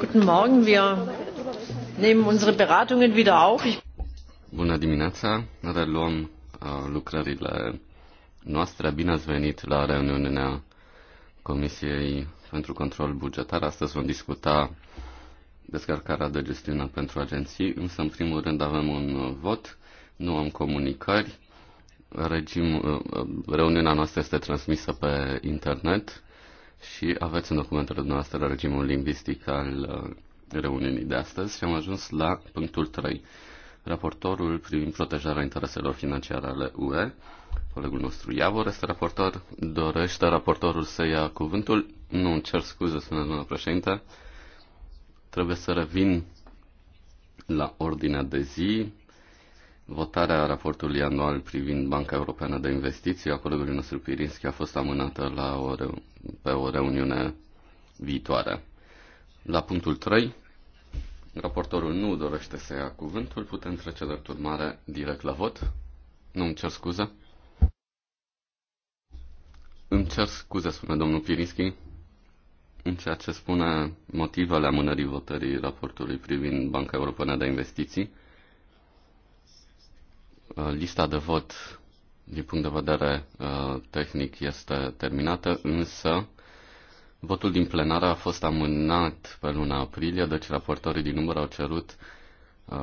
Guten Morgen, wir nehmen unsere Beratungen wieder auf. Bună dimineața, reluăm uh, lucrările noastre. Bine ați venit la reuniunea Comisiei pentru Control Bugetar. Astăzi vom discuta descărcarea de gestiune pentru agenții, însă în primul rând avem un vot, nu am comunicări, regim, uh, uh, reuniunea noastră este transmisă pe internet și aveți în documentele noastre la regimul lingvistic al uh, reuniunii de astăzi și am ajuns la punctul 3. Raportorul privind protejarea intereselor financiare ale UE, colegul nostru Iavor, este raportor, dorește raportorul să ia cuvântul. Nu, îmi cer scuze, spune doamna președinte. Trebuie să revin la ordinea de zi Votarea raportului anual privind Banca Europeană de Investiții a colegului nostru Pirinski a fost amânată la o pe o reuniune viitoare. La punctul 3, raportorul nu dorește să ia cuvântul, putem trece de urmare direct la vot. Nu îmi cer scuze. Îmi cer scuze, spune domnul Pirinski, în ceea ce spune motivele amânării votării raportului privind Banca Europeană de Investiții. Uh, lista de vot, din punct de vedere uh, tehnic, este terminată, însă votul din plenară a fost amânat pe luna aprilie, deci raportorii din număr au cerut uh,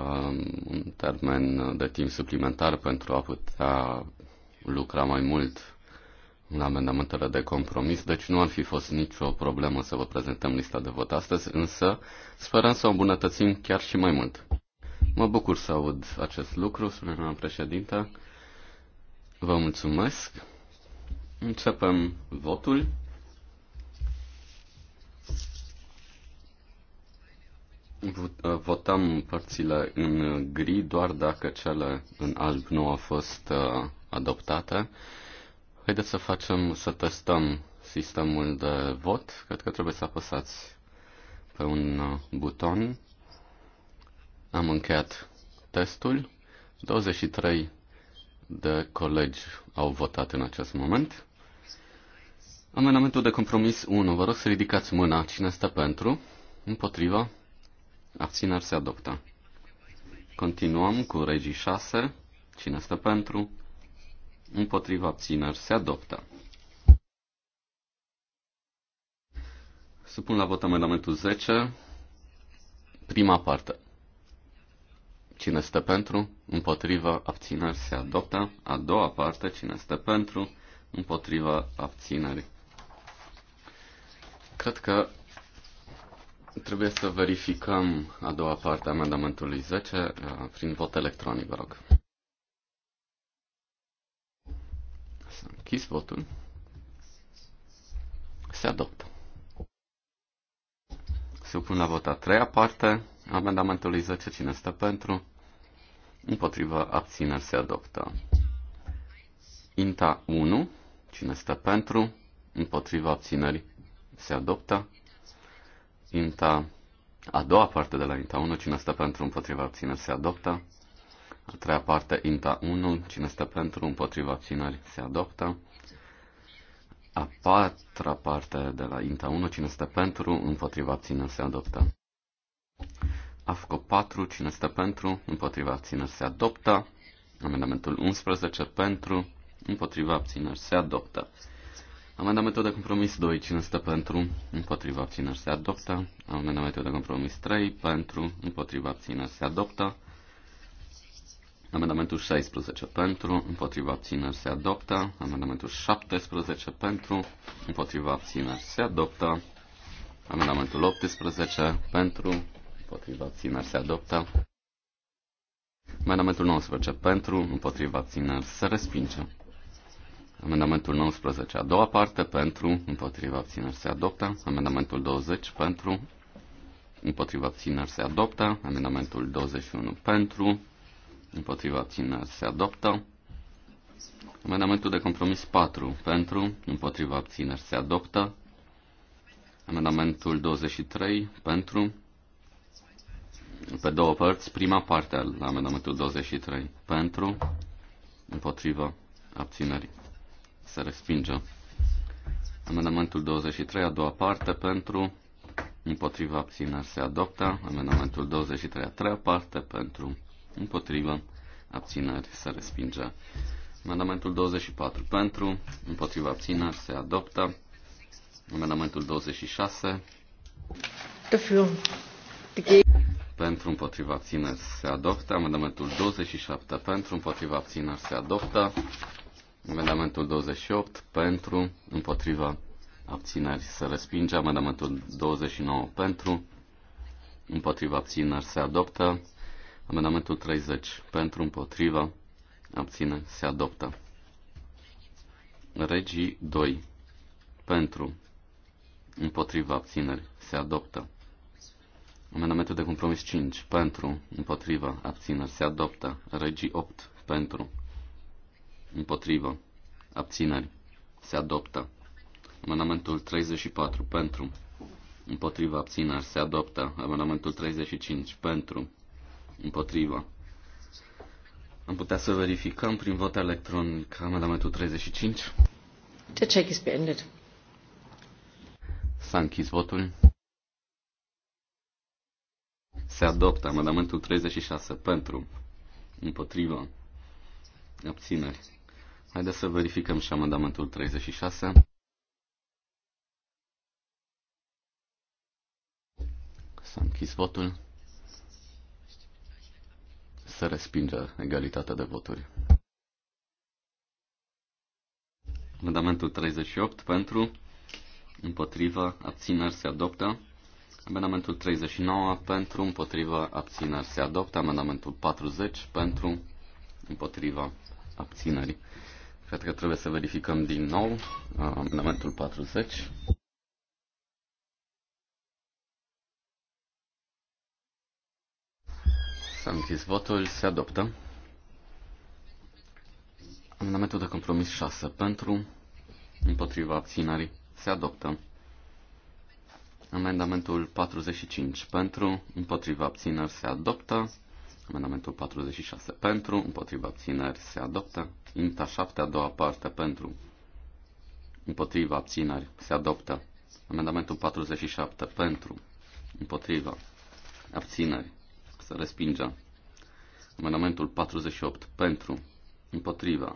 un termen de timp suplimentar pentru a putea lucra mai mult la amendamentele de compromis, deci nu ar fi fost nicio problemă să vă prezentăm lista de vot astăzi, însă sperăm să o îmbunătățim chiar și mai mult. Mă bucur să aud acest lucru, spune doamna președintă. Vă mulțumesc. Începem votul. Uh, votăm părțile în gri doar dacă cele în alb nu au fost uh, adoptate. Haideți să facem, să testăm sistemul de vot. Cred că trebuie să apăsați pe un uh, buton am încheiat testul. 23 de colegi au votat în acest moment. Amendamentul de compromis 1. Vă rog să ridicați mâna. Cine stă pentru? Împotriva? Abțineri se adoptă. Continuăm cu regii 6. Cine stă pentru? Împotriva abțineri se adoptă. Supun la vot amendamentul 10. Prima parte. Cine este pentru? Împotriva abțineri se adoptă. A doua parte. Cine este pentru? Împotriva abținerii. Cred că trebuie să verificăm a doua parte a amendamentului 10 uh, prin vot electronic, vă rog. Să închis votul. Se adoptă. Se opun la vot a treia parte a amendamentului 10. Cine stă pentru? împotriva abțineri se adoptă. Inta 1, cine stă pentru, împotriva abțineri se adoptă. Inta a doua parte de la Inta 1, cine stă pentru, împotriva abțineri se adoptă. A treia parte, Inta 1, cine stă pentru, împotriva abțineri se adoptă. A patra parte de la Inta 1, cine stă pentru, împotriva abțineri se adoptă. AFCO 4, cine este pentru, împotriva abțineri se adoptă. Amendamentul 11 pentru, împotriva abțineri se adoptă. Amendamentul de compromis 2, cine este pentru, împotriva abțineri se adoptă. Amendamentul de compromis 3, pentru, împotriva abțineri se adoptă. Amendamentul 16 pentru, împotriva abțineri se adoptă. Amendamentul 17 pentru, împotriva abțineri se adoptă. Amendamentul 18 pentru, împotriva țineri se adoptă. Amendamentul 19 pentru, împotriva țineri se respinge. Amendamentul 19, a doua parte, pentru, împotriva țineri se adoptă. Amendamentul 20, pentru, împotriva țineri se adoptă. Amendamentul 21, pentru, împotriva țineri se adoptă. Amendamentul de compromis 4, pentru, împotriva abțineri se adoptă. Amendamentul 23, pentru, pe două părți. Prima parte al amendamentul 23 pentru, împotrivă, abținerii, Se respinge. Amendamentul 23, a doua parte pentru, împotriva abțineri se adoptă. Amendamentul 23, a treia parte pentru, împotriva abțineri se respinge. Amendamentul 24 pentru, împotriva abțineri se adoptă. Amendamentul 26. Dafür pentru împotriva abțineri se adoptă. Amendamentul 27 pentru împotriva abțineri se adoptă. Amendamentul 28 pentru împotriva abțineri se respinge. Amendamentul 29 pentru împotriva abțineri se adoptă. Amendamentul 30 pentru împotriva abțineri se adoptă. Regii 2 pentru împotriva abțineri se adoptă. Amendamentul de compromis 5 pentru, împotriva, abțineri se adoptă. Regii 8 pentru, împotriva, abțineri se adoptă. Amendamentul 34 pentru, împotriva, abțineri se adoptă. Amendamentul 35 pentru, împotriva. Am putea să verificăm prin vot electronic amendamentul 35. Der check is beendet. S-a închis votul. Se adoptă amendamentul 36 pentru, împotrivă, abțineri. Haideți să verificăm și amendamentul 36. S-a închis votul. Se respinge egalitatea de voturi. Amendamentul 38 pentru, împotriva, abțineri se adoptă. Amendamentul 39 pentru, împotriva, abțineri se adoptă. Amendamentul 40 pentru, împotriva, abținerii. Cred că trebuie să verificăm din nou uh, amendamentul 40. S-a închis votul, se adoptă. Amendamentul de compromis 6 pentru, împotriva abținerii, se adoptă. Amendamentul 45 pentru, împotriva abțineri se adoptă. Amendamentul 46 pentru, împotriva abțineri se adoptă. Inta 7, a doua parte pentru, împotriva abțineri se adoptă. Amendamentul 47 pentru, împotriva abțineri se respinge. Amendamentul 48 pentru, împotriva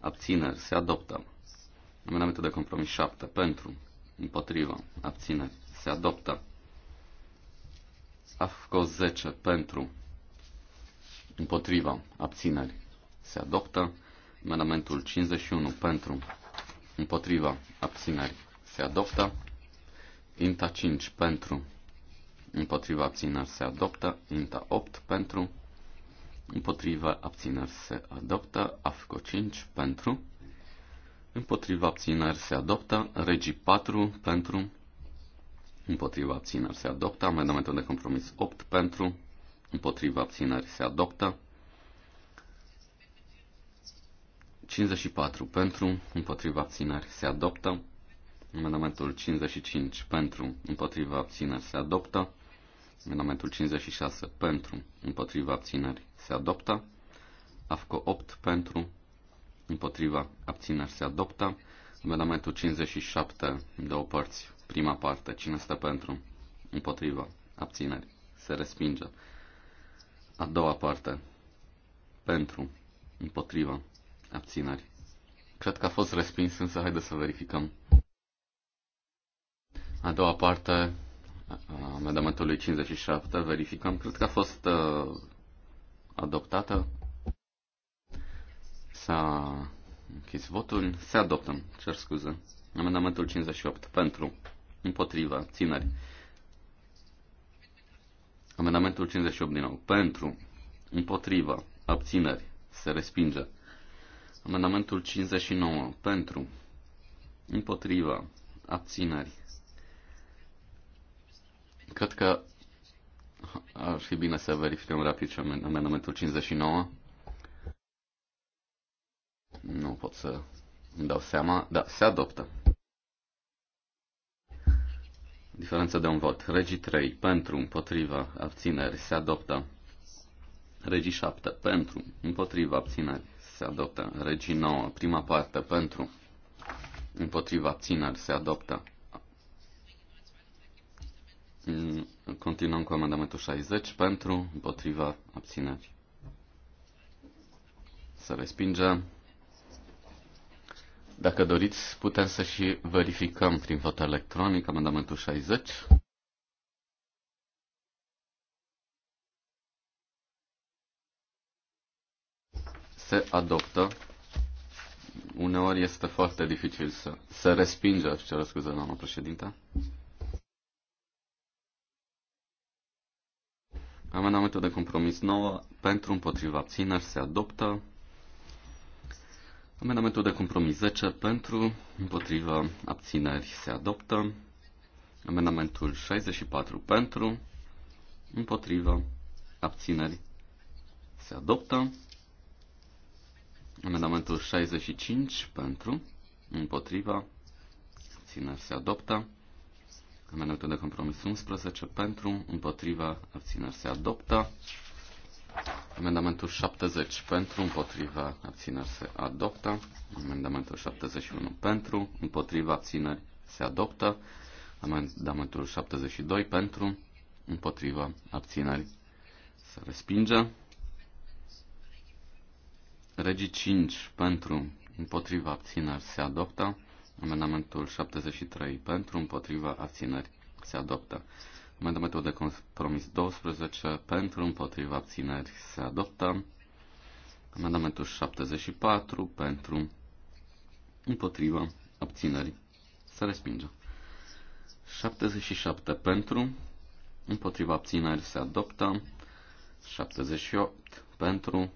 abțineri se adoptă. Amendamentul de compromis 7 pentru, împotrivă, abține, se adoptă. AFCO 10 pentru, împotrivă, abțineri, se adoptă. Amendamentul 51 pentru, împotriva, abțineri, se adoptă. INTA 5 pentru, împotriva, abțineri, se adoptă. INTA 8 pentru, împotriva, abțineri, se adoptă. AFCO 5 pentru, împotriva abțineri se adoptă, regii 4 pentru, împotriva abțineri se adoptă, amendamentul de compromis 8 pentru, împotriva abțineri se adoptă, 54 pentru, împotriva abțineri se adoptă, amendamentul 55 pentru, împotriva abțineri se adoptă, amendamentul 56 pentru, împotriva abțineri se adoptă, AFCO 8 pentru, împotriva, abțineri se adoptă. Amendamentul 57, două părți, prima parte, cine este pentru, împotriva, abțineri, se respinge. A doua parte, pentru, împotriva, abțineri. Cred că a fost respins, însă haideți să verificăm. A doua parte amendamentului 57, verificăm, cred că a fost uh, adoptată. S-a închis votul. Se adoptă. Cer scuze. Amendamentul 58. Pentru. Împotriva. Țineri. Amendamentul 58 din nou. Pentru. Împotriva. Abțineri. Se respinge. Amendamentul 59. Pentru. Împotriva. Abțineri. Cred că ar fi bine să verificăm rapid și amendamentul 59. Nu pot să îmi dau seama. Da, se adoptă. Diferență de un vot. Regii 3 pentru, împotriva, abțineri, se adoptă. Regii 7 pentru, împotriva, abțineri, se adoptă. Regii 9, prima parte, pentru, împotriva, abțineri, se adoptă. Continuăm cu amendamentul 60 pentru, împotriva, abțineri. Să respingem. Dacă doriți, putem să și verificăm prin vot electronic amendamentul 60. Se adoptă. Uneori este foarte dificil să se respinge, aș cer scuze, doamna președinte. Amendamentul de compromis 9 pentru împotriva abțineri se adoptă. Amendamentul de compromis 10 pentru, împotriva, abțineri se adoptă. Amendamentul 64 pentru, împotriva, abțineri se adoptă. Amendamentul 65 pentru, împotriva, abțineri se adoptă. Amendamentul de compromis 11 pentru, împotriva, abțineri se adoptă. Amendamentul 70 pentru, împotriva abțineri se adoptă. Amendamentul 71 pentru, împotriva abțineri se adoptă. Amendamentul 72 pentru, împotriva abțineri se respinge. Regii 5 pentru, împotriva abțineri se adoptă. Amendamentul 73 pentru, împotriva abțineri se adoptă. Amendamentul de compromis 12 pentru, împotriva abțineri se adoptă. Amendamentul 74 pentru, împotriva abținerii se respinge. 77 pentru, împotriva abținerii se adoptă. 78 pentru,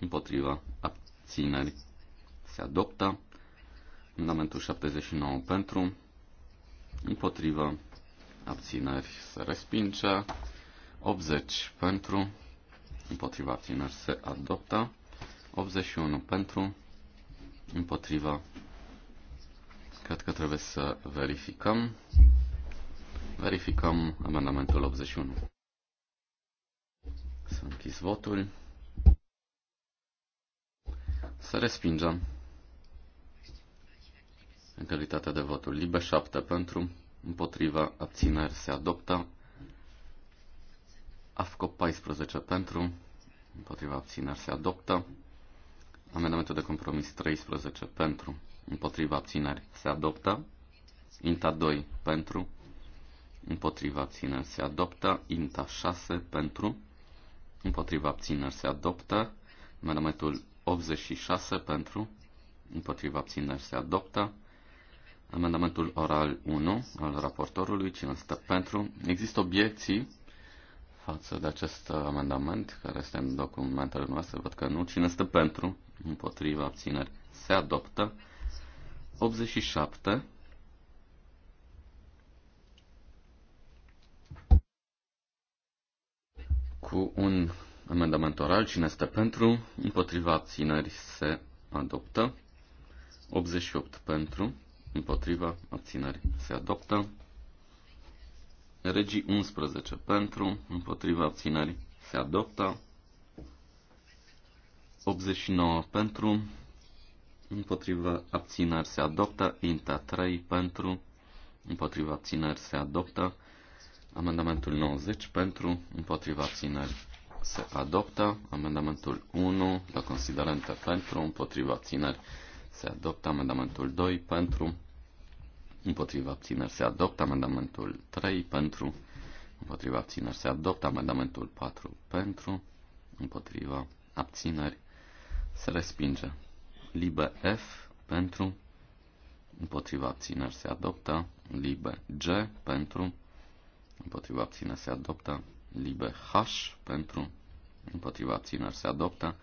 împotriva abținerii se adoptă. Amendamentul 79 pentru, împotriva abțineri se respinge, 80 pentru, împotriva abțineri se adoptă, 81 pentru, împotriva, cred că trebuie să verificăm, verificăm amendamentul 81. Să închis votul. Să respingem. Egalitatea de voturi. Libe 7 pentru, împotriva, abțineri se adoptă. AFCO 14 pentru, împotriva, abțineri se adoptă. Amendamentul de compromis 13 pentru, împotriva, abțineri se adoptă. INTA 2 pentru, împotriva, abțineri se adoptă. INTA 6 pentru, împotriva, abțineri se adoptă. Amendamentul 86 pentru, împotriva, abțineri se adoptă. Amendamentul oral 1 al raportorului, cine stă pentru. Există obiecții față de acest amendament care este în documentele noastre? Văd că nu. Cine stă pentru? Împotriva abțineri. Se adoptă. 87. Cu un amendament oral, cine stă pentru? Împotriva abțineri se adoptă. 88 pentru împotriva, abțineri se adoptă. Regii 11 pentru, împotriva abținerii se adoptă. 89 pentru, împotriva abțineri se adoptă. Inta 3 pentru, împotriva abțineri se adoptă. Amendamentul 90 pentru, împotriva abțineri se adoptă. Amendamentul 1 la considerente pentru, împotriva abțineri se se adoptă amendamentul 2 pentru, împotriva abțineri se adoptă amendamentul 3 pentru, împotriva abțineri se adoptă amendamentul 4 pentru, împotriva abțineri se respinge. Libe F pentru, împotriva abțineri se adoptă, libe G pentru, împotriva abțineri se adoptă, libe H pentru, împotriva abțineri se adoptă,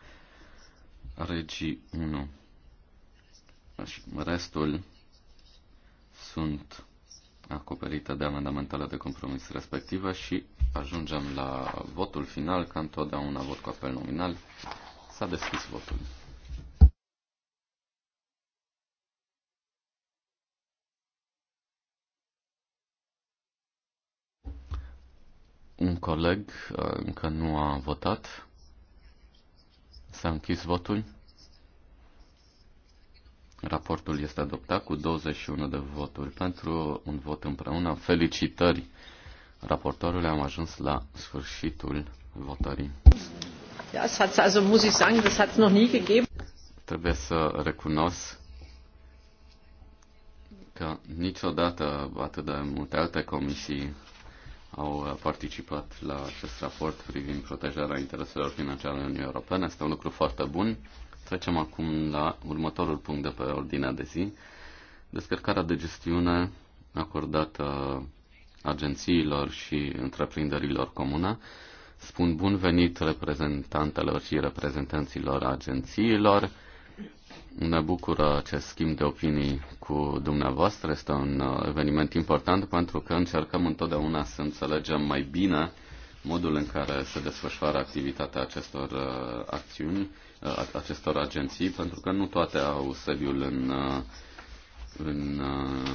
regii 1 și restul sunt acoperite de amendamentele de compromis respective și ajungem la votul final, ca întotdeauna vot cu apel nominal. S-a deschis votul. Un coleg uh, încă nu a votat. S-a închis votul. Raportul este adoptat cu 21 de voturi pentru un vot împreună. Felicitări Raportorul am ajuns la sfârșitul votării. Ja, es hat, also, muss ich sagen, das hat noch nie gegeben. Trebuie să recunosc că niciodată atât de multe alte comisii au participat la acest raport privind protejarea intereselor financiare ale Uniunii Europene. Este un lucru foarte bun. Trecem acum la următorul punct de pe ordinea de zi. Descărcarea de gestiune acordată agențiilor și întreprinderilor comune. Spun bun venit reprezentantelor și reprezentanților agențiilor. Ne bucură acest schimb de opinii cu dumneavoastră. Este un eveniment important pentru că încercăm întotdeauna să înțelegem mai bine modul în care se desfășoară activitatea acestor uh, acțiuni acestor agenții, pentru că nu toate au sediul în, uh, în uh,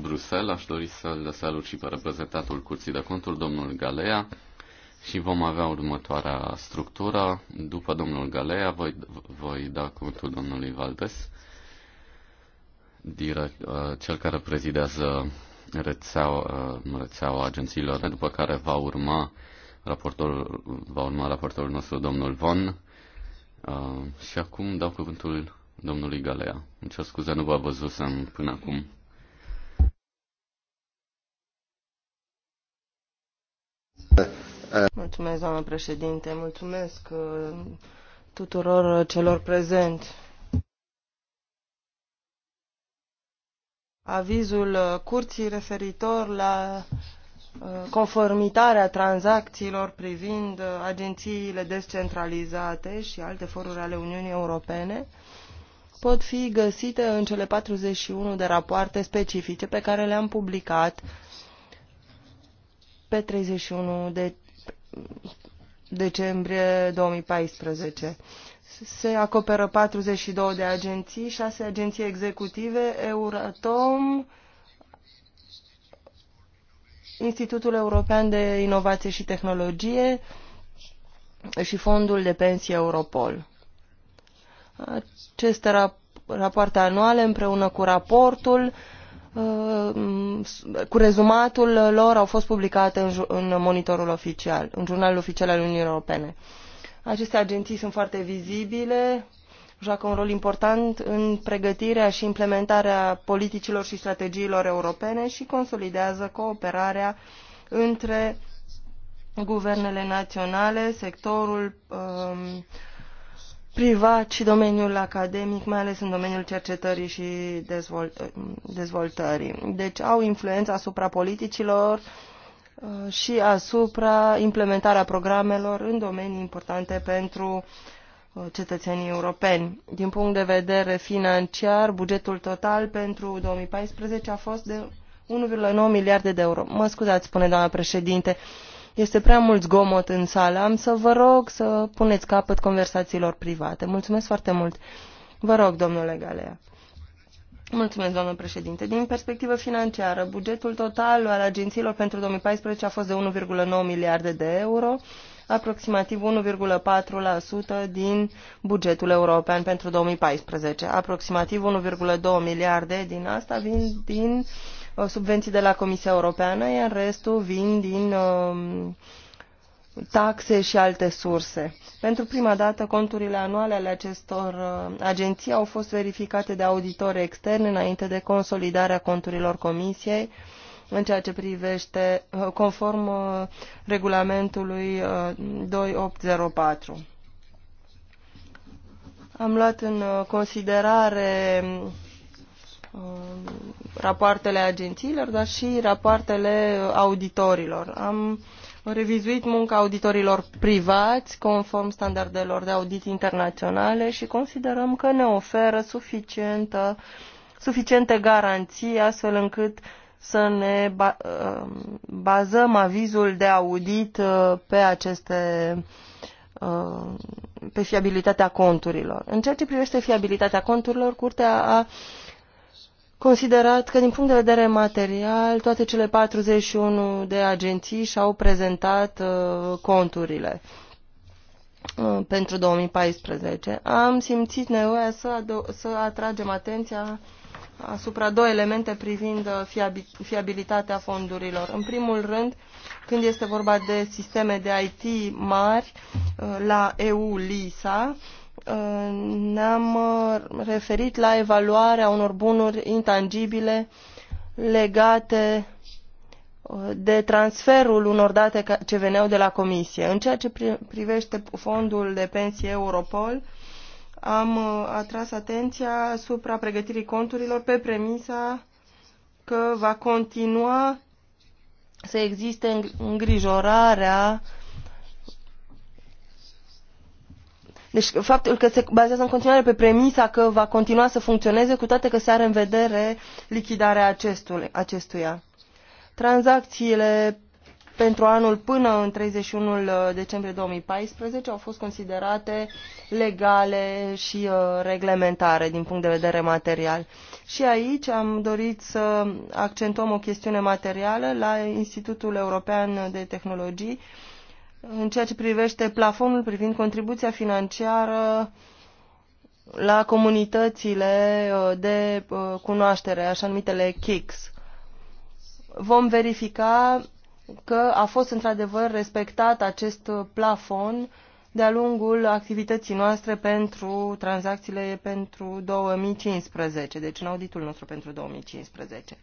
Bruxelles. Aș dori să-l salut și pe reprezentatul Curții de Conturi, domnul Galea, și vom avea următoarea structură. După domnul Galea voi, voi da cuvântul domnului Valdes, direct, uh, cel care prezidează rețeaua, rețeaua agențiilor, după care va urma raportorul, va urma raportorul nostru, domnul Von, și acum dau cuvântul domnului Galea. Îmi cer scuze, nu v-a văzut până acum. Mulțumesc, doamnă președinte. Mulțumesc uh, tuturor uh, celor prezenți. Avizul uh, curții referitor la conformitarea tranzacțiilor privind uh, agențiile descentralizate și alte foruri ale Uniunii Europene pot fi găsite în cele 41 de rapoarte specifice pe care le-am publicat pe 31 de decembrie 2014. Se acoperă 42 de agenții, 6 agenții executive, Euratom, Institutul European de Inovație și Tehnologie și Fondul de Pensie Europol. Aceste rapoarte anuale împreună cu raportul uh, cu rezumatul lor au fost publicate în, în monitorul oficial, în jurnalul oficial al Uniunii Europene. Aceste agenții sunt foarte vizibile, joacă un rol important în pregătirea și implementarea politicilor și strategiilor europene și consolidează cooperarea între guvernele naționale, sectorul um, privat și domeniul academic, mai ales în domeniul cercetării și dezvolt dezvoltării. Deci au influență asupra politicilor uh, și asupra implementarea programelor în domenii importante pentru uh, cetățenii europeni. Din punct de vedere financiar, bugetul total pentru 2014 a fost de 1,9 miliarde de euro. Mă scuzați, spune doamna președinte, este prea mult zgomot în sală. Am să vă rog să puneți capăt conversațiilor private. Mulțumesc foarte mult. Vă rog, domnule Galea. Mulțumesc, doamnă președinte. Din perspectivă financiară, bugetul total al agențiilor pentru 2014 a fost de 1,9 miliarde de euro aproximativ 1,4% din bugetul european pentru 2014. Aproximativ 1,2 miliarde din asta vin din uh, subvenții de la Comisia Europeană, iar restul vin din um, taxe și alte surse. Pentru prima dată, conturile anuale ale acestor uh, agenții au fost verificate de auditori externi înainte de consolidarea conturilor Comisiei, în ceea ce privește uh, conform uh, regulamentului 2804. Uh, Am luat în considerare rapoartele agențiilor, dar și rapoartele auditorilor. Am revizuit munca auditorilor privați conform standardelor de audit internaționale și considerăm că ne oferă suficientă, suficiente garanții astfel încât uh, să ne uh, bazăm avizul de audit uh, pe aceste uh, pe fiabilitatea conturilor. În ceea ce privește fiabilitatea conturilor, Curtea a considerat că, din punct de vedere material, toate cele 41 de agenții și-au prezentat conturile pentru 2014. Am simțit nevoia să, să atragem atenția asupra două elemente privind uh, fiabilitatea fondurilor. În primul rând, când este vorba de sisteme de IT mari uh, la EU-LISA, uh, ne-am referit la evaluarea unor bunuri intangibile legate de transferul unor date ce veneau de la Comisie. În ceea ce privește fondul de pensie Europol, am uh, atras atenția asupra pregătirii conturilor pe premisa că va continua să existe îngrijorarea Deci faptul că se bazează în continuare pe premisa că va continua să funcționeze, cu toate că se are în vedere lichidarea acestuia. Tranzacțiile pentru anul până în 31 decembrie 2014 au fost considerate legale și uh, reglementare din punct de vedere material. Și aici am dorit să accentuăm o chestiune materială la Institutul European de Tehnologii în ceea ce privește plafonul privind contribuția financiară la comunitățile uh, de uh, cunoaștere, așa numitele KICS. Vom verifica că a fost într-adevăr respectat acest plafon de-a lungul activității noastre pentru tranzacțiile pentru 2015, deci în auditul nostru pentru 2015.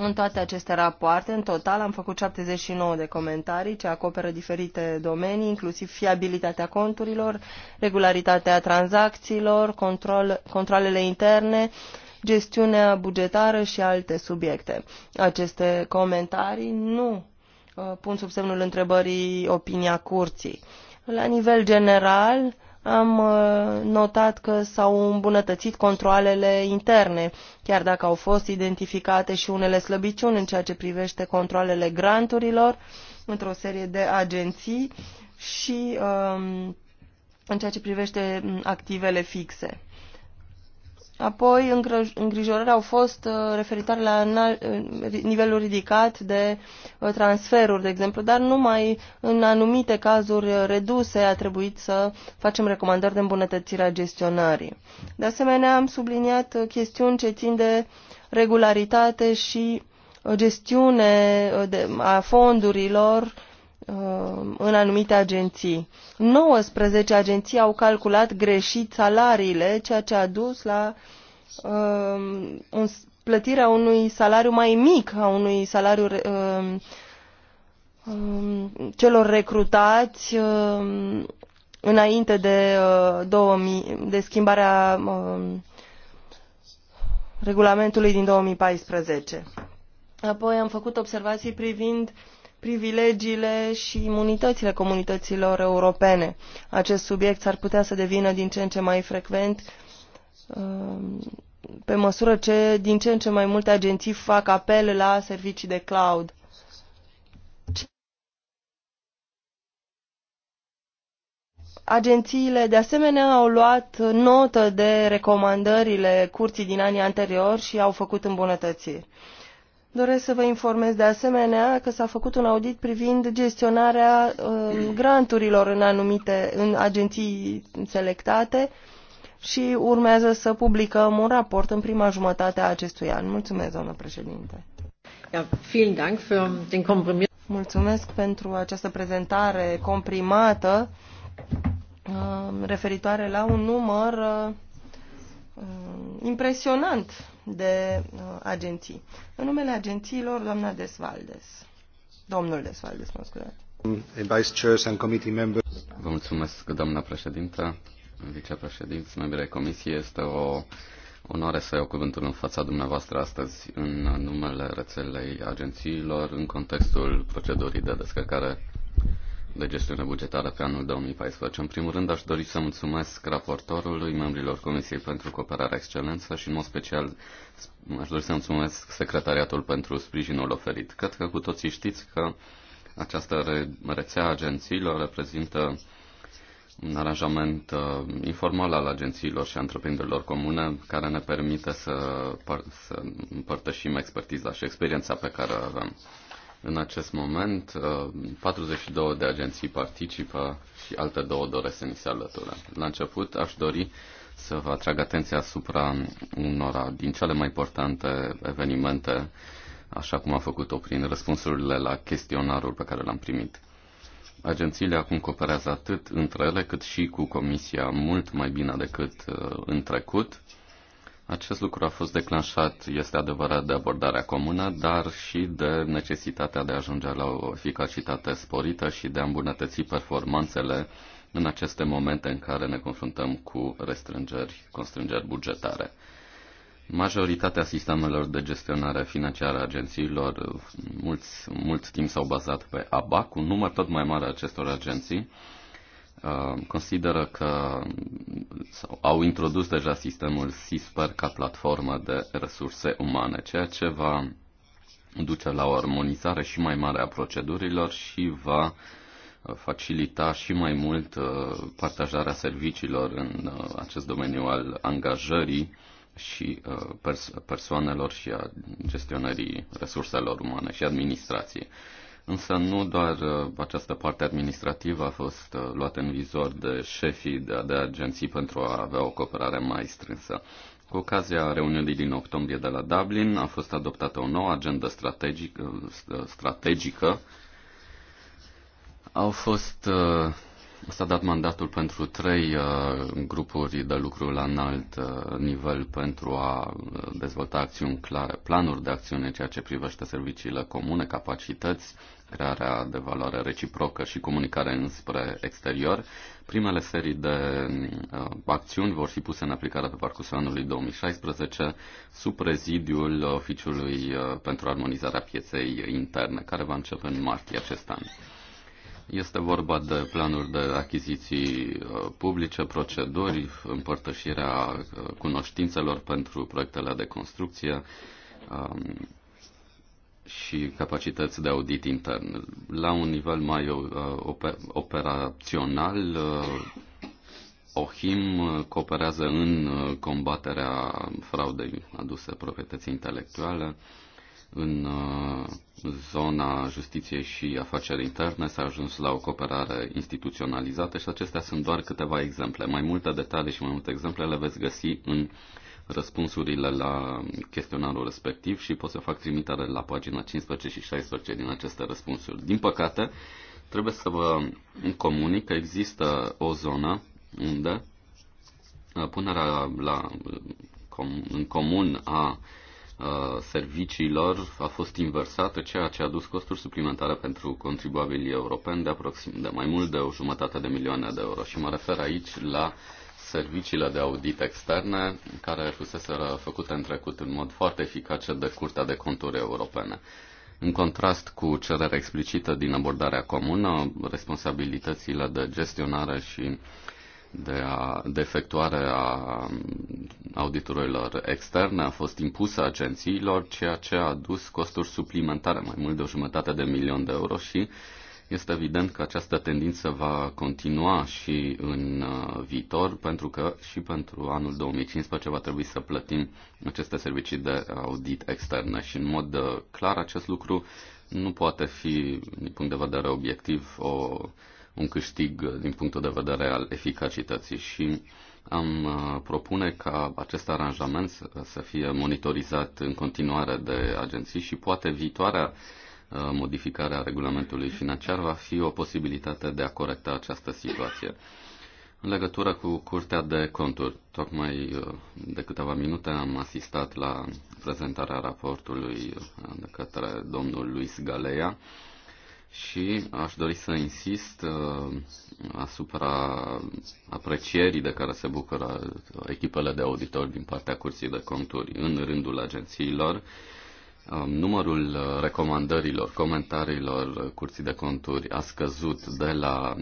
În toate aceste rapoarte, în total, am făcut 79 de comentarii ce acoperă diferite domenii, inclusiv fiabilitatea conturilor, regularitatea tranzacțiilor, control, controlele interne, gestiunea bugetară și alte subiecte. Aceste comentarii nu uh, pun sub semnul întrebării opinia curții. La nivel general, am uh, notat că s-au îmbunătățit controalele interne, chiar dacă au fost identificate și unele slăbiciuni în ceea ce privește controalele granturilor într-o serie de agenții și um, în ceea ce privește activele fixe. Apoi, îngrijorări au fost uh, referitoare la uh, nivelul ridicat de uh, transferuri, de exemplu, dar numai în anumite cazuri reduse a trebuit să facem recomandări de îmbunătățire a gestionării. De asemenea, am subliniat chestiuni ce țin de regularitate și gestiune a fondurilor Uh, în anumite agenții. 19 agenții au calculat greșit salariile, ceea ce a dus la uh, plătirea unui salariu mai mic, a unui salariu uh, um, celor recrutați um, înainte de, 2000, de schimbarea um, regulamentului din 2014. Apoi am făcut observații privind uh, privilegiile și imunitățile comunităților europene. Acest subiect ar putea să devină din ce în ce mai frecvent um, pe măsură ce din ce în ce mai multe agenții fac apel la servicii de cloud. Agențiile, de asemenea, au luat notă de recomandările curții din anii anteriori și au făcut îmbunătățiri. Doresc să vă informez de asemenea că s-a făcut un audit privind gestionarea uh, granturilor în anumite în agenții selectate și urmează să publicăm un raport în prima jumătate a acestui an. Mulțumesc, doamnă președinte. Ja, vielen Dank für den komprimier... Mulțumesc pentru această prezentare comprimată uh, referitoare la un număr uh, impresionant de uh, agenții. În numele agențiilor, doamna Desvaldes. Domnul Desvaldes, mă scuzați. Mm, Vă mulțumesc, doamna președintă, vicepreședinți, membrii ai comisiei. Este o onoare să iau cuvântul în fața dumneavoastră astăzi în numele rețelei agențiilor în contextul procedurii de descărcare de gestiune bugetară pe anul 2014. În primul rând, aș dori să mulțumesc raportorului, membrilor Comisiei pentru Cooperarea Excelență și, în mod special, aș dori să mulțumesc secretariatul pentru sprijinul oferit. Cred că cu toții știți că această re- rețea agențiilor reprezintă un aranjament uh, informal al agențiilor și întreprinderilor comune care ne permite să, să împărtășim expertiza și experiența pe care o avem. În acest moment, 42 uh, de agenții participă și alte două doresc să ni se alăture. La început, aș dori să vă atrag atenția asupra unora din cele mai importante evenimente, așa cum am făcut-o prin răspunsurile la chestionarul pe care l-am primit. Agențiile acum cooperează atât între ele, cât și cu Comisia mult mai bine decât uh, în trecut acest lucru a fost declanșat, este adevărat, de abordarea comună, dar și de necesitatea de a ajunge la o eficacitate sporită și de a îmbunătăți performanțele în aceste momente în care ne confruntăm cu restrângeri, constrângeri bugetare. Majoritatea sistemelor de gestionare financiară a agențiilor mulți, mult timp s-au bazat pe ABAC, un număr tot mai mare a acestor agenții, Uh, consideră că sau, au introdus deja sistemul CISPER ca platformă de resurse umane, ceea ce va duce la o armonizare și mai mare a procedurilor și va uh, facilita și mai mult uh, partajarea serviciilor în acest domeniu al angajării și persoanelor și a gestionării resurselor umane și administrației. Însă nu doar uh, această parte administrativă a fost uh, luată în vizor de șefii de, de agenții pentru a avea o cooperare mai strânsă. Cu ocazia reuniunii din octombrie de la Dublin a fost adoptată o nouă agendă strategic, uh, strategică. Au fost, s-a dat mandatul pentru trei grupuri de lucru la înalt nivel pentru a dezvolta acțiuni clare, planuri de acțiune în ceea ce privește serviciile comune, capacități crearea de valoare reciprocă și comunicare înspre exterior. Primele serii de uh, acțiuni vor fi puse în aplicare pe parcursul anului 2016 sub prezidiul Oficiului uh, pentru Armonizarea Pieței Interne, care va începe în martie acest an. Este vorba de planuri de achiziții uh, publice, proceduri, împărtășirea uh, cunoștințelor pentru proiectele de construcție, um, și capacități de audit intern. La un nivel mai uh, operațional, uh, OHIM uh, cooperează în combaterea fraudei aduse proprietății intelectuale. În zona justiției și afaceri interne s-a ajuns la o cooperare instituționalizată și acestea sunt doar câteva exemple. Mai multe detalii și mai multe exemple le veți găsi în uh, răspunsurile la chestionarul respectiv și pot să fac trimitere la pagina 15 și 16 din aceste răspunsuri. Din păcate, trebuie să vă comunic că există o zonă unde uh, punerea la, în comun a uh, serviciilor a fost inversată, ceea ce a dus costuri suplimentare pentru contribuabilii europeni de aproxim de mai mult de o jumătate de milioane de euro. Și mă refer aici la uh, serviciile de audit externe care fusese făcute în trecut în mod foarte eficace de Curtea de Conturi Europene. În contrast cu cererea explicită din abordarea comună, responsabilitățile de gestionare și de, a, de efectuare a auditurilor externe a fost impusă agențiilor, ceea ce a adus costuri suplimentare, mai mult de o jumătate de milion de euro și uh, este evident că această tendință va continua și în uh, viitor, pentru că și pentru anul 2015 va trebui să plătim aceste servicii de audit externe și în mod uh, clar acest lucru nu poate fi, din punct de vedere obiectiv, o, un câștig uh, din punctul de vedere al eficacității și am propune ca acest aranjament să fie monitorizat în continuare de agenții și poate viitoarea Uh, modificarea regulamentului financiar va fi o posibilitate de a corecta această situație. În legătură cu Curtea de Conturi, tocmai uh, de câteva minute am asistat la prezentarea raportului uh, de către domnul Luis Galea și aș dori să insist asupra aprecierii de care se bucură echipele de auditori din partea Curții de Conturi în rândul agențiilor numărul uh, recomandărilor, comentariilor uh, curții de conturi a scăzut de la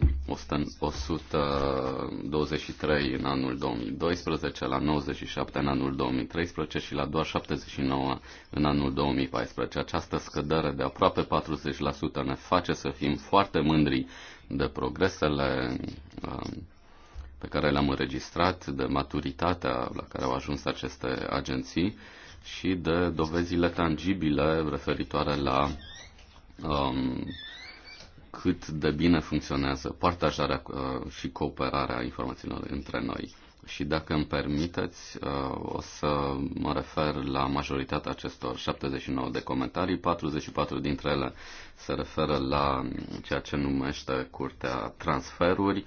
123 în anul 2012 la 97 în anul 2013 și la doar 79 în anul 2014. Această scădere de aproape 40% ne face să fim foarte mândri de progresele um, pe care le-am înregistrat, de maturitatea la care au ajuns aceste agenții și de dovezile tangibile referitoare la um, cât de bine funcționează partajarea uh, și cooperarea informațiilor între noi. Și dacă îmi permiteți, uh, o să mă refer la majoritatea acestor 79 de comentarii. 44 dintre ele se referă la ceea ce numește curtea transferuri.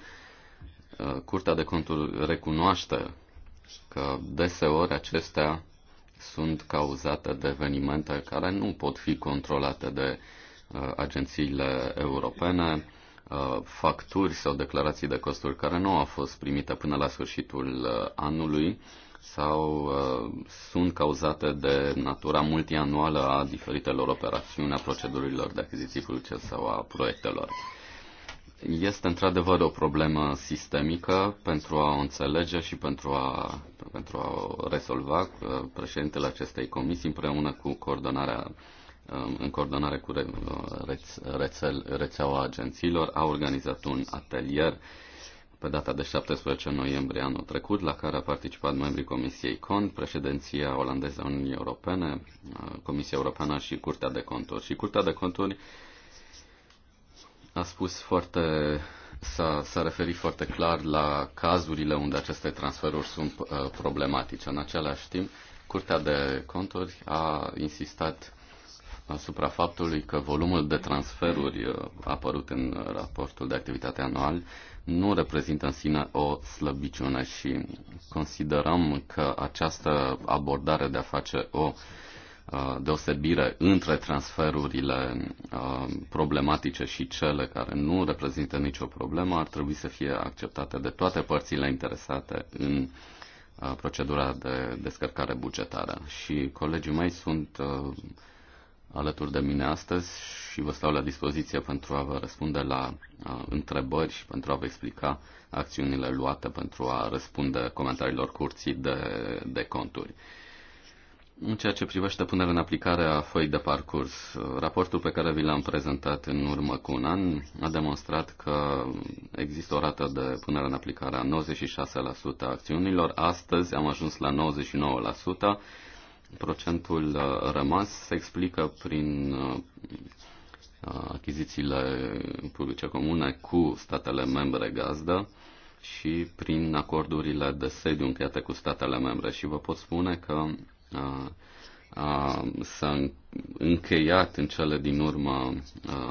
Uh, curtea de conturi recunoaște că deseori acestea sunt cauzate de evenimente care nu pot fi controlate de uh, agențiile europene, uh, facturi sau declarații de costuri care nu au fost primite până la sfârșitul uh, anului sau uh, sunt cauzate de natura multianuală a diferitelor operațiuni, a procedurilor de achiziții publice sau a proiectelor. Este într-adevăr o problemă sistemică pentru a o înțelege și pentru a, pentru a o rezolva. Uh, președintele acestei comisii împreună cu coordonarea um, în coordonare cu uh, rețel, rețeaua agențiilor, a organizat un atelier pe data de 17 noiembrie anul trecut, la care a participat membrii Comisiei CON, președinția olandeză a Uniunii Europene, uh, Comisia Europeană și Curtea de Conturi. Și Curtea de Conturi a spus foarte s-a, s-a referit foarte clar la cazurile unde aceste transferuri sunt uh, problematice. În același timp, Curtea de Conturi a insistat asupra faptului că volumul de transferuri uh, apărut în raportul de activitate anual nu reprezintă în sine o slăbiciune și considerăm că această abordare de a face o uh, Uh, deosebire între transferurile uh, problematice și cele care nu reprezintă nicio problemă ar trebui să fie acceptate de toate părțile interesate în uh, procedura de descărcare bugetară. Și colegii mei sunt alături de mine astăzi și vă stau la dispoziție pentru a vă răspunde la întrebări și pentru a vă explica acțiunile luate pentru a răspunde comentariilor curții de, de conturi. În ceea ce privește punerea în aplicare a foii de parcurs, raportul pe care vi l-am prezentat în urmă cu un an a demonstrat că există o rată de punere în aplicare a 96% a acțiunilor. Astăzi am ajuns la 99%. Procentul uh, rămas se explică prin uh, uh, achizițiile publice comune cu statele membre gazdă și prin acordurile de sediu încheiate cu statele membre. Și vă pot spune că s-a încheiat în cele din urmă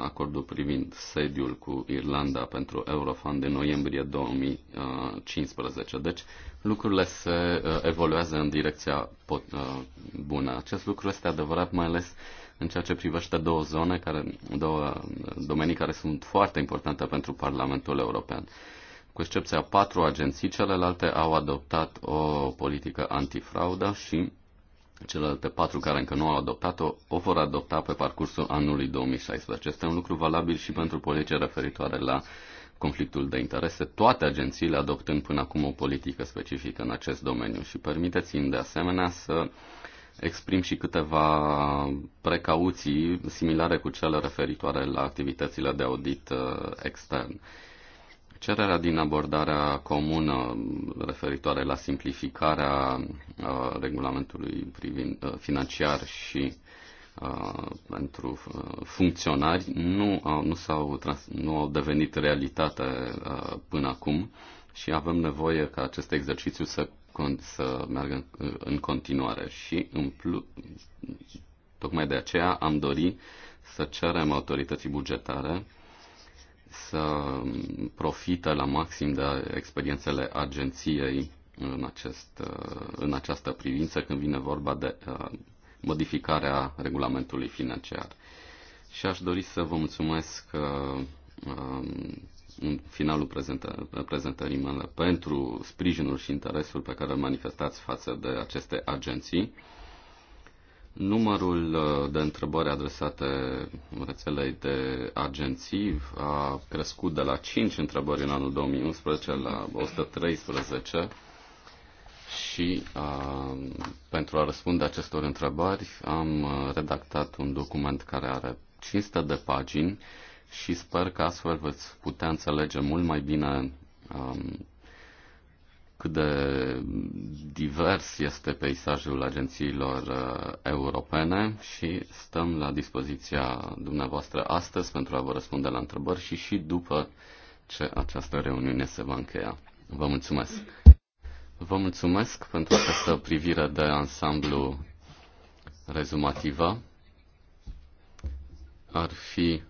acordul privind sediul cu Irlanda pentru Eurofund în noiembrie 2015. Deci lucrurile se evoluează în direcția bună. Acest lucru este adevărat mai ales în ceea ce privește două zone, care, două domenii care sunt foarte importante pentru Parlamentul European. Cu excepția patru agenții, celelalte au adoptat o politică antifraudă și celelalte patru care încă nu au adoptat-o, o vor adopta pe parcursul anului 2016. Este un lucru valabil și pentru politice referitoare la conflictul de interese, toate agențiile adoptând până acum o politică specifică în acest domeniu. Și permiteți-mi de asemenea să exprim și câteva precauții similare cu cele referitoare la activitățile de audit uh, extern. Cererea din abordarea comună referitoare la simplificarea uh, regulamentului privind uh, financiar și uh, pentru uh, funcționari nu, au, nu, s-au trans, nu au devenit realitate uh, până acum și avem nevoie ca acest exercițiu să, să meargă în, în continuare și în plus, tocmai de aceea am dorit să cerem autorității bugetare să profite la maxim de experiențele agenției în, acest, în această privință când vine vorba de uh, modificarea regulamentului financiar. Și aș dori să vă mulțumesc uh, um, în finalul prezentă, prezentării mele pentru sprijinul și interesul pe care îl manifestați față de aceste agenții. Numărul uh, de întrebări adresate rețelei de agenții a crescut de la 5 întrebări în anul 2011 la 113 și a, uh, pentru a răspunde acestor întrebări am uh, redactat un document care are 500 de pagini și sper că astfel veți putea înțelege mult mai bine um, cât de divers este peisajul agențiilor uh, europene și stăm la dispoziția dumneavoastră astăzi pentru a vă răspunde la întrebări și și după ce această reuniune se va încheia. Vă mulțumesc! Vă mulțumesc pentru această privire de ansamblu rezumativă. Ar fi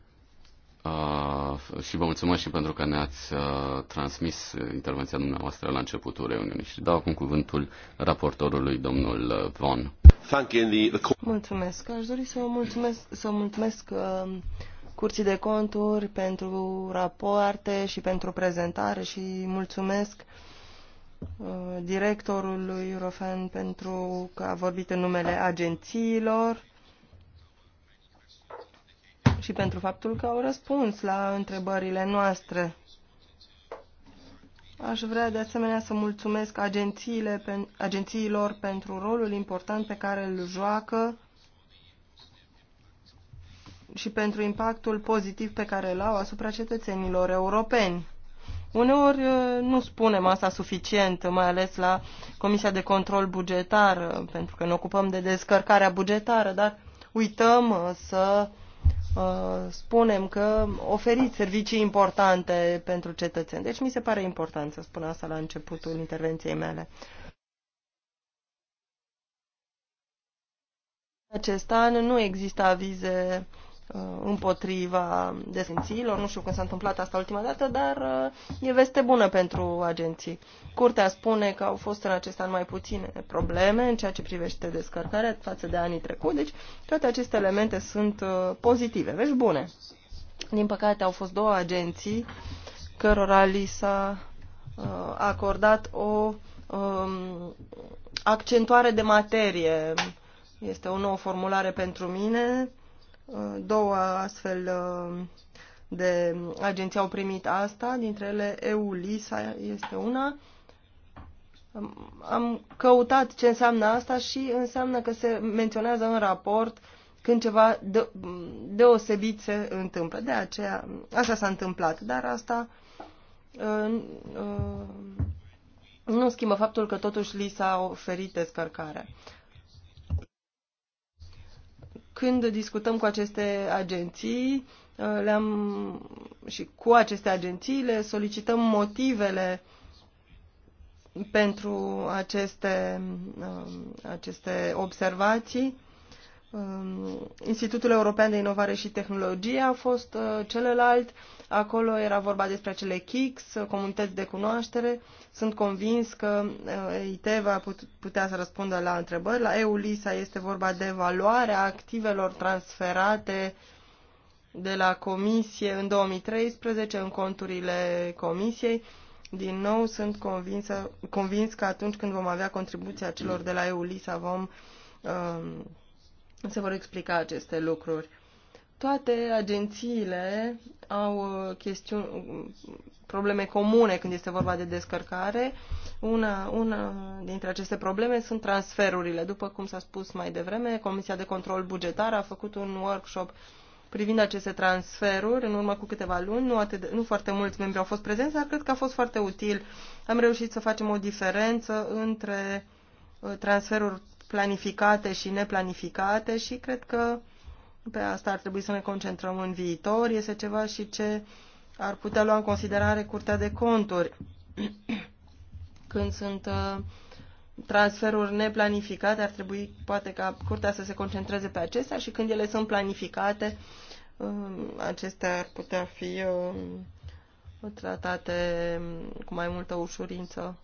și vă mulțumesc și pentru că ne-ați uh, transmis intervenția dumneavoastră la începutul reuniunii. Și dau acum cuvântul raportorului, domnul Von. Mulțumesc. Aș dori să mulțumesc, să mulțumesc uh, Curții de Conturi pentru rapoarte și pentru prezentare și mulțumesc directorului Rofen pentru că a vorbit în numele agențiilor și pentru faptul că au răspuns la întrebările noastre. Aș vrea de asemenea să mulțumesc agențiile, pen, agențiilor pentru rolul important pe care îl joacă și pentru impactul pozitiv pe care îl au asupra cetățenilor europeni. Uneori uh, nu spunem asta suficient, mai ales la Comisia de Control Bugetar, uh, pentru că ne ocupăm de descărcarea bugetară, dar uităm uh, să Uh, spunem că oferiți servicii importante pentru cetățeni. Deci mi se pare important să spun asta la începutul intervenției mele. Acest an nu există avize Uh, împotriva desențiilor. Nu știu când s-a întâmplat asta ultima dată, dar uh, e veste bună pentru agenții. Curtea spune că au fost în acest an mai puține probleme în ceea ce privește descărcarea față de anii trecuți, deci toate aceste elemente sunt uh, pozitive, vești bune. Din păcate au fost două agenții cărora li s-a acordat o um, accentuare de materie. Este o nouă formulare pentru mine două astfel uh, de agenții au primit asta, dintre ele EULISA este una. Am căutat ce înseamnă asta și înseamnă că se menționează în raport când ceva de, deosebit se întâmplă. De aceea, asta s-a întâmplat, dar asta uh, uh, nu schimbă faptul că totuși li s-a oferit descărcarea. Când discutăm cu aceste agenții, uh, le-am și cu aceste agenții le solicităm motivele pentru aceste, um, aceste observații. Um, Institutul European de Inovare și Tehnologie a fost uh, celălalt. Acolo era vorba despre acele KICS, comunități de cunoaștere. Sunt convins că uh, IT va putea să răspundă la întrebări. La EULISA este vorba de valoarea activelor transferate de la comisie în 2013 în conturile comisiei. Din nou sunt convinsă, convins că atunci când vom avea contribuția celor de la EULISA vom, um, se vor explica aceste lucruri. Toate agențiile au uh, chestiuni, probleme comune când este vorba de descărcare. Una, una dintre aceste probleme sunt transferurile. După cum s-a spus mai devreme, Comisia de Control Bugetar a făcut un workshop privind aceste transferuri în urmă cu câteva luni. Nu, atât, nu foarte mulți membri au fost prezenți, dar cred că a fost foarte util. Am reușit să facem o diferență între uh, transferuri planificate și neplanificate și cred că pe asta ar trebui să ne concentrăm în viitor. Este ceva și ce ar putea lua în considerare Curtea de Conturi când sunt uh, transferuri neplanificate, ar trebui poate ca curtea să se concentreze pe acestea și când ele sunt planificate, uh, acestea ar putea fi uh, tratate um, cu mai multă ușurință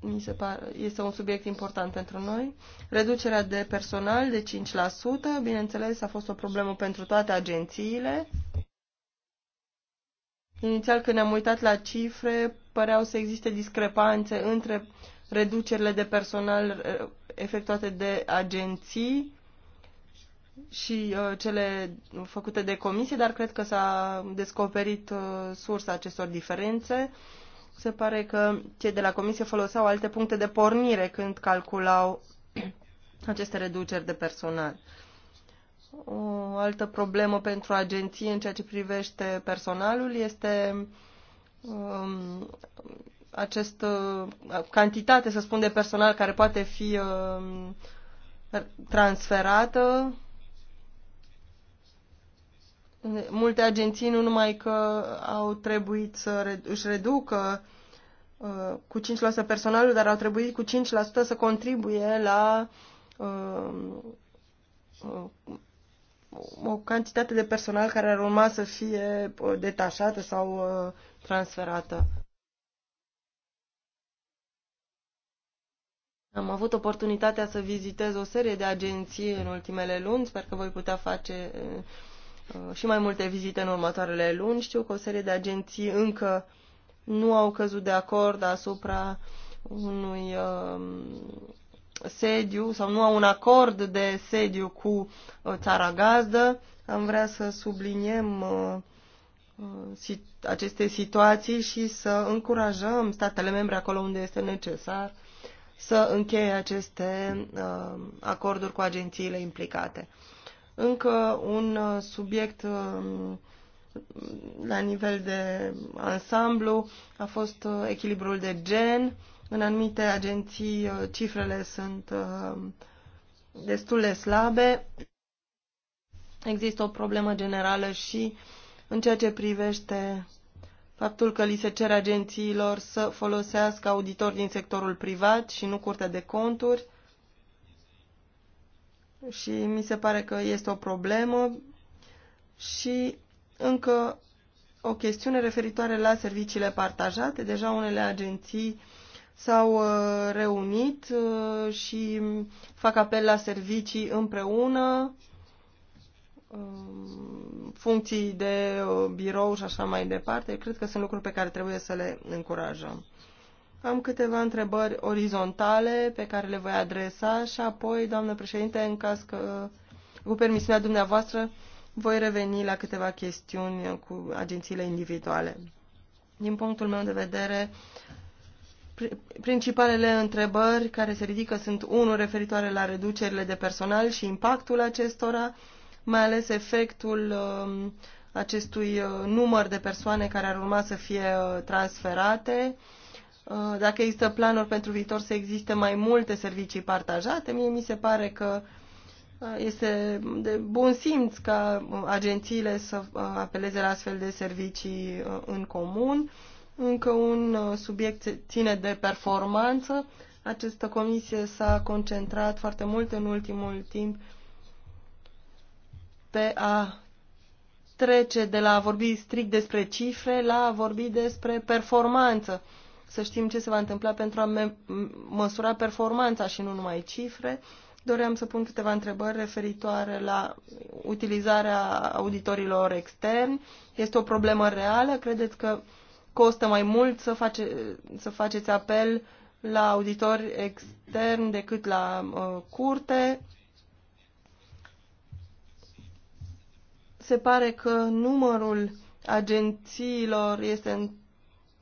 mi se pare, este un subiect important pentru noi. Reducerea de personal de 5%, bineînțeles, a fost o problemă pentru toate agențiile. Inițial, când ne-am uitat la cifre, păreau să existe discrepanțe între reducerile de personal eh, efectuate de agenții și uh, cele făcute de comisie, dar cred că s-a descoperit uh, sursa acestor diferențe. Uh, se pare că cei de la Comisie foloseau alte puncte de pornire când calculau aceste reduceri de personal. O altă problemă pentru agenții în ceea ce privește personalul este um, această uh, cantitate, să spun, de personal care poate fi uh, transferată multe agenții nu numai că au trebuit să își reducă uh, cu 5% personalul, dar au trebuit cu 5% să contribuie la uh, uh, o cantitate de personal care ar urma să fie uh, detașată sau uh, transferată. Am avut oportunitatea să vizitez o serie de agenții în ultimele luni, sper că voi putea face Uh, și mai multe vizite în următoarele luni. Știu că o serie de agenții încă nu au căzut de acord asupra unui um, sediu sau nu au un acord de sediu cu uh, țara gazdă. Am vrea să subliniem uh, aceste situații și să încurajăm statele membre acolo unde este necesar să încheie aceste acorduri cu agențiile implicate încă un uh, subiect um, la nivel de ansamblu a fost uh, echilibrul de gen. În anumite agenții uh, cifrele sunt destul de slabe. Există o problemă generală și în ceea ce privește faptul că li se cere agențiilor să folosească auditori din sectorul privat și nu curtea de conturi și mi se pare că este o problemă și încă o chestiune referitoare la serviciile partajate. Deja unele agenții s-au uh, reunit uh, și fac apel la servicii împreună, um, funcții de uh, birou și așa mai departe. Cred că sunt lucruri pe care trebuie să le încurajăm. Am câteva întrebări orizontale pe care le voi adresa și apoi, doamnă președinte, în caz că, cu permisiunea dumneavoastră, voi reveni la câteva chestiuni cu agențiile individuale. Din punctul meu de vedere, principalele întrebări care se ridică sunt, unul, referitoare la reducerile de personal și impactul acestora, mai ales efectul um, acestui uh, număr de persoane care ar urma să fie uh, transferate, Uh, dacă există planuri pentru viitor să existe mai multe servicii partajate, mie mi se pare că uh, este de bun simț ca uh, agențiile să apeleze la astfel de servicii în comun. Încă un subiect ține de performanță. Această comisie s-a concentrat foarte mult în ultimul timp pe a trece de la a vorbi strict despre cifre la a vorbi despre performanță să știm ce se va întâmpla pentru a măsura performanța și nu numai cifre. Doream să pun câteva întrebări referitoare la utilizarea auditorilor externi. Este o problemă reală? Credeți că costă mai mult să, face, să faceți apel la auditori externi decât la uh, curte? Se pare că numărul agențiilor este în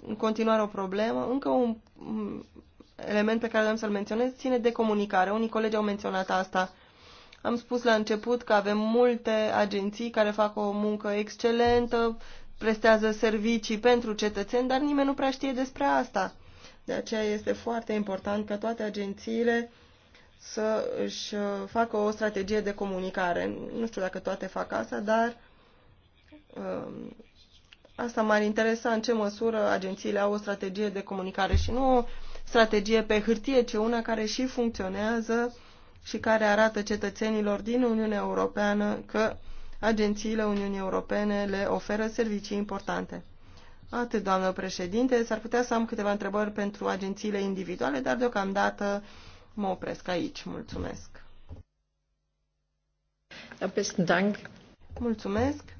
în continuare o problemă. Încă un element pe care vreau să-l menționez ține de comunicare. Unii colegi au menționat asta. Am spus la început că avem multe agenții care fac o muncă excelentă, prestează servicii pentru cetățeni, dar nimeni nu prea știe despre asta. De aceea este foarte important ca toate agențiile să își uh, facă o strategie de comunicare. Nu știu dacă toate fac asta, dar um, Asta m-ar interesa în ce măsură agențiile au o strategie de comunicare și nu o strategie pe hârtie, ci una care și funcționează și care arată cetățenilor din Uniunea Europeană că agențiile Uniunii Europene le oferă servicii importante. Atât, doamnă președinte, s-ar putea să am câteva întrebări pentru agențiile individuale, dar deocamdată mă opresc aici. Mulțumesc. Mulțumesc.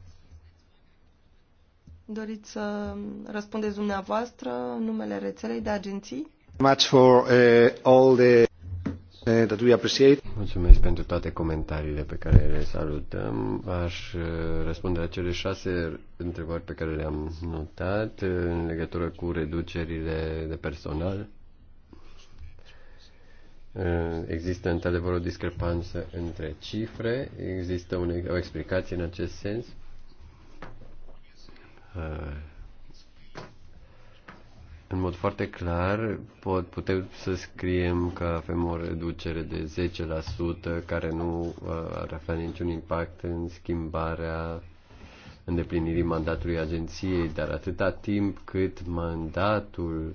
Doriți să răspundeți dumneavoastră numele rețelei de agenții? Much for uh, all the uh, that we appreciate. Mulțumesc pentru toate comentariile pe care le salutăm. Aș uh, răspunde la cele șase întrebări pe care le-am notat uh, în legătură cu reducerile de personal. Există într-adevăr o discrepanță între cifre, există o explicație în acest sens. Uh, în mod foarte clar pot, putem să scriem că avem o reducere de 10% care nu uh, ar avea niciun impact în schimbarea îndeplinirii mandatului agenției, dar atâta timp cât mandatul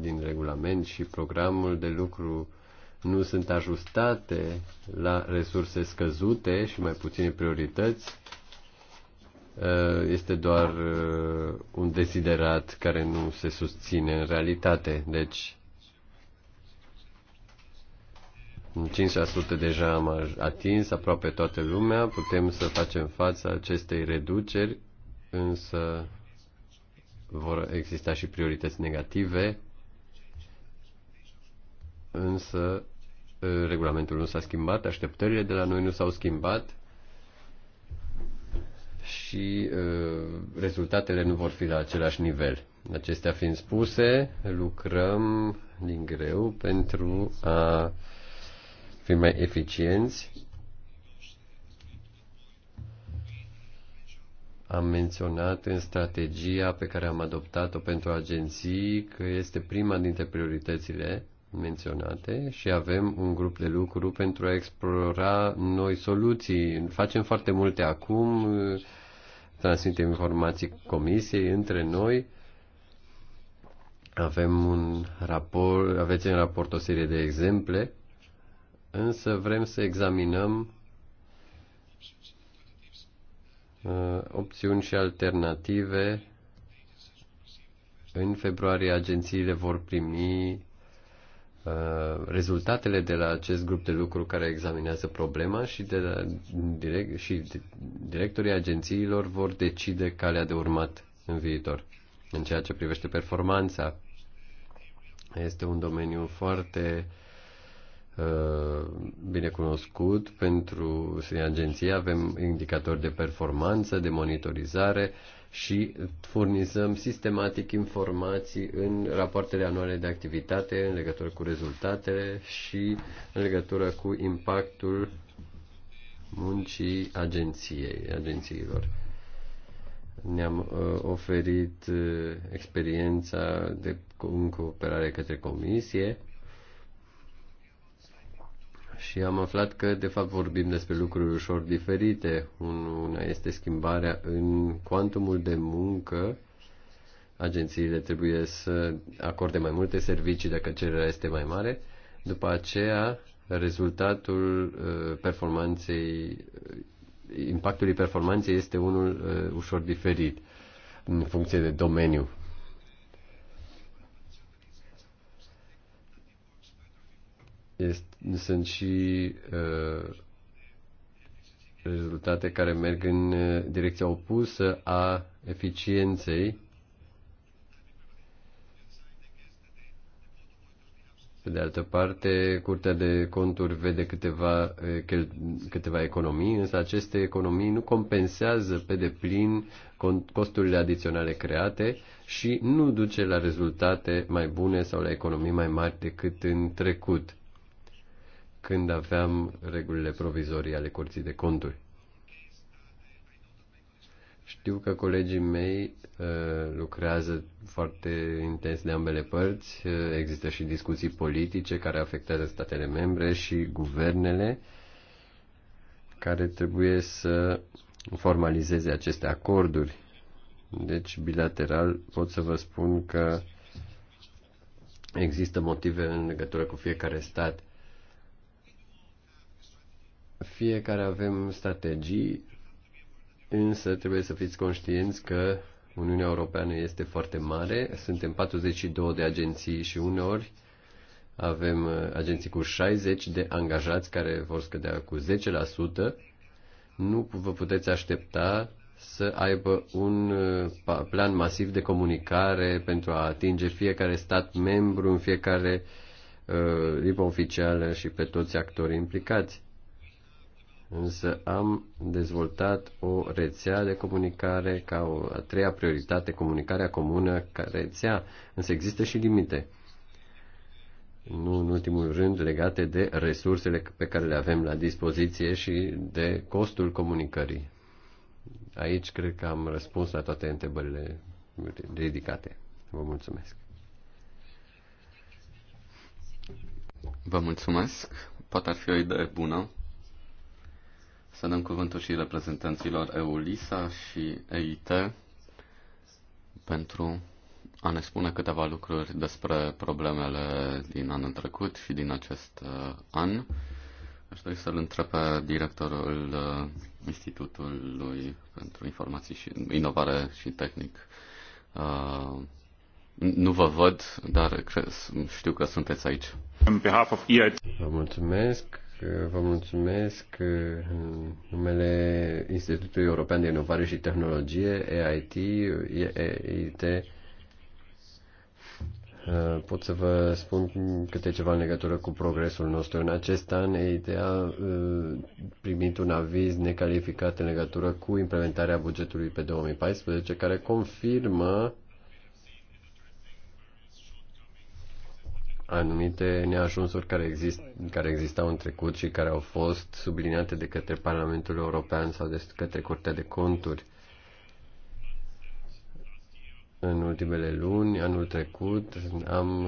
din regulament și programul de lucru nu sunt ajustate la resurse scăzute și mai puține priorități, Eh, este doar eh, un desiderat care nu se susține în realitate. Deci, 5% deja am atins aproape toată lumea, putem să facem față acestei reduceri, însă vor exista și priorități negative, însă eh, regulamentul nu s-a schimbat, așteptările de la noi nu s-au schimbat, și uh, rezultatele nu vor fi la același nivel. Acestea fiind spuse, lucrăm din greu pentru a fi mai eficienți. Am menționat în strategia pe care am adoptat-o pentru agenții că este prima dintre prioritățile menționate și avem un grup de lucru pentru a explora noi soluții. Facem foarte multe acum, transmitem informații comisiei între noi. Avem un raport, aveți în raport o serie de exemple, însă vrem să examinăm uh, opțiuni și alternative. În februarie agențiile vor primi Uh, rezultatele de la acest grup de lucru care examinează problema și, de la, direct, și directorii agențiilor vor decide calea de urmat în viitor. În ceea ce privește performanța, este un domeniu foarte uh, bine cunoscut pentru agenție. Avem indicatori de performanță, de monitorizare, uh, și furnizăm sistematic informații în rapoartele anuale de activitate în legătură cu rezultatele și în legătură cu impactul muncii agenției, agențiilor. Ne-am uh, oferit uh, experiența de în cooperare către comisie și am aflat că, de fapt, vorbim despre lucruri ușor diferite. Una este schimbarea în cuantumul de muncă. Agențiile trebuie să acorde mai multe servicii dacă cererea este mai mare. După aceea, rezultatul uh, performanței, uh, impactului performanței este unul uh, ușor diferit în funcție de domeniu. este, sunt și uh, rezultate care merg în uh, direcția opusă a eficienței. Pe de altă parte, Curtea de Conturi vede câteva, uh, câteva economii, însă aceste economii nu compensează pe deplin costurile adiționale create și nu duce la rezultate mai bune sau la economii mai mari decât în trecut când aveam regulile provizorii ale Curții de Conturi. Știu că colegii mei uh, lucrează foarte intens de ambele părți. Uh, există și discuții politice care afectează statele membre și guvernele care trebuie să formalizeze aceste acorduri. Deci, bilateral, pot să vă spun că există motive în legătură cu fiecare stat. Fiecare avem strategii, însă trebuie să fiți conștienți că Uniunea Europeană este foarte mare, suntem 42 de agenții și uneori avem uh, agenții cu 60 de angajați care vor scădea cu 10%. Nu vă puteți aștepta să aibă un uh, plan masiv de comunicare pentru a atinge fiecare stat membru, în fiecare uh, lipă oficială și pe toți actorii implicați însă am dezvoltat o rețea de comunicare ca o a treia prioritate, comunicarea comună ca rețea, însă există și limite. Nu în ultimul rând legate de resursele pe care le avem la dispoziție și de costul comunicării. Aici cred că am răspuns la toate întrebările ridicate. Vă mulțumesc. Vă mulțumesc. Poate ar fi o idee bună să dăm cuvântul și reprezentanților EULISA și EIT pentru a ne spune câteva lucruri despre problemele din anul trecut și din acest uh, an. Aș dori să-l întreb pe directorul uh, Institutului pentru Informații și Inovare și Tehnic. Uh, nu vă văd, dar știu că sunteți aici. Vă mulțumesc vă mulțumesc uh, în numele Institutului European de Inovare și Tehnologie, EIT, EIT, uh, pot să vă spun câte ceva în legătură cu progresul nostru. În acest an, EIT a uh, primit un aviz necalificat în legătură cu implementarea bugetului pe 2014, care confirmă anumite neajunsuri care, exist, care existau în trecut și care au fost subliniate de către Parlamentul European sau de către Curtea de Conturi. În ultimele luni, anul trecut, am,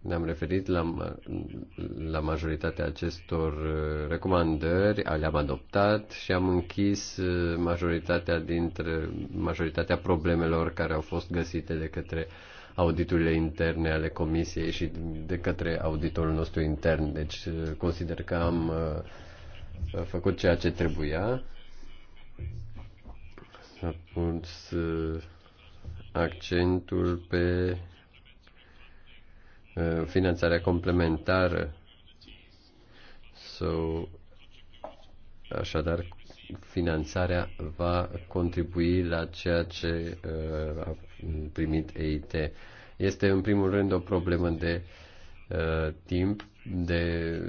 ne-am referit la, la majoritatea acestor recomandări, le-am adoptat și am închis majoritatea, dintre, majoritatea problemelor care au fost găsite de către uh, auditurile interne ale comisiei și de către auditorul nostru intern. Deci uh, consider că am uh, făcut ceea ce trebuia. S-a pus uh, accentul pe finanțarea complementară. So, așadar, finanțarea va contribui la ceea ce uh, a primit EIT. Este în primul rând o problemă de uh, timp, de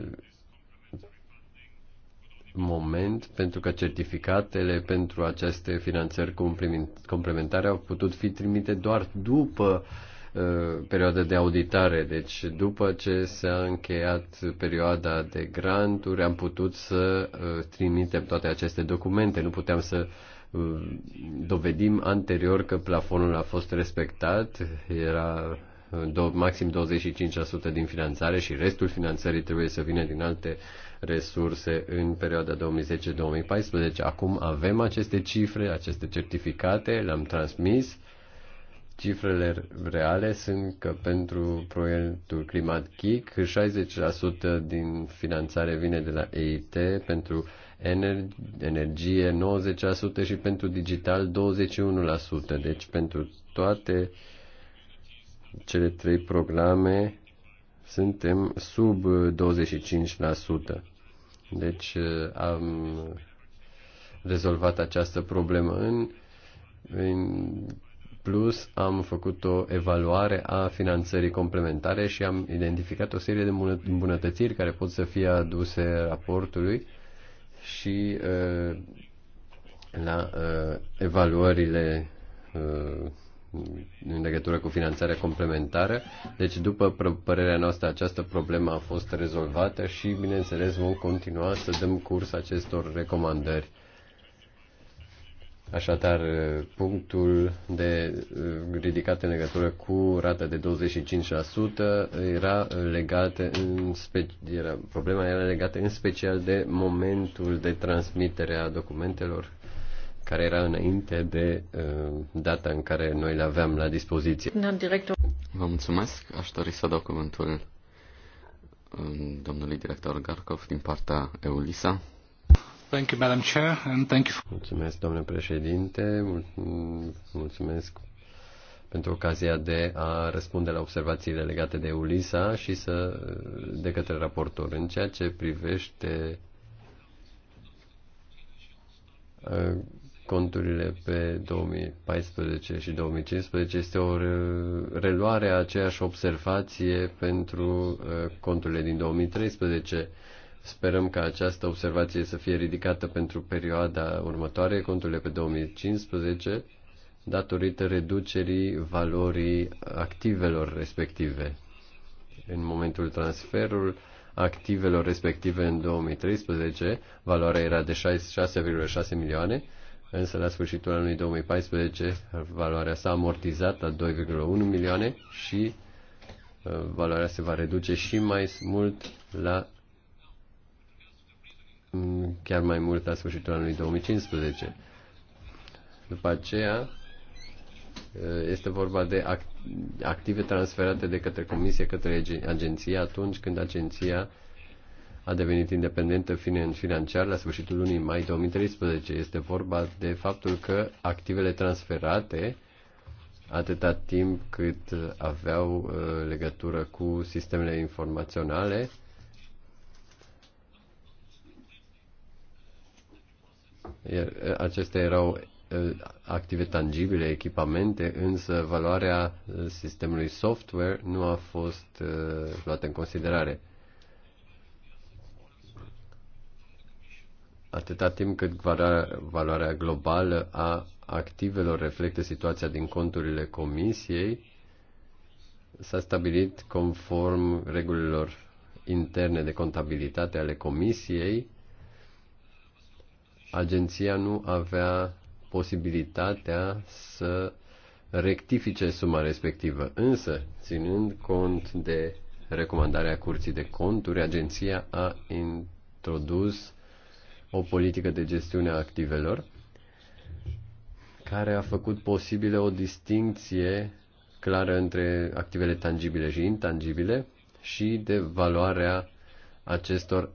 moment, pentru că certificatele pentru aceste finanțări complementare au putut fi trimite doar după uh, Uh, perioadă de auditare. Deci, după ce s-a încheiat perioada de granturi, am putut să uh, trimitem toate aceste documente. Nu puteam să uh, dovedim anterior că plafonul a fost respectat, era maxim 25% din finanțare și restul finanțării trebuie să vină din alte resurse în perioada 2010-2014. Acum avem aceste cifre, aceste certificate, le-am transmis Cifrele reale sunt că pentru proiectul Climat Kick 60% din finanțare vine de la EIT, pentru energie 90% și pentru digital 21%. Deci pentru toate cele trei programe suntem sub 25%. Deci uh, am rezolvat această problemă în, în plus, am făcut o evaluare a finanțării complementare și am identificat o serie de îmbunătățiri care pot să fie aduse raportului și uh, la uh, evaluările uh, în legătură cu finanțarea complementară. Deci, după părerea noastră, această problemă a fost rezolvată și, bineînțeles, vom continua să dăm curs acestor recomandări Așadar, punctul de uh, ridicat în legătură cu rata de 25% era legată în era, problema era legată în special de momentul de transmitere a documentelor care era înainte de uh, data în care noi le aveam la dispoziție. Vă mulțumesc. Aș dori să dau cuvântul uh, domnului director Garkov din partea EULISA. Thank you, Madam Chair, and thank you. Mulțumesc, domnule președinte, mulțumesc pentru ocazia de a răspunde la observațiile legate de ULISA și să, de către raportor. În ceea ce privește ă, conturile pe 2014 și 2015 este o reluare a aceeași observație pentru ă, conturile din 2013. Sperăm ca această observație să fie ridicată pentru perioada următoare, conturile pe 2015, datorită reducerii valorii activelor respective. În momentul transferul activelor respective în 2013, valoarea era de 6,6 milioane, însă la sfârșitul anului 2014 valoarea s-a amortizat la 2,1 milioane și uh, valoarea se va reduce și mai mult la chiar mai mult la sfârșitul anului 2015. După aceea, este vorba de active transferate de către comisie către agenție atunci când agenția a devenit independentă financiar la sfârșitul lunii mai 2013. Este vorba de faptul că activele transferate atâta timp cât aveau uh, legătură cu sistemele informaționale Acestea erau active tangibile, echipamente, însă valoarea sistemului software nu a fost luată în considerare. Atâta timp cât valoarea globală a activelor reflectă situația din conturile comisiei, s-a stabilit conform regulilor interne de contabilitate ale comisiei agenția nu avea posibilitatea să rectifice suma respectivă. Însă, ținând cont de recomandarea Curții de Conturi, agenția a introdus o politică de gestiune a activelor care a făcut posibilă o distinție clară între activele tangibile și intangibile și de valoarea acestor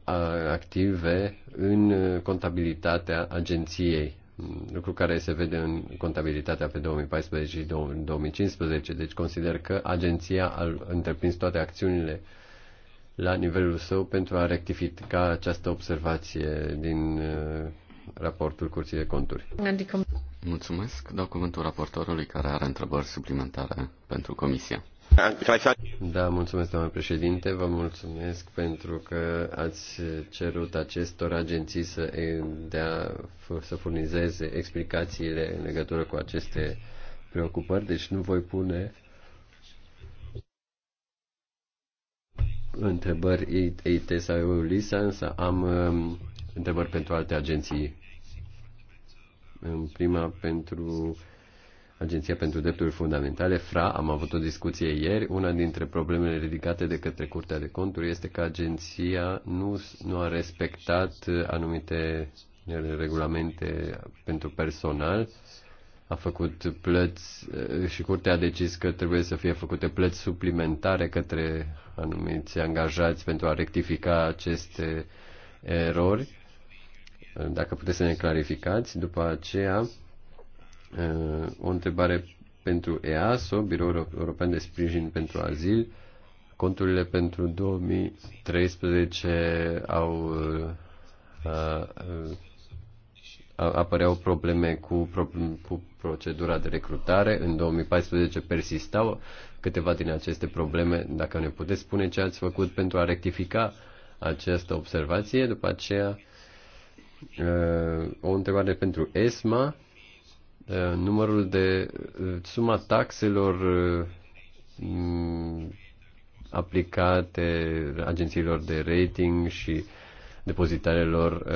active în contabilitatea agenției, lucru care se vede în contabilitatea pe 2014 și 2015. Deci consider că agenția a întreprins toate acțiunile la nivelul său pentru a rectifica această observație din raportul Curții de Conturi. Mulțumesc. Dau cuvântul raportorului care are întrebări suplimentare pentru Comisia. Da, mulțumesc, doamnă președinte. Vă mulțumesc pentru că ați cerut acestor agenții să, dea, să furnizeze explicațiile în legătură cu aceste preocupări. Deci nu voi pune întrebări EIT sau EULISA, însă am um, întrebări pentru alte agenții. În prima pentru Agenția pentru Drepturi Fundamentale, FRA, am avut o discuție ieri. Una dintre problemele ridicate de către Curtea de Conturi este că agenția nu, nu a respectat anumite regulamente pentru personal. A făcut plăți eh, și Curtea a decis că trebuie să fie făcute plăți suplimentare către anumiți angajați pentru a rectifica aceste erori. Dacă puteți să ne clarificați, după aceea Uh, o întrebare pentru EASO, Biroul European de Sprijin pentru Azil. Conturile pentru 2013 au uh, uh, apăreau probleme cu, cu procedura de recrutare. În 2014 persistau câteva din aceste probleme. Dacă ne puteți spune ce ați făcut pentru a rectifica această observație, după aceea uh, o întrebare pentru ESMA Uh, numărul de uh, suma taxelor uh, mm, aplicate agențiilor de rating și depozitarelor,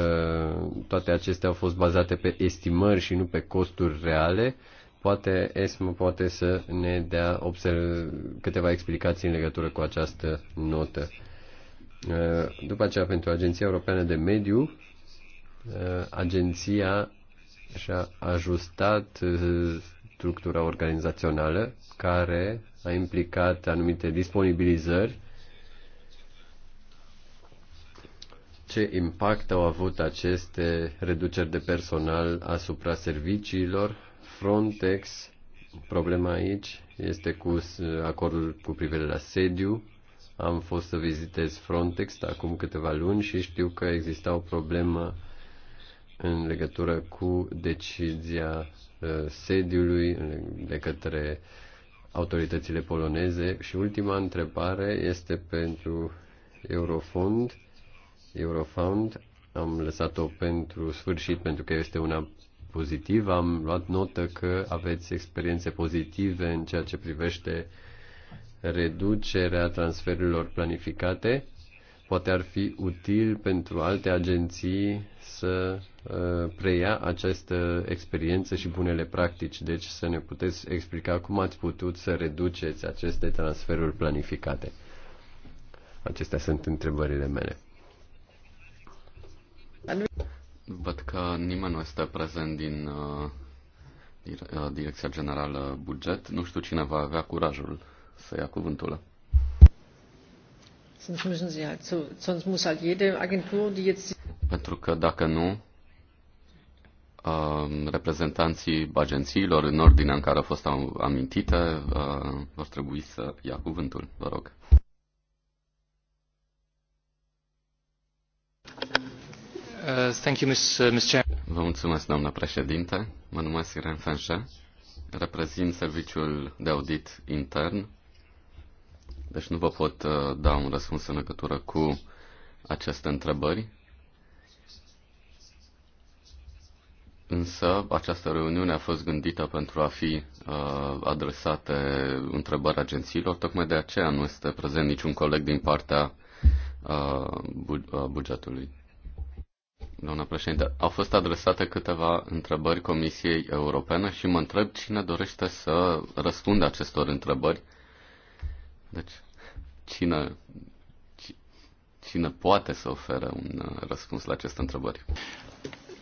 toate acestea au fost bazate pe estimări și nu pe costuri reale. Poate ESM poate să ne dea observ, câteva explicații în legătură cu această notă. După aceea, pentru Agenția Europeană de Mediu, agenția și-a ajustat uh, structura organizațională care a implicat anumite disponibilizări. Ce impact au avut aceste reduceri de personal asupra serviciilor? Frontex, problema aici este cu uh, acordul cu privire la sediu. Am fost să vizitez Frontex acum câteva luni și știu că exista o problemă în legătură cu decizia uh, sediului de către autoritățile poloneze. Și ultima întrebare este pentru Eurofond. Eurofund am lăsat-o pentru sfârșit pentru că este una pozitivă. Am luat notă că aveți experiențe pozitive în ceea ce privește reducerea transferurilor planificate. Poate ar fi util pentru alte agenții să Uh, preia această experiență și bunele practici. Deci să ne puteți explica cum ați putut să reduceți aceste transferuri planificate. Acestea sunt întrebările mele. Văd că nimeni nu este prezent din uh, uh Direcția Generală Buget. Nu știu cine va avea curajul să ia cuvântul. Pentru că dacă nu, Um, reprezentanții agențiilor în ordinea în care au fost amintite uh, vor trebui să ia cuvântul. Vă rog. Uh, thank you, Ms. Uh, Ms. Chair. Vă mulțumesc, doamnă președinte. Mă numesc Irene Fenșe. Reprezint serviciul de audit intern. Deci nu vă pot uh, da un răspuns în legătură cu aceste întrebări. Însă această reuniune a fost gândită pentru a fi uh, adresate întrebări agențiilor, tocmai de aceea nu este prezent niciun coleg din partea uh, uh bugetului. Doamna președinte, au fost adresate câteva întrebări Comisiei Europene și mă întreb cine dorește să răspundă acestor întrebări. Deci, cine, cine poate să ofere un uh, răspuns la aceste întrebări?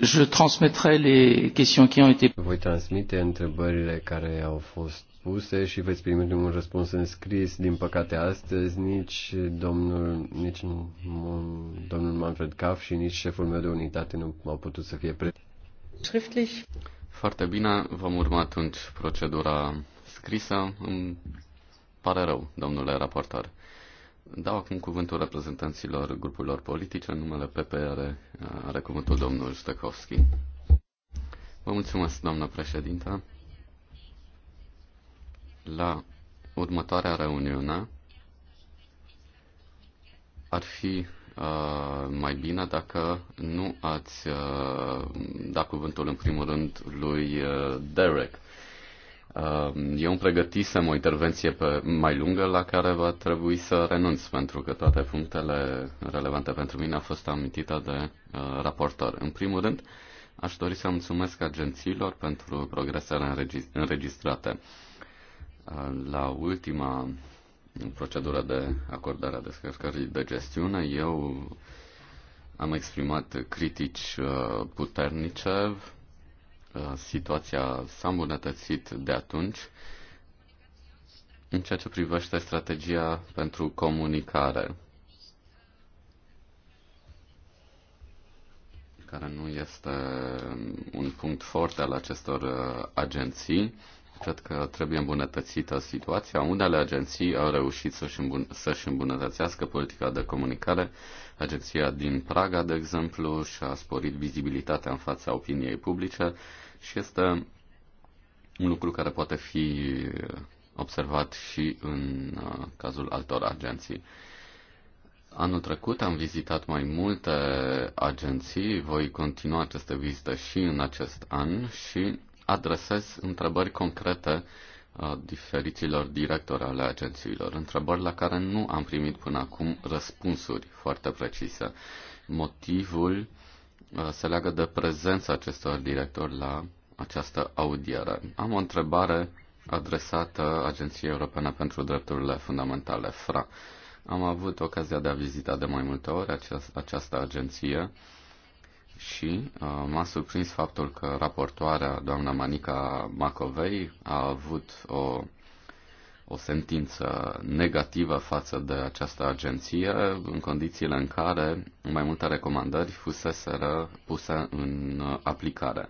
Je transmettrai les questions qui ont été... Voi transmite întrebările care au fost puse și veți primi un răspuns în scris. Din păcate astăzi nici domnul, nici domnul Manfred Kaff și nici șeful meu de unitate nu au putut să fie prezent. Schriftlich. Foarte bine, vom urma atunci procedura scrisă. Îmi pare rău, domnule raportor. Dau acum cuvântul reprezentanților grupurilor politice. În numele PPR, uh, are, cuvântul domnul Ștăcovski. Vă mulțumesc, doamnă președintă. La următoarea reuniune ar fi uh, mai bine dacă nu ați uh, da cuvântul în primul rând lui uh, Derek Um, eu îmi pregătisem o intervenție pe mai lungă la care va trebui să renunț, pentru că toate punctele relevante pentru mine au fost amintite de uh, raportor. În primul rând, aș dori să mulțumesc agențiilor pentru progresele înregistrate. Uh, la ultima procedură de acordare a descărcării de gestiune, eu am exprimat critici uh, puternice Uh, situația s-a îmbunătățit de atunci. În ceea ce privește strategia pentru comunicare, care nu este un punct forte al acestor uh, agenții, Cred că trebuie îmbunătățită situația. Unele agenții au reușit să-și, îmbun- să-și îmbunătățească politica de comunicare. Agenția din Praga, de exemplu, și-a sporit vizibilitatea în fața opiniei publice și este un lucru care poate fi observat și în uh, cazul altor agenții. Anul trecut am vizitat mai multe agenții, voi continua aceste vizite și în acest an și adresez întrebări concrete uh, diferiților directori ale agențiilor, întrebări la care nu am primit până acum răspunsuri foarte precise. Motivul uh, se leagă de prezența acestor directori la această audiere. Am o întrebare adresată Agenției Europene pentru Drepturile Fundamentale, FRA. Am avut ocazia de a vizita de mai multe ori această agenție și uh, m-a surprins faptul că raportoarea doamna Manica Macovei a avut o, o sentință negativă față de această agenție în condițiile în care mai multe recomandări fuseseră puse în uh, aplicare.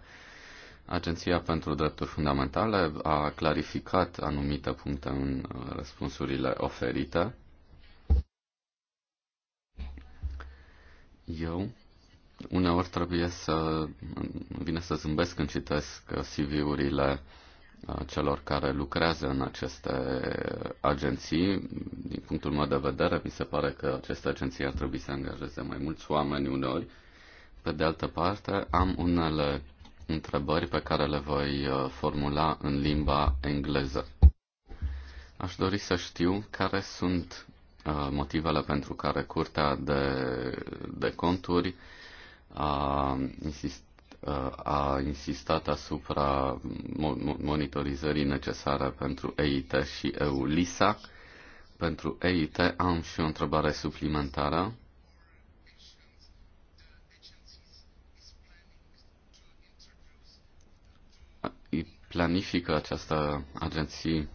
Agenția pentru Drepturi Fundamentale a clarificat anumite puncte în uh, răspunsurile oferite. Eu Uneori trebuie să vine să zâmbesc când citesc CV-urile uh, celor care lucrează în aceste agenții. Din punctul meu de vedere, mi se pare că aceste agenții ar trebui să angajeze mai mulți oameni uneori. Pe de altă parte, am unele întrebări pe care le voi uh, formula în limba engleză. Aș dori să știu care sunt uh, motivele pentru care Curtea de, de Conturi a, insist, a insistat asupra monitorizării necesare pentru EIT și EULISA. Pentru EIT am și o întrebare suplimentară. Planifică această agenție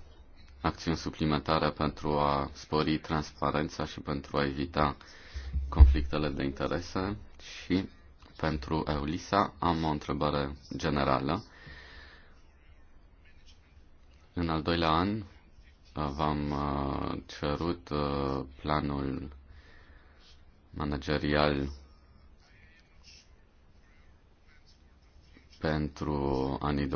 acțiuni suplimentare pentru a spori transparența și pentru a evita conflictele de interese și pentru EULISA. Am o întrebare generală. În al doilea an uh, v-am uh, cerut uh, planul managerial pentru anii 2015-2016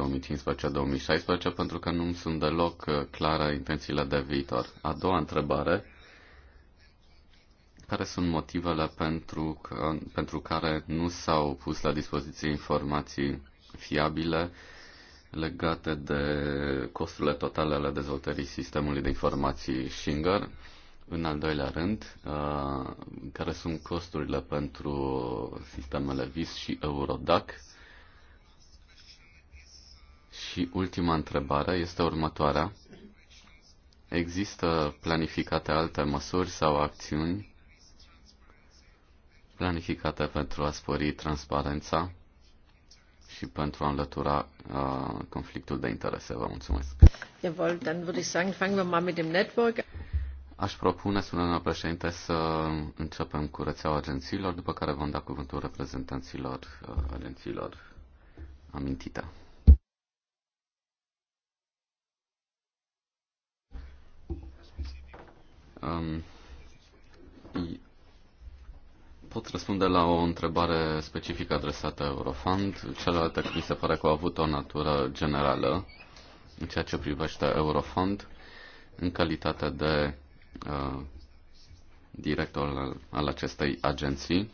pentru că nu sunt deloc clare intențiile de viitor. A doua întrebare care sunt motivele pentru, că, pentru care nu s-au pus la dispoziție informații fiabile legate de costurile totale ale dezvoltării sistemului de informații Schinger. În al doilea rând, uh, care sunt costurile pentru sistemele VIS și Eurodac? Și ultima întrebare este următoarea. Există planificate alte măsuri sau acțiuni planificate pentru a spori transparența și pentru a înlătura uh, conflictul de interese. Vă mulțumesc. Jawohl, dann würde ich sagen, fangen wir mal mit dem Network. Aș propune, spune doamna președinte, să începem cu rețeaua agențiilor, după care vom da cuvântul reprezentanților uh, agențiilor amintite. Um, Pot răspunde la o întrebare specifică adresată Eurofund. Celelalte mi se pare că au avut o natură generală în ceea ce privește Eurofund în calitate de uh, director al, al acestei agenții.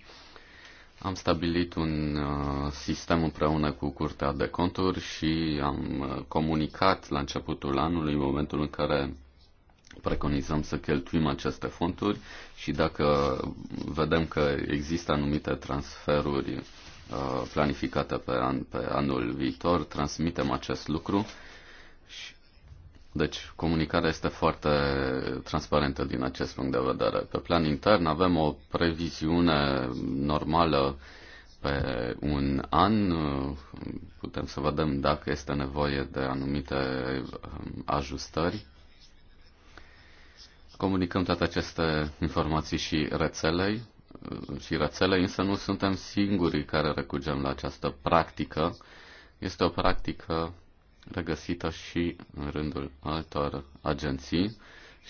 Am stabilit un uh, sistem împreună cu Curtea de Conturi și am uh, comunicat la începutul anului, în momentul în care preconizăm să cheltuim aceste fonduri și dacă vedem că există anumite transferuri uh, planificate pe, an, pe anul viitor, transmitem acest lucru. Și, deci, comunicarea este foarte transparentă din acest punct de vedere. Pe plan intern avem o previziune normală pe un an. Putem să vedem dacă este nevoie de anumite um, ajustări Comunicăm toate aceste informații și rețelei, uh, și rețelei, însă nu suntem singurii care recurgem la această practică. Este o practică regăsită și în rândul altor agenții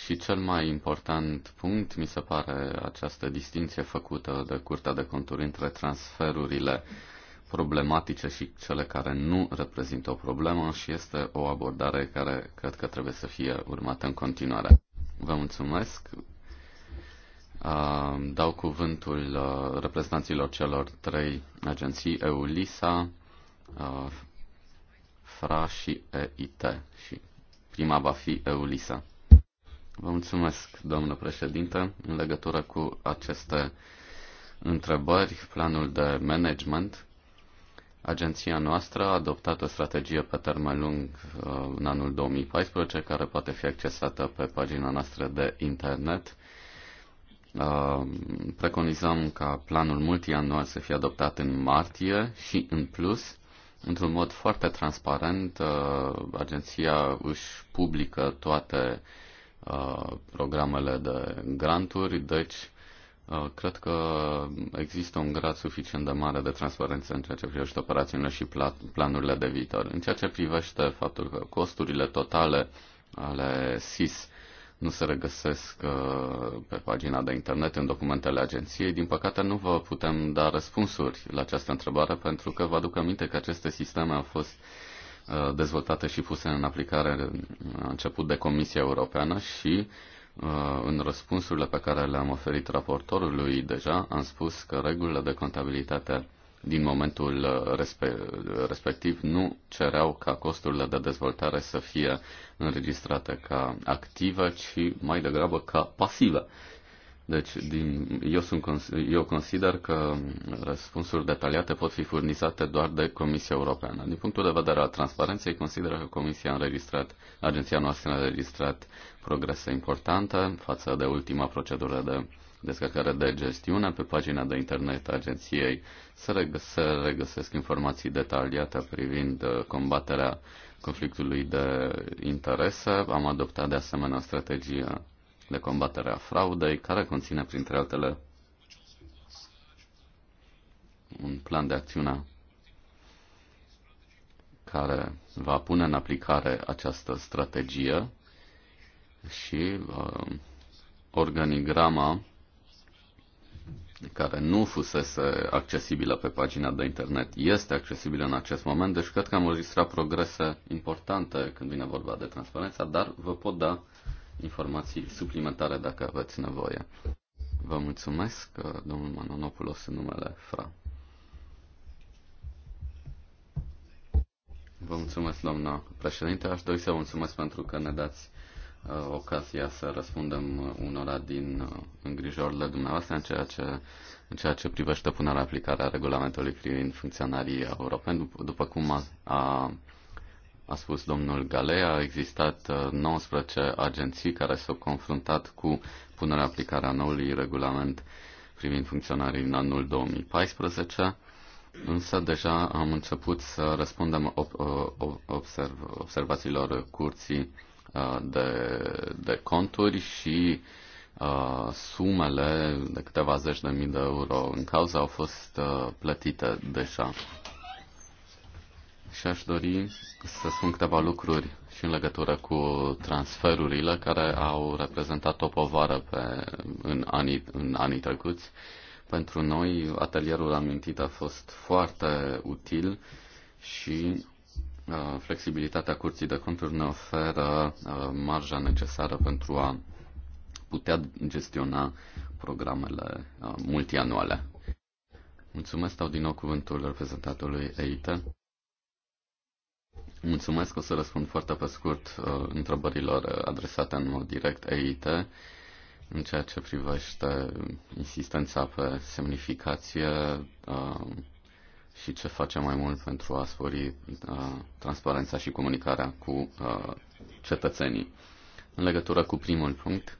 și cel mai important punct mi se pare această distinție făcută de Curtea de Conturi între transferurile problematice și cele care nu reprezintă o problemă și este o abordare care cred că trebuie să fie urmată în continuare. Vă mulțumesc. Dau cuvântul reprezentanților celor trei agenții, EULISA, FRA și EIT. Și prima va fi EULISA. Vă mulțumesc, domnule președinte. În legătură cu aceste întrebări, planul de management Agenția noastră a adoptat o strategie pe termen lung uh, în anul 2014, care poate fi accesată pe pagina noastră de internet. Uh, preconizăm ca planul multianual să fie adoptat în martie și, în plus, într-un mod foarte transparent, uh, agenția își publică toate programele de granturi, deci Uh, cred că există un grad suficient de mare de transparență în ceea ce privește operațiunile și planurile de viitor. În ceea ce privește faptul că costurile totale ale SIS nu se regăsesc uh, pe pagina de internet în documentele agenției, din păcate nu vă putem da răspunsuri la această întrebare pentru că vă aduc aminte că aceste sisteme au fost uh, dezvoltate și puse în aplicare început de Comisia Europeană și uh, Uh, în răspunsurile pe care le-am oferit raportorului deja, am spus că regulile de contabilitate din momentul uh, uh, respectiv nu cereau ca costurile de dezvoltare să fie înregistrate ca active, ci mai degrabă ca pasive. Deci din, eu, sunt, eu consider că răspunsuri detaliate pot fi furnizate doar de Comisia Europeană. Din punctul de vedere al transparenței, consider că Comisia a înregistrat, agenția noastră a înregistrat progrese importante față de ultima procedură de descărcare de gestiune. Pe pagina de internet a agenției se, regă- se regăsesc informații detaliate privind uh, combaterea conflictului de interese. Am adoptat de asemenea strategia de combatere a fraudei, care conține, printre altele, un plan de acțiune care va pune în aplicare această strategie și uh, organigrama care nu fusese accesibilă pe pagina de internet este accesibilă în acest moment, deci cred că am înregistrat progrese importante când vine vorba de transparență, dar vă pot da informații suplimentare dacă aveți nevoie. Vă mulțumesc, uh, domnul Manonopoulos, în numele FRA. Vă mulțumesc, doamna președinte. Aș dori să vă mulțumesc pentru că ne dați Uh, ocazia să răspundem unora din uh, îngrijorile dumneavoastră în ceea ce, în ceea ce privește punerea aplicarea regulamentului privind funcționarii europeni. După cum a, a, a spus domnul Galea, au existat 19 uh, agenții care s-au confruntat cu punerea aplicarea noului regulament privind funcționarii în anul 2014. Însă deja am început să răspundem ob- observ- observațiilor curții de, de conturi și uh, sumele de câteva zeci de mii de euro în cauză au fost uh, plătite deja. Și aș dori să spun câteva lucruri și în legătură cu transferurile care au reprezentat o povară pe, în, anii, în anii trecuți. Pentru noi, atelierul amintit a fost foarte util și Uh, flexibilitatea curții de conturi ne oferă uh, marja necesară pentru a putea gestiona programele uh, multianuale. Mulțumesc, stau din nou cuvântul reprezentatului EIT. Mulțumesc, o să răspund foarte pe scurt întrebărilor adresate în mod direct EIT în ceea ce privește insistența pe semnificație, și ce face mai mult pentru a spori uh, transparența și comunicarea cu uh, cetățenii. În legătură cu primul punct,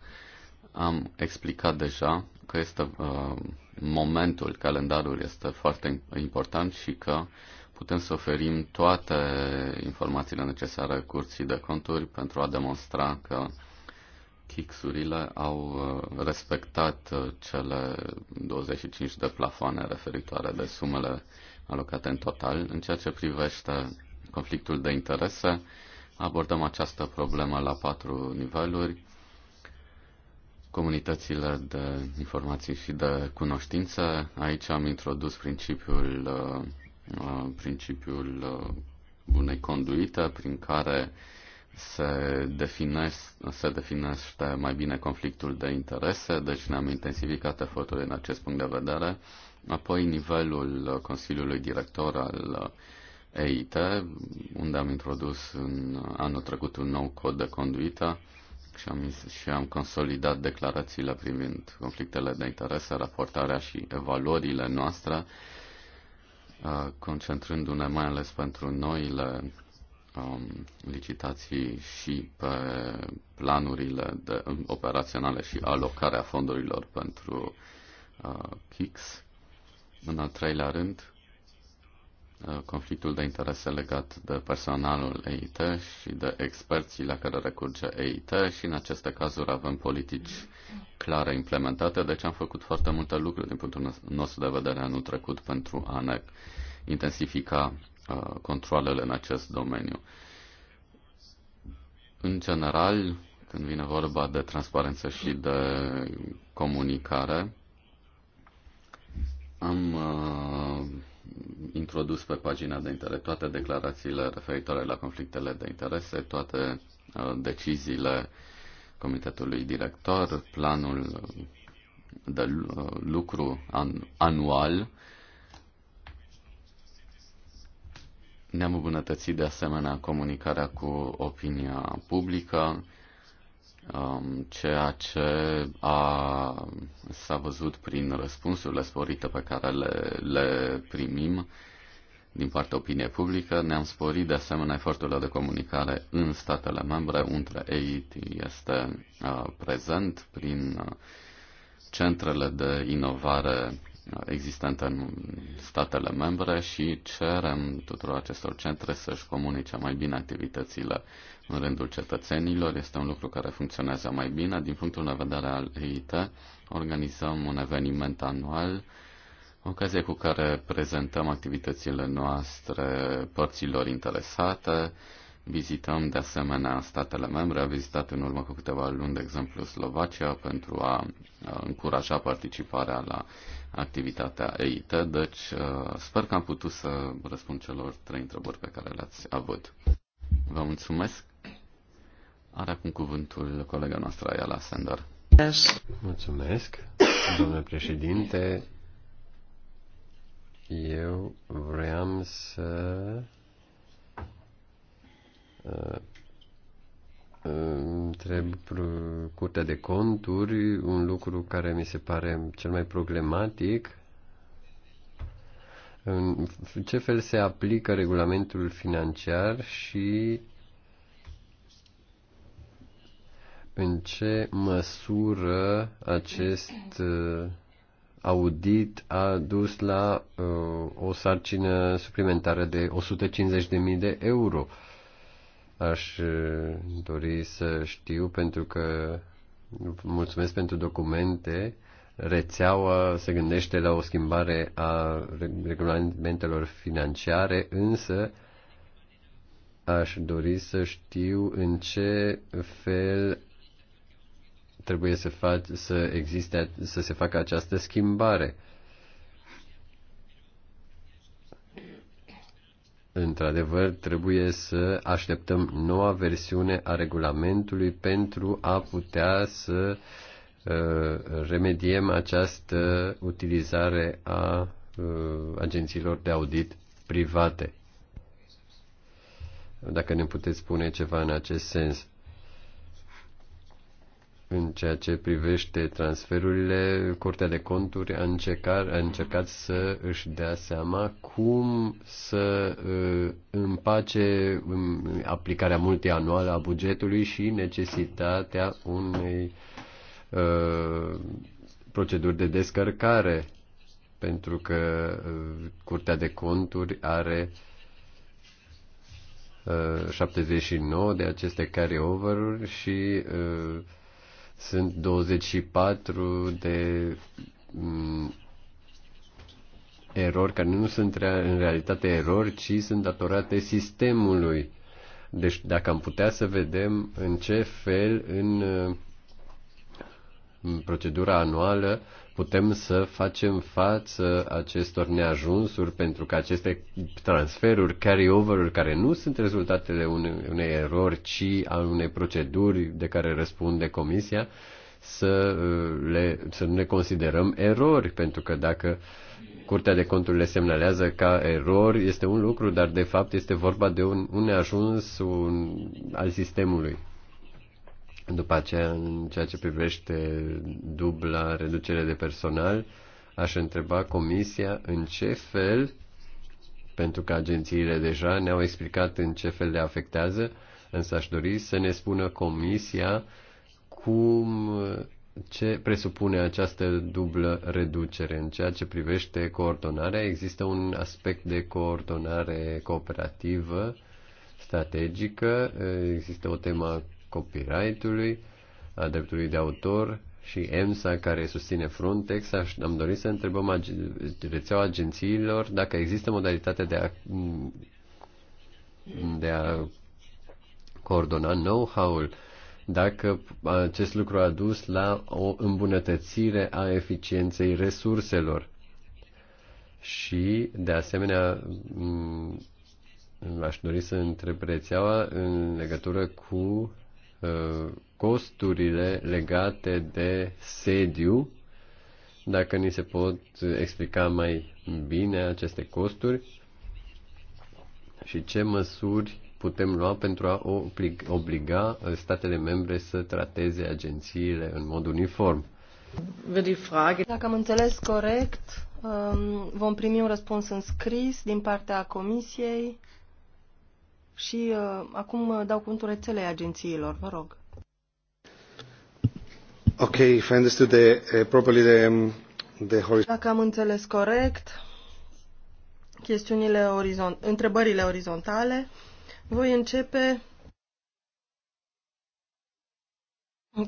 am explicat deja că este uh, momentul, calendarul este foarte important și că putem să oferim toate informațiile necesare curții de conturi pentru a demonstra că Kixurile au uh, respectat uh, cele 25 de plafoane referitoare de sumele alocate în total. În ceea ce privește conflictul de interese, abordăm această problemă la patru niveluri. Comunitățile de informații și de cunoștință. Aici am introdus principiul, uh, uh, principiul bunei uh, conduite prin care se, definesc, se definește mai bine conflictul de interese, deci ne-am intensificat eforturile în acest punct de vedere apoi nivelul Consiliului Director al EIT, unde am introdus în anul trecut un nou cod de conduită și am, și am consolidat declarațiile privind conflictele de interese, raportarea și evaluările noastre, concentrându-ne mai ales pentru noile um, licitații și pe planurile de, operaționale și alocarea fondurilor pentru uh, KICS. În al treilea rând, uh, conflictul de interese legat de personalul EIT și de experții la care recurge EIT și în aceste cazuri avem politici clare implementate, deci am făcut foarte multe lucruri din punctul nostru de vedere anul trecut pentru a ne intensifica uh, controlele în acest domeniu. În general, când vine vorba de transparență și de comunicare, am uh, introdus pe pagina de internet toate declarațiile referitoare la conflictele de interese, toate uh, deciziile comitetului director, planul de uh, lucru an, anual. Ne-am îmbunătățit de asemenea comunicarea cu opinia publică Um, ceea ce a, s-a văzut prin răspunsurile sporite pe care le, le primim din partea opiniei publică. Ne-am sporit de asemenea eforturile de comunicare în statele membre, unde EIT este uh, prezent prin uh, centrele de inovare existente în statele membre și cerem tuturor acestor centre să-și comunice mai bine activitățile în rândul cetățenilor. Este un lucru care funcționează mai bine. Din punctul de vedere al EIT, organizăm un eveniment anual, ocazie cu care prezentăm activitățile noastre părților interesate, Vizităm de asemenea statele membre. A vizitat în urmă cu câteva luni, de exemplu, Slovacia pentru a încuraja participarea la activitatea EIT, deci uh, sper că am putut să răspund celor trei întrebări pe care le-ați avut. Vă mulțumesc. Are acum cuvântul colega noastră, Ayala Sender. Mulțumesc, domnule președinte. Eu vreau să uh, întreb Curtea de Conturi un lucru care mi se pare cel mai problematic. În ce fel se aplică regulamentul financiar și în ce măsură acest uh, audit a dus la uh, o sarcină suplimentară de 150.000 de euro. Uh, Aș uh, dori să știu pentru că mulțumesc pentru documente. Rețeaua se gândește la o schimbare a regulamentelor financiare, însă aș dori să știu în ce fel trebuie să, fac, să existe, să se facă această schimbare. Uh, Într-adevăr, trebuie să așteptăm noua versiune a regulamentului pentru a putea să uh, remediem această utilizare a uh, agențiilor de audit private. Dacă ne puteți spune ceva în acest sens. În ceea ce privește transferurile, Curtea de Conturi a încercat, a încercat să își dea seama cum să uh, împace um, aplicarea multianuală a bugetului și necesitatea unei uh, proceduri de descărcare, pentru că uh, Curtea de Conturi are uh, 79 de aceste carry-over-uri și uh, sunt 24 de mm, erori care nu sunt în realitate erori, ci sunt datorate sistemului. Deci dacă am putea să vedem în ce fel în procedura anuală putem să facem față acestor neajunsuri pentru că aceste transferuri, carry-over-uri care nu sunt rezultatele unei, unei erori, ci a unei proceduri de care răspunde comisia, să, uh, le, să nu le considerăm erori, pentru că dacă Curtea de Conturi le semnalează ca erori, este un lucru, dar de fapt este vorba de un, un neajuns un, al sistemului. După aceea, în ceea ce privește dubla reducere de personal, aș întreba Comisia în ce fel, pentru că agențiile deja ne-au explicat în ce fel le afectează, însă aș dori să ne spună Comisia cum, ce presupune această dublă reducere. În ceea ce privește coordonarea, există un aspect de coordonare cooperativă strategică, există o temă copyright-ului, a dreptului de autor și EMSA care susține Frontex, am dorit să întrebăm rețeaua agențiilor dacă există modalitatea de a, de a coordona know-how-ul dacă acest lucru a dus la o îmbunătățire a eficienței resurselor. Și, de asemenea, aș dori să întreb rețeaua în legătură cu Uh, costurile legate de sediu, dacă ni se pot explica mai bine aceste costuri și ce măsuri putem lua pentru a obliga uh, statele membre să trateze agențiile în mod uniform. Dacă am înțeles corect, um, vom primi un răspuns în scris din partea Comisiei și uh, acum uh, dau cuvântul rețelei agențiilor, vă rog. Ok, if I understood the, uh, properly the, um, the Dacă am înțeles corect, chestiunile orizont întrebările orizontale, voi începe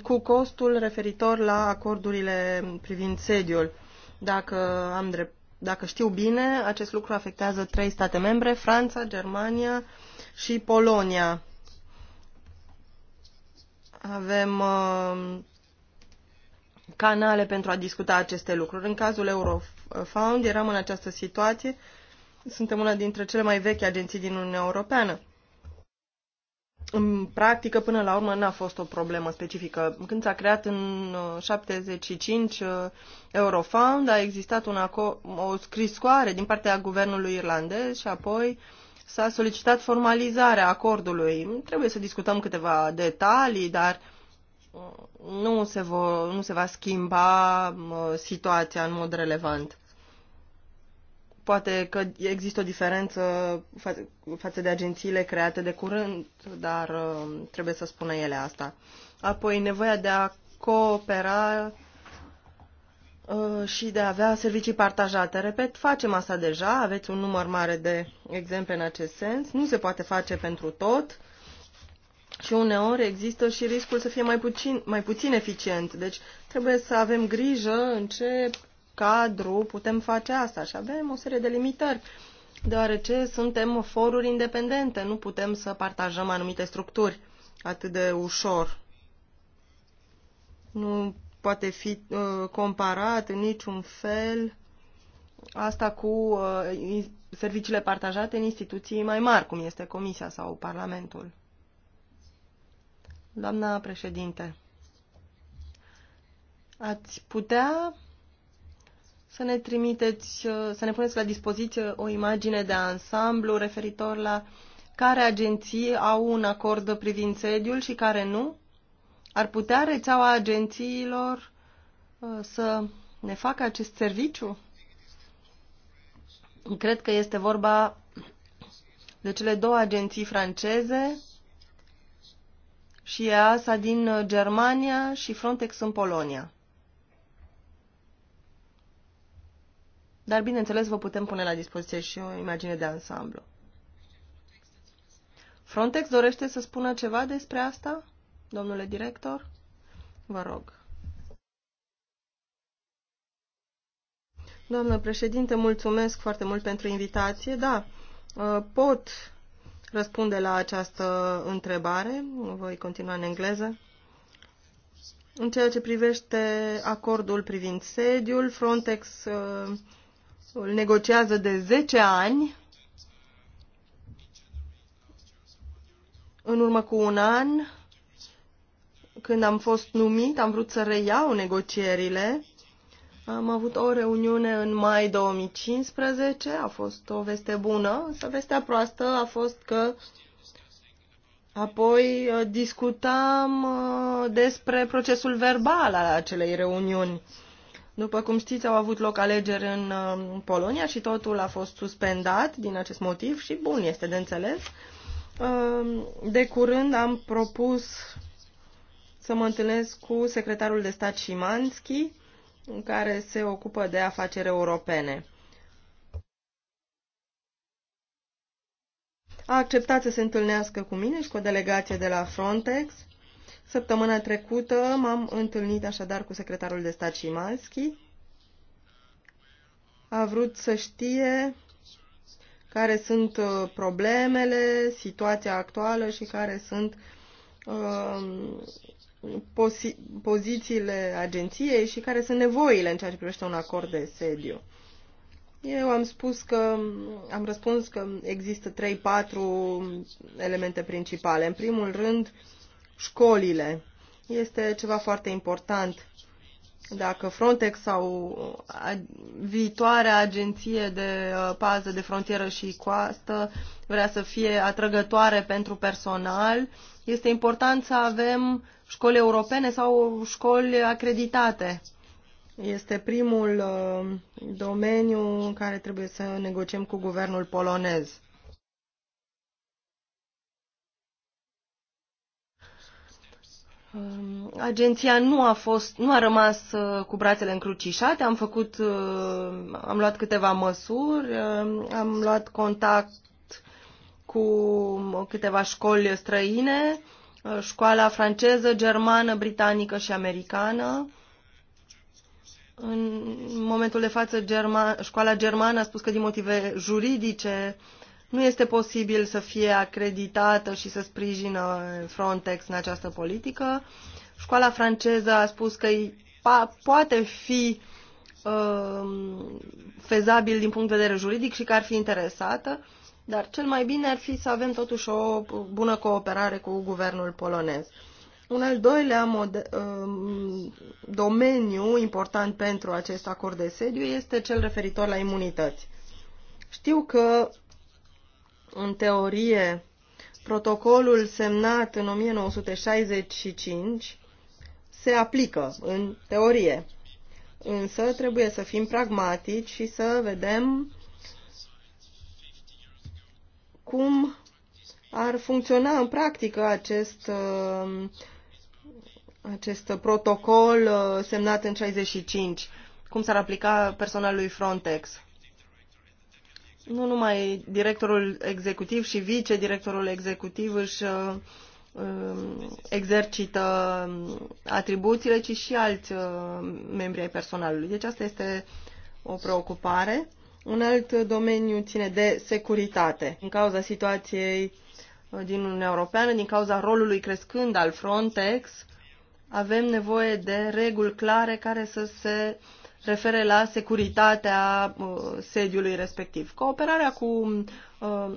cu costul referitor la acordurile privind sediul. Dacă, am drept, dacă știu bine, acest lucru afectează trei state membre, Franța, Germania și Polonia. Avem uh, canale pentru a discuta aceste lucruri. În cazul Eurofound eram în această situație. Suntem una dintre cele mai vechi agenții din Uniunea Europeană. În practică, până la urmă, n-a fost o problemă specifică. Când s-a creat în 75 uh, uh, Eurofound, a existat un o scrisoare din partea guvernului irlandez și apoi uh, s-a solicitat formalizarea acordului. Trebuie să discutăm câteva detalii, dar mm, nu se, vo, nu se va schimba mm, situația în mod relevant. Poate că există o diferență fa- față de agențiile create de curând, dar mm, trebuie să spună ele asta. Apoi, nevoia de a coopera Uh, și de a avea servicii partajate. Repet, facem asta deja, aveți un număr mare de exemple în acest sens, nu se poate face pentru tot și uneori există și riscul să fie mai puțin, mai puțin eficient. Deci trebuie să avem grijă în ce cadru putem face asta și avem o serie de limitări, deoarece suntem foruri independente, nu putem să partajăm anumite structuri atât de ușor. Nu poate fi uh, comparat în niciun fel asta cu uh, serviciile partajate în instituții mai mari, cum este Comisia sau Parlamentul. Doamna președinte, ați putea să ne trimiteți, uh, să ne puneți la dispoziție o imagine de ansamblu referitor la care agenții au un acord privind sediul și care nu? Ar putea rețeaua agențiilor uh, să ne facă acest serviciu? Cred că este vorba de cele două agenții franceze și EASA din uh, Germania și Frontex în Polonia. Dar, bineînțeles, vă putem pune la dispoziție și o imagine de ansamblu. Frontex dorește să spună ceva despre asta? Domnule director, vă rog. Doamnă președinte, mulțumesc foarte mult pentru invitație. Da, uh, pot răspunde la această întrebare. Voi continua în engleză. În ceea ce privește acordul privind sediul, Frontex uh, îl negociază de 10 ani. În urmă cu un an, când am fost numit, am vrut să reiau negocierile. Am avut o reuniune în mai 2015, a fost o veste bună, însă vestea proastă a fost că apoi uh, discutam uh, despre procesul verbal al acelei reuniuni. După cum știți, au avut loc alegeri în uh, Polonia și totul a fost suspendat din acest motiv și bun, este de înțeles. De curând am propus să mă întâlnesc cu secretarul de stat Șimanski, care se ocupă de afaceri europene. A acceptat să se întâlnească cu mine și cu o delegație de la Frontex. Săptămâna trecută m-am întâlnit așadar cu secretarul de stat Șimanski. A vrut să știe care sunt uh, problemele, situația actuală și care sunt uh, pozițiile agenției și care sunt nevoile în ceea ce privește un acord de sediu. Eu am spus că am răspuns că există 3-4 elemente principale. În primul rând, școlile. Este ceva foarte important dacă Frontex sau uh, viitoarea agenție de uh, pază de frontieră și coastă vrea să fie atrăgătoare pentru personal, este important să avem școli europene sau școli acreditate. Este primul uh, domeniu în care trebuie să negociem cu guvernul polonez. Um, agenția nu a fost, nu a rămas uh, cu brațele încrucișate, am făcut, uh, am luat câteva măsuri, um, am luat contact cu câteva școli străine, uh, școala franceză, germană, britanică și americană. În momentul de față, germa, școala germană a spus că din motive juridice nu este posibil să fie acreditată și să sprijină Frontex în această politică. Școala franceză a spus că poate fi uh, fezabil din punct de vedere juridic și că ar fi interesată, dar cel mai bine ar fi să avem totuși o bună cooperare cu guvernul polonez. Un al doilea mode, uh, domeniu important pentru acest acord de sediu este cel referitor la imunități. Știu că în teorie, protocolul semnat în 1965 se aplică în teorie. Însă trebuie să fim pragmatici și să vedem cum ar funcționa în practică acest, uh, acest protocol uh, semnat în 65, cum s-ar aplica personalului Frontex nu numai directorul executiv și vice-directorul executiv își uh, um, exercită um, atribuțiile, ci și alți uh, membri ai personalului. Deci asta este o preocupare. Un alt domeniu ține de securitate. Din cauza situației uh, din Uniunea Europeană, din cauza rolului crescând al Frontex, avem nevoie de reguli clare care să se refere la securitatea uh, sediului respectiv. Cooperarea cu uh,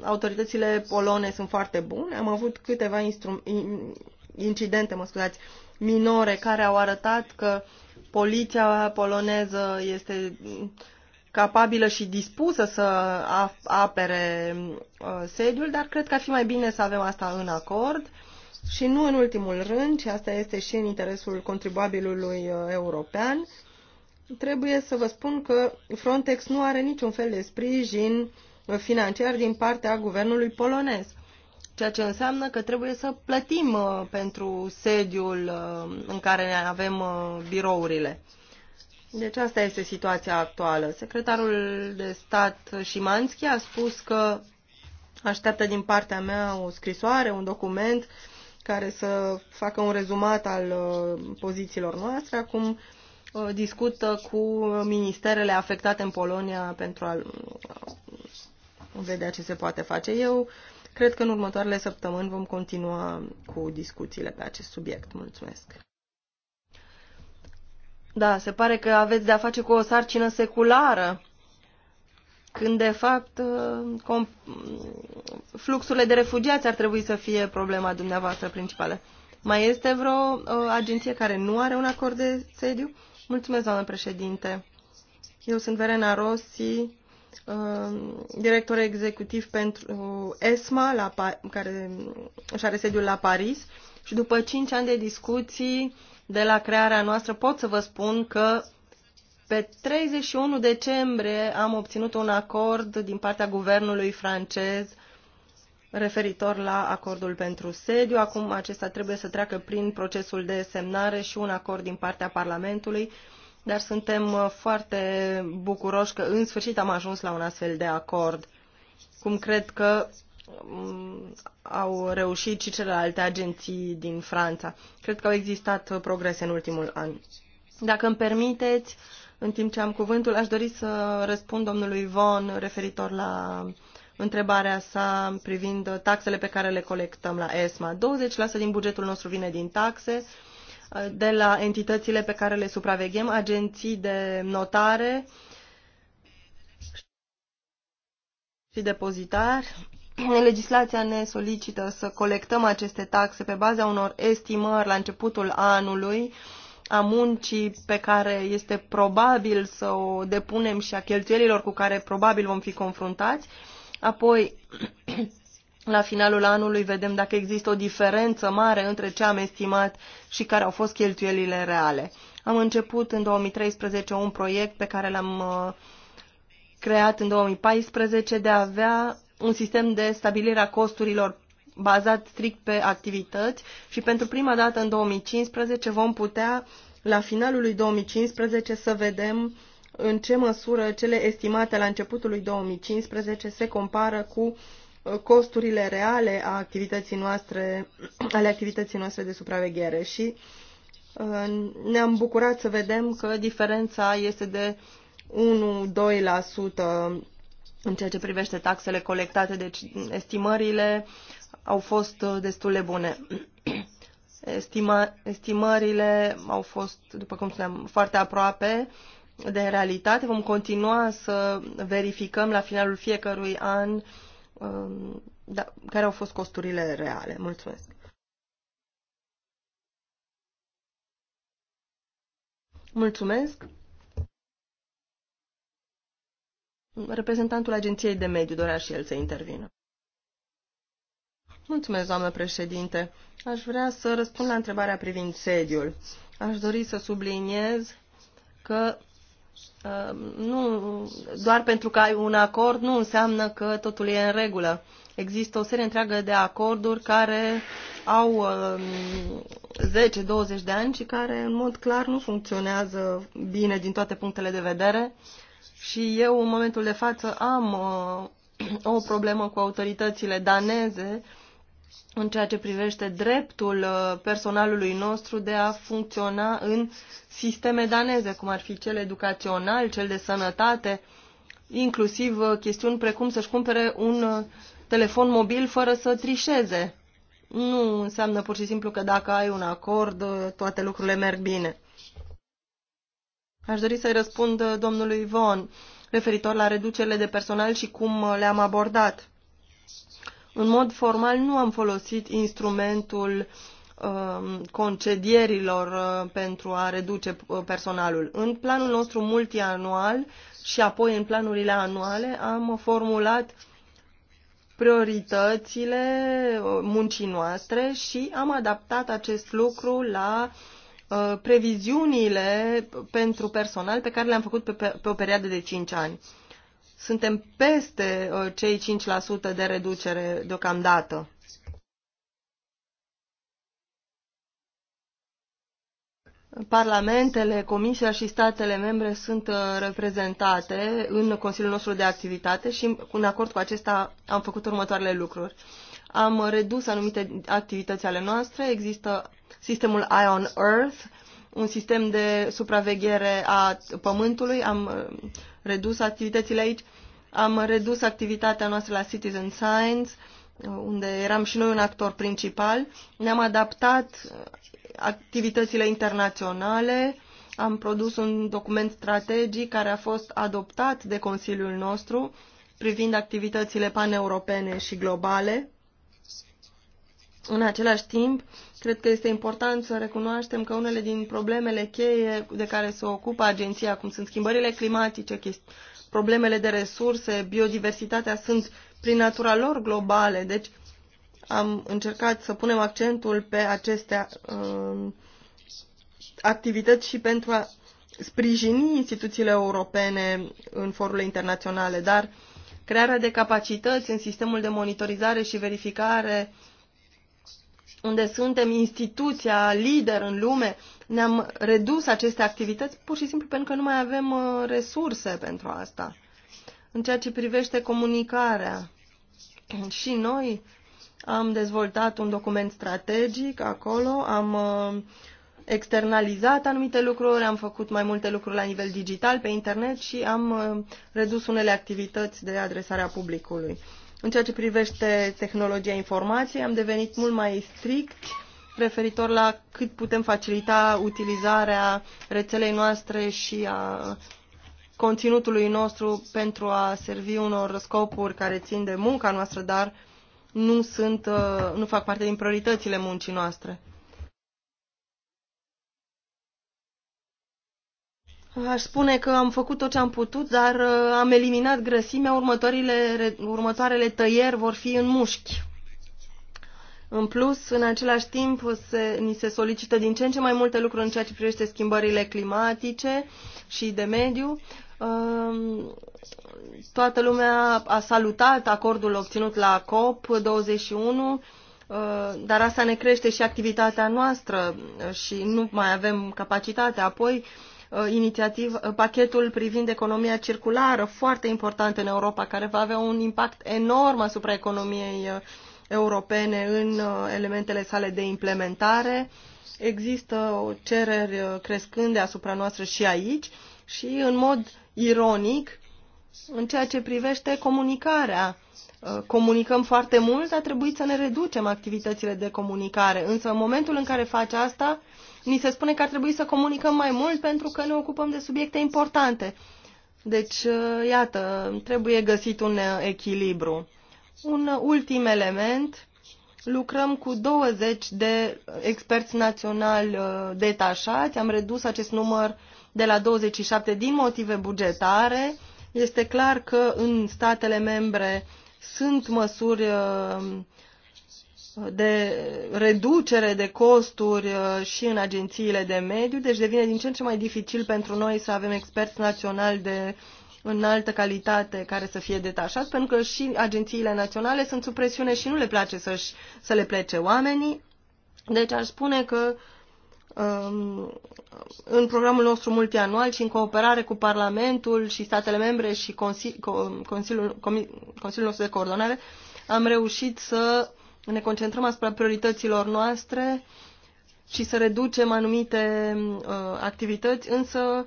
autoritățile polone sunt foarte bune. Am avut câteva incidente, mă scuzați, minore care au arătat că poliția poloneză este capabilă și dispusă să apere uh, sediul, dar cred că ar fi mai bine să avem asta în acord. Și nu în ultimul rând, și asta este și în interesul contribuabilului european, uh, trebuie să vă spun că Frontex nu are niciun fel de sprijin financiar din partea guvernului polonez, ceea ce înseamnă că trebuie să plătim uh, pentru sediul uh, în care ne avem uh, birourile. Deci asta este situația actuală. Secretarul de stat Șimanski a spus că așteaptă din partea mea o scrisoare, un document care să facă un rezumat al pozițiilor noastre. Acum uh, Uh, discută cu ministerele afectate în Polonia pentru a uh, vedea ce se poate face. Eu cred că în următoarele săptămâni vom continua cu discuțiile pe acest subiect. Mulțumesc! Da, se pare că aveți de-a face cu o sarcină seculară, când de fapt uh, fluxurile de refugiați ar trebui să fie problema dumneavoastră principală. Mai este vreo agenție care nu are un acord de sediu? Mulțumesc, doamnă președinte. Eu sunt Verena Rossi, uh, director executiv pentru ESMA, la, care își are sediul la Paris. Și după 5 ani de discuții de la crearea noastră, pot să vă spun că pe 31 decembrie am obținut un acord din partea guvernului francez uh, referitor la acordul pentru sediu. Acum acesta trebuie să treacă prin procesul de semnare și un acord din partea Parlamentului, dar suntem uh, foarte bucuroși că în sfârșit am ajuns la un astfel de acord, cum cred că um, au reușit și celelalte agenții din Franța. Cred că au existat uh, progrese în ultimul an. Dacă îmi permiteți, în timp ce am cuvântul, aș dori să răspund domnului Von referitor la întrebarea sa privind taxele pe care le colectăm la ESMA. 20% din bugetul nostru vine din taxe, de la entitățile pe care le supraveghem, agenții de notare și depozitari. Legislația ne solicită să colectăm aceste taxe pe baza unor estimări la începutul anului a muncii pe care este probabil să o depunem și a cheltuielilor cu care probabil vom fi confruntați Apoi, la finalul anului vedem dacă există o diferență mare între ce am estimat și care au fost cheltuielile reale. Am început în 2013 un proiect pe care l-am uh, creat în 2014 de a avea un sistem de stabilire a costurilor bazat strict pe activități și pentru prima dată în 2015 vom putea, la finalul lui 2015, să vedem în ce măsură cele estimate la începutul lui 2015 se compară cu uh, costurile reale a activității noastre, ale activității noastre de supraveghere și uh, ne-am bucurat să vedem că diferența este de 1-2% în ceea ce privește taxele colectate, deci estimările au fost uh, destul de bune. Estima, estimările au fost, după cum spuneam, foarte aproape de realitate. Vom continua să verificăm la finalul fiecărui an um, da, care au fost costurile reale. Mulțumesc! Mulțumesc! Reprezentantul Agenției de Mediu dorea și el să intervină. Mulțumesc, doamnă președinte. Aș vrea să răspund la întrebarea privind sediul. Aș dori să subliniez că Uh, nu, doar pentru că ai un acord nu înseamnă că totul e în regulă. Există o serie întreagă de acorduri care au 10-20 um, de ani și care în mod clar nu funcționează bine din toate punctele de vedere și eu în momentul de față am uh, o problemă cu autoritățile daneze uh, în ceea ce privește dreptul uh, personalului nostru de a funcționa în sisteme daneze, cum ar fi cel educațional, cel de sănătate, inclusiv uh, chestiuni precum să-și cumpere un uh, telefon mobil fără să trișeze. Nu înseamnă pur și simplu că dacă ai un acord, toate lucrurile merg bine. Aș dori să-i răspund domnului Von referitor la reducerile de personal și cum le-am abordat. În mod formal nu am folosit instrumentul um, concedierilor uh, pentru a reduce uh, personalul. În planul nostru multianual și apoi în planurile anuale am formulat prioritățile uh, muncii noastre și am adaptat acest lucru la previziunile pentru personal pe care le-am făcut pe, o perioadă de 5 ani. Suntem peste uh, cei 5% de reducere deocamdată. Parlamentele, Comisia și statele membre sunt uh, reprezentate în Consiliul nostru de activitate și în acord cu acesta am făcut următoarele lucruri. Am redus anumite activități ale noastre, există sistemul Ion Earth, un sistem de supraveghere a pământului, am uh, redus activitățile aici, am redus activitatea noastră la Citizen Science, uh, unde eram și noi un actor principal, ne-am adaptat uh, activitățile internaționale, am produs un document strategic care a fost adoptat de Consiliul nostru privind activitățile paneuropene și globale în același timp, cred că este important să recunoaștem că unele din problemele cheie de care se ocupă agenția, cum sunt schimbările climatice, problemele de resurse, biodiversitatea, sunt prin natura lor globale. Deci am încercat să punem accentul pe aceste uh, activități și pentru a sprijini instituțiile europene în forurile internaționale, dar crearea de capacități în sistemul de monitorizare și verificare uh, unde suntem instituția lider în lume, ne-am redus aceste activități pur și simplu pentru că nu mai avem uh, resurse pentru asta. În ceea ce privește comunicarea, și noi am dezvoltat un document strategic acolo, am uh, externalizat anumite lucruri, am făcut mai multe lucruri la nivel digital pe internet și am uh, redus unele activități de adresare a publicului. În ceea ce privește tehnologia informației, am devenit mult mai strict referitor la cât putem facilita utilizarea rețelei noastre și a conținutului nostru pentru a servi unor scopuri care țin de munca noastră, dar nu, sunt, uh, nu fac parte din prioritățile muncii noastre. Aș spune că am făcut tot ce am putut, dar uh, am eliminat grăsimea, următoarele, următoarele tăieri vor fi în mușchi. În plus, în același timp, se, ni se solicită din ce în ce mai multe lucruri în ceea ce privește schimbările climatice și de mediu. Um, toată lumea a salutat acordul obținut la COP21, uh, dar asta ne crește și activitatea noastră uh, și nu mai avem capacitate. Apoi, uh, Uh, inițiativ, uh, pachetul privind economia circulară, foarte important în Europa, care va avea un impact enorm asupra economiei uh, europene în elementele sale de implementare. Există o cereri crescânde asupra noastră și aici și, în mod ironic, în ceea ce privește comunicarea. Comunicăm foarte mult, a trebuit să ne reducem activitățile de comunicare, însă în momentul în care faci asta, Ni se spune că ar trebui să comunicăm mai mult pentru că ne ocupăm de subiecte importante. Deci, uh, iată, trebuie găsit un uh, echilibru. Un uh, ultim element, lucrăm cu 20 de experți naționali detașați, am redus acest număr de la 27 din motive bugetare. Este clar că în statele membre sunt măsuri de reducere de costuri uh, și în agențiile de mediu, deci devine din ce în ce mai dificil pentru noi să avem experți naționali de înaltă calitate care să fie detașat, pentru că și agențiile naționale sunt sub presiune și nu le place să, să le plece oamenii. Deci aș spune că um, în programul nostru multianual și în cooperare cu Parlamentul și statele membre și Consiliul, Consiliul, Consiliul nostru de coordonare, am reușit să ne concentrăm asupra priorităților noastre și să reducem anumite uh, activități, însă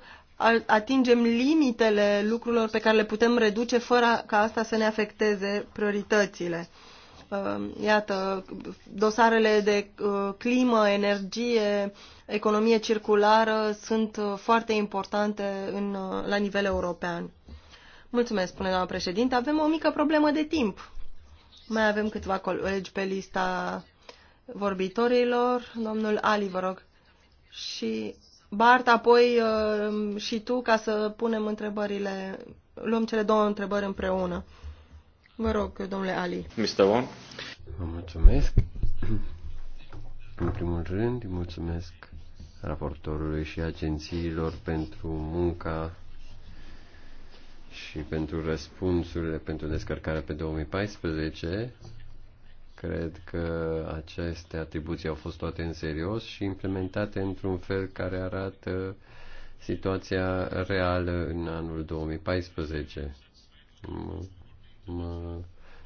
atingem limitele lucrurilor pe care le putem reduce fără ca asta să ne afecteze prioritățile. Uh, iată, dosarele de uh, climă, energie, economie circulară sunt uh, foarte importante în, la nivel european. Mulțumesc, spune doamna președinte. Avem o mică problemă de timp. Mai avem câțiva colegi pe lista vorbitorilor. Domnul Ali, vă rog. Și Bart, apoi uh, și tu, ca să punem întrebările, luăm cele două întrebări împreună. Vă rog, domnule Ali. Mr. Wong. Vă mulțumesc. În primul rând, îi mulțumesc raportorului și agențiilor pentru munca și pentru răspunsurile pentru descărcarea pe 2014. Cred că aceste atribuții au fost toate în serios și implementate într-un fel care arată situația reală în anul 2014. Mă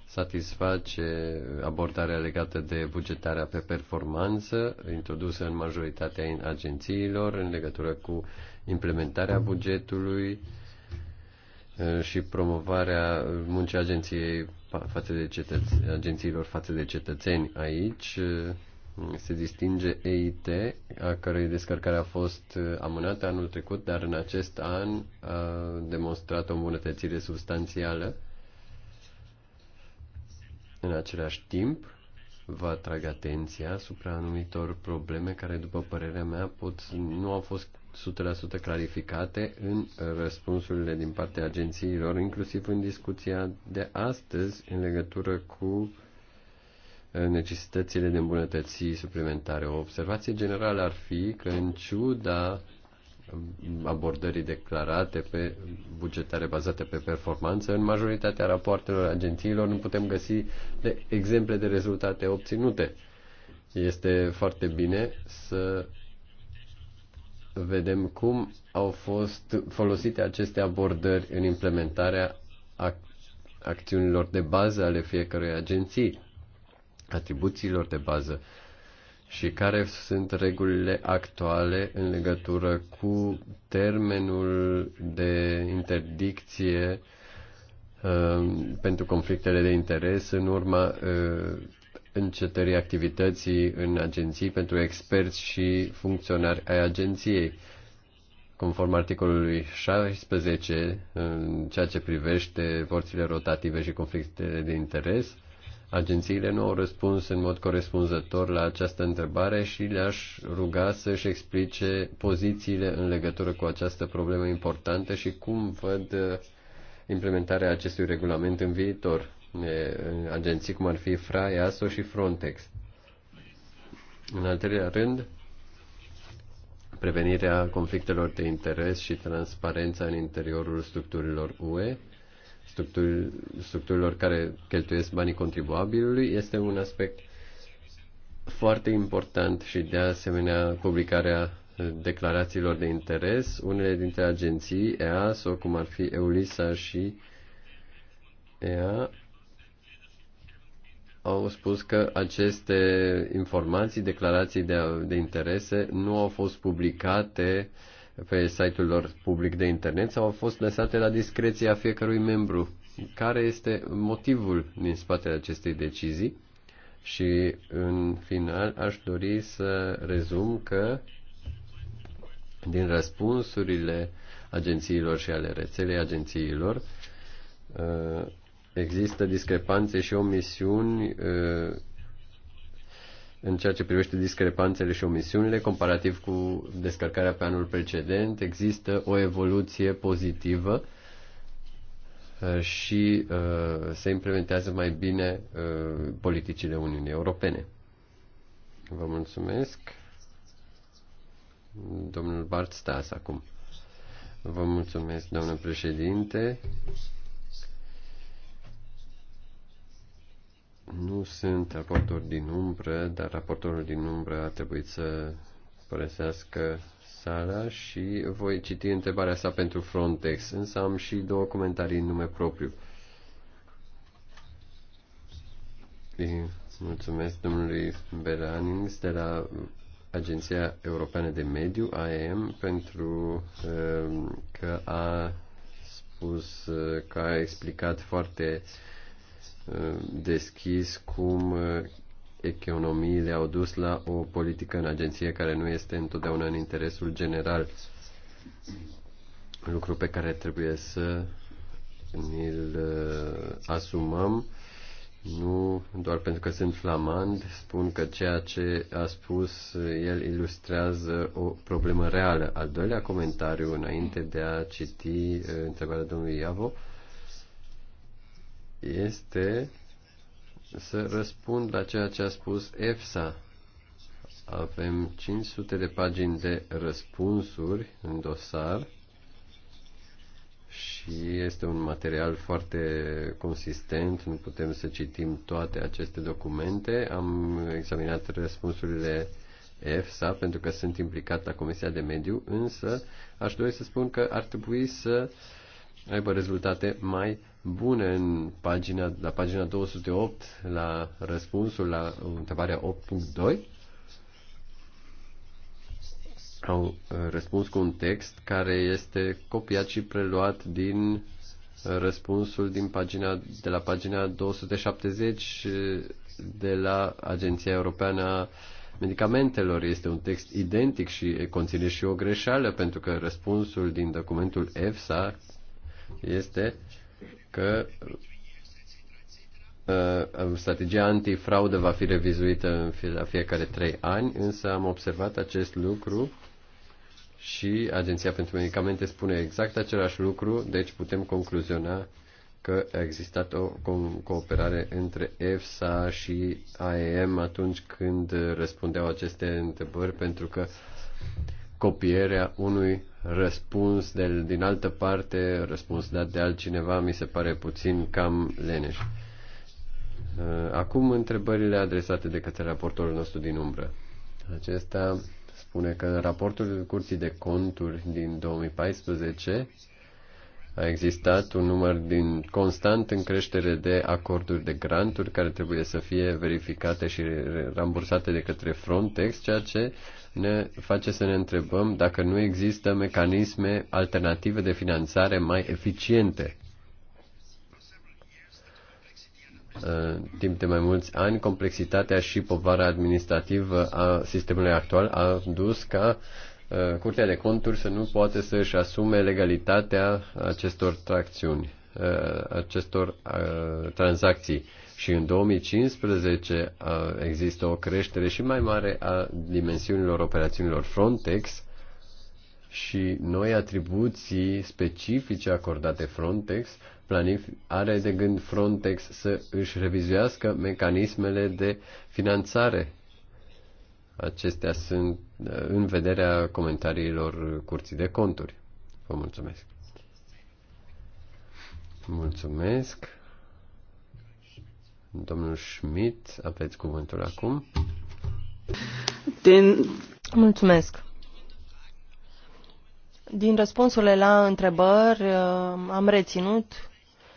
satisface abordarea legată de bugetarea pe performanță introdusă în majoritatea agențiilor în legătură cu implementarea bugetului Eh, și promovarea muncii agenției față de cetăț- agențiilor față de cetățeni. Aici eh, se distinge EIT, a cărei descărcare a fost eh, amânată anul trecut, dar în acest an a demonstrat o îmbunătățire substanțială. În același timp, vă atrag atenția asupra anumitor probleme care, după părerea mea, pot, nu au fost 100% clarificate în răspunsurile din partea agențiilor, inclusiv în discuția de astăzi în legătură cu uh, necesitățile de îmbunătății suplimentare. O observație generală ar fi că, în ciuda um, abordării declarate pe bugetare bazate pe performanță, în majoritatea rapoartelor agențiilor nu putem găsi de exemple de rezultate obținute. Este foarte bine să vedem cum au fost folosite aceste abordări în implementarea ac- acțiunilor de bază ale fiecărei agenții, atribuțiilor de bază și care sunt regulile actuale în legătură cu termenul de interdicție uh, pentru conflictele de interes în urma uh, încetării activității în agenții pentru experți și funcționari ai agenției, conform articolului 16, în ceea ce privește porțile rotative și conflictele de interes. Agențiile nu au răspuns în mod corespunzător la această întrebare și le-aș ruga să-și explice pozițiile în legătură cu această problemă importantă și cum văd uh, implementarea acestui regulament în viitor agenții cum ar fi FRA, EASO și Frontex. În al treilea rând, prevenirea conflictelor de interes și transparența în interiorul structurilor UE, structuri, structurilor care cheltuiesc banii contribuabilului, este un aspect foarte important și de asemenea publicarea declarațiilor de interes. Unele dintre agenții EASO, cum ar fi EULISA și EA, au spus că aceste informații, declarații de, de interese, nu au fost publicate pe site-ul lor public de internet sau au fost lăsate la discreția fiecărui membru. Care este motivul din spatele acestei decizii? Și în final aș dori să rezum că din răspunsurile agențiilor și ale rețelei agențiilor uh, există discrepanțe și omisiuni uh, în ceea ce privește discrepanțele și omisiunile comparativ cu descărcarea pe anul precedent. Există o evoluție pozitivă uh, și uh, se implementează mai bine politicile Uniunii Europene. Vă mulțumesc. Domnul Bart Stas acum. Vă mulțumesc, domnule președinte. Nu sunt raportor din umbră, dar raportorul din umbră a trebuit să părăsească sala și voi citi întrebarea sa pentru Frontex, însă am și două comentarii în nume propriu. Îi mulțumesc domnului Beranings de la Agenția Europeană de Mediu, AEM, pentru uh, că a spus uh, că a explicat foarte uh, Uh, deschis cum uh, economiile au dus la o politică în agenție care nu este întotdeauna în interesul general. Lucru pe care trebuie să ne-l uh, asumăm, nu doar pentru că sunt flamand, spun că ceea ce a spus el ilustrează o problemă reală. Al doilea comentariu, înainte de a citi întrebarea domnului Iavo, este să răspund la ceea ce a spus EFSA. Avem 500 de pagini de răspunsuri în dosar și este un material foarte consistent, nu putem să citim toate aceste documente. Am examinat răspunsurile EFSA pentru că sunt implicat la Comisia de Mediu, însă aș dori să spun că ar trebui să aibă rezultate mai bune în pagina, la pagina 208, la răspunsul la întrebarea 8.2. Au uh, răspuns cu un text care este copiat și preluat din uh, răspunsul din pagina, de la pagina 270 uh, de la Agenția Europeană a Medicamentelor. Este un text identic și conține și o greșeală pentru că răspunsul din documentul EFSA este uh, că uh, um, strategia antifraudă va fi revizuită la fiecare trei ani, însă am observat acest lucru și Agenția pentru Medicamente spune exact același lucru, deci putem concluziona că a existat o cooperare între EFSA și AEM atunci când răspundeau aceste întrebări, pentru că copierea unui răspuns de, din altă parte, răspuns dat de altcineva, mi se pare puțin cam leneș. Uh, acum întrebările adresate de către raportorul nostru din umbră. Acesta spune că în raportul Curții de Conturi din 2014 a existat un număr din constant în creștere de acorduri de granturi care trebuie să fie verificate și rambursate de către Frontex, ceea ce ne face să ne întrebăm dacă nu există mecanisme alternative de finanțare mai eficiente. Timp de mai mulți ani, complexitatea și povara administrativă a sistemului actual a dus ca uh, Curtea de Conturi să nu poate să își asume legalitatea acestor tracțiuni, uh, acestor uh, tranzacții și în 2015 uh, există o creștere și mai mare a dimensiunilor operațiunilor Frontex și noi atribuții specifice acordate Frontex are de gând Frontex să își revizuiască mecanismele de finanțare. Acestea sunt uh, în vederea comentariilor Curții de Conturi. Vă mulțumesc. Mulțumesc. Domnul Schmidt, aveți cuvântul acum. Din... Mulțumesc. Din răspunsurile la întrebări uh, am reținut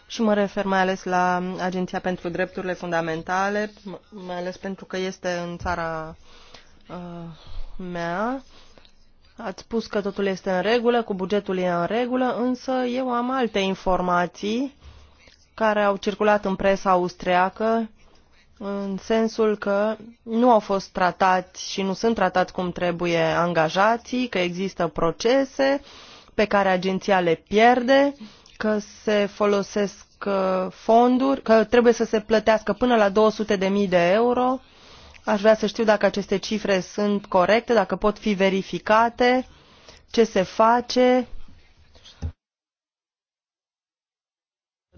și mă refer mai ales la Agenția pentru Drepturile Fundamentale, mai ales pentru că este în țara uh, mea. Ați spus că totul este în regulă, cu bugetul e în regulă, însă eu am alte informații care au circulat în presa austriacă în sensul că nu au fost tratați și nu sunt tratați cum trebuie angajații, că există procese pe care agenția le pierde, că se folosesc uh, fonduri, că trebuie să se plătească până la 200.000 de euro. Aș vrea să știu dacă aceste cifre sunt corecte, dacă pot fi verificate, ce se face,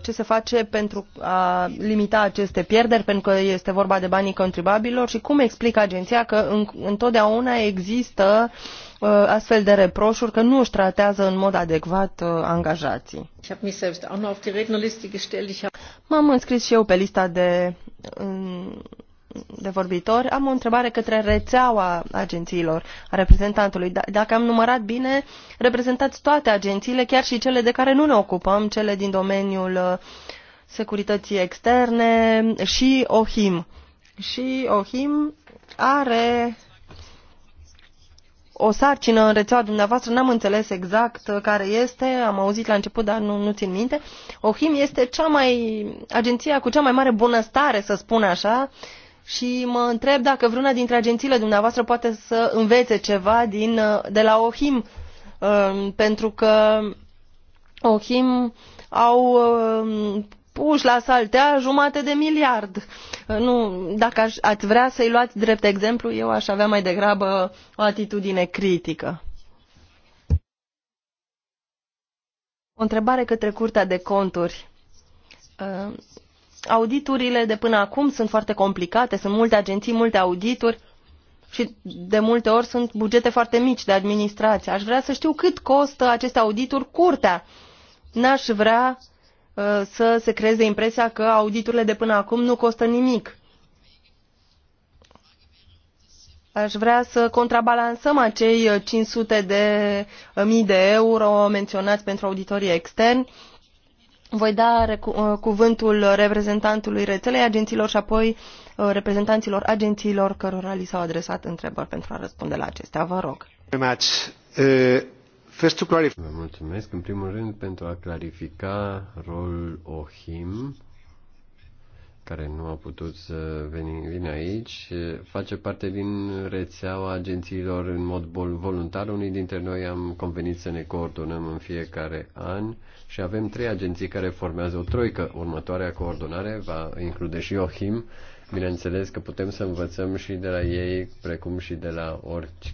ce se face pentru a limita aceste pierderi, pentru că este vorba de banii contribuabililor și cum explică agenția că în, întotdeauna există uh, astfel de reproșuri că nu își tratează în mod adecvat uh, angajații. M-am înscris și eu pe lista de um, de vorbitori, am o întrebare către rețeaua agențiilor, a reprezentantului. D da, dacă am numărat bine, reprezentați toate agențiile, chiar și cele de care nu ne ocupăm, cele din domeniul uh, securității externe și OHIM. Și OHIM are o sarcină în rețeaua dumneavoastră, n-am înțeles exact uh, care este, am auzit la început, dar nu, nu țin minte. OHIM este cea mai, agenția cu cea mai mare bunăstare, să spun așa, și mă întreb dacă vreuna dintre agențiile dumneavoastră poate să învețe ceva din, uh, de la OHIM, um, pentru că OHIM au um, puș la saltea jumate de miliard. Uh, nu, dacă aș, ați vrea să-i luați drept exemplu, eu aș avea mai degrabă o atitudine critică. O întrebare către Curtea de Conturi. Uh, auditurile de până acum sunt foarte complicate, sunt multe agenții, multe audituri și de multe ori sunt bugete foarte mici de administrație. Aș vrea să știu cât costă aceste audituri curtea. N-aș vrea uh, să se creeze impresia că auditurile de până acum nu costă nimic. Aș vrea să contrabalansăm acei 500 de mii de euro menționați pentru auditorii externi voi da uh, cuvântul reprezentantului rețelei agenților și apoi uh, reprezentanților agențiilor cărora li s-au adresat întrebări pentru a răspunde la acestea. Vă rog. Uh, Vă mulțumesc în primul rând pentru a clarifica rolul OHIM care nu a putut să veni, vine aici, face parte din rețeaua agențiilor în mod voluntar. Unii dintre noi am convenit să ne coordonăm în fiecare an și avem trei agenții care formează o troică. Următoarea coordonare va include și OHIM. Bineînțeles că putem să învățăm și de la ei, precum și de la orice,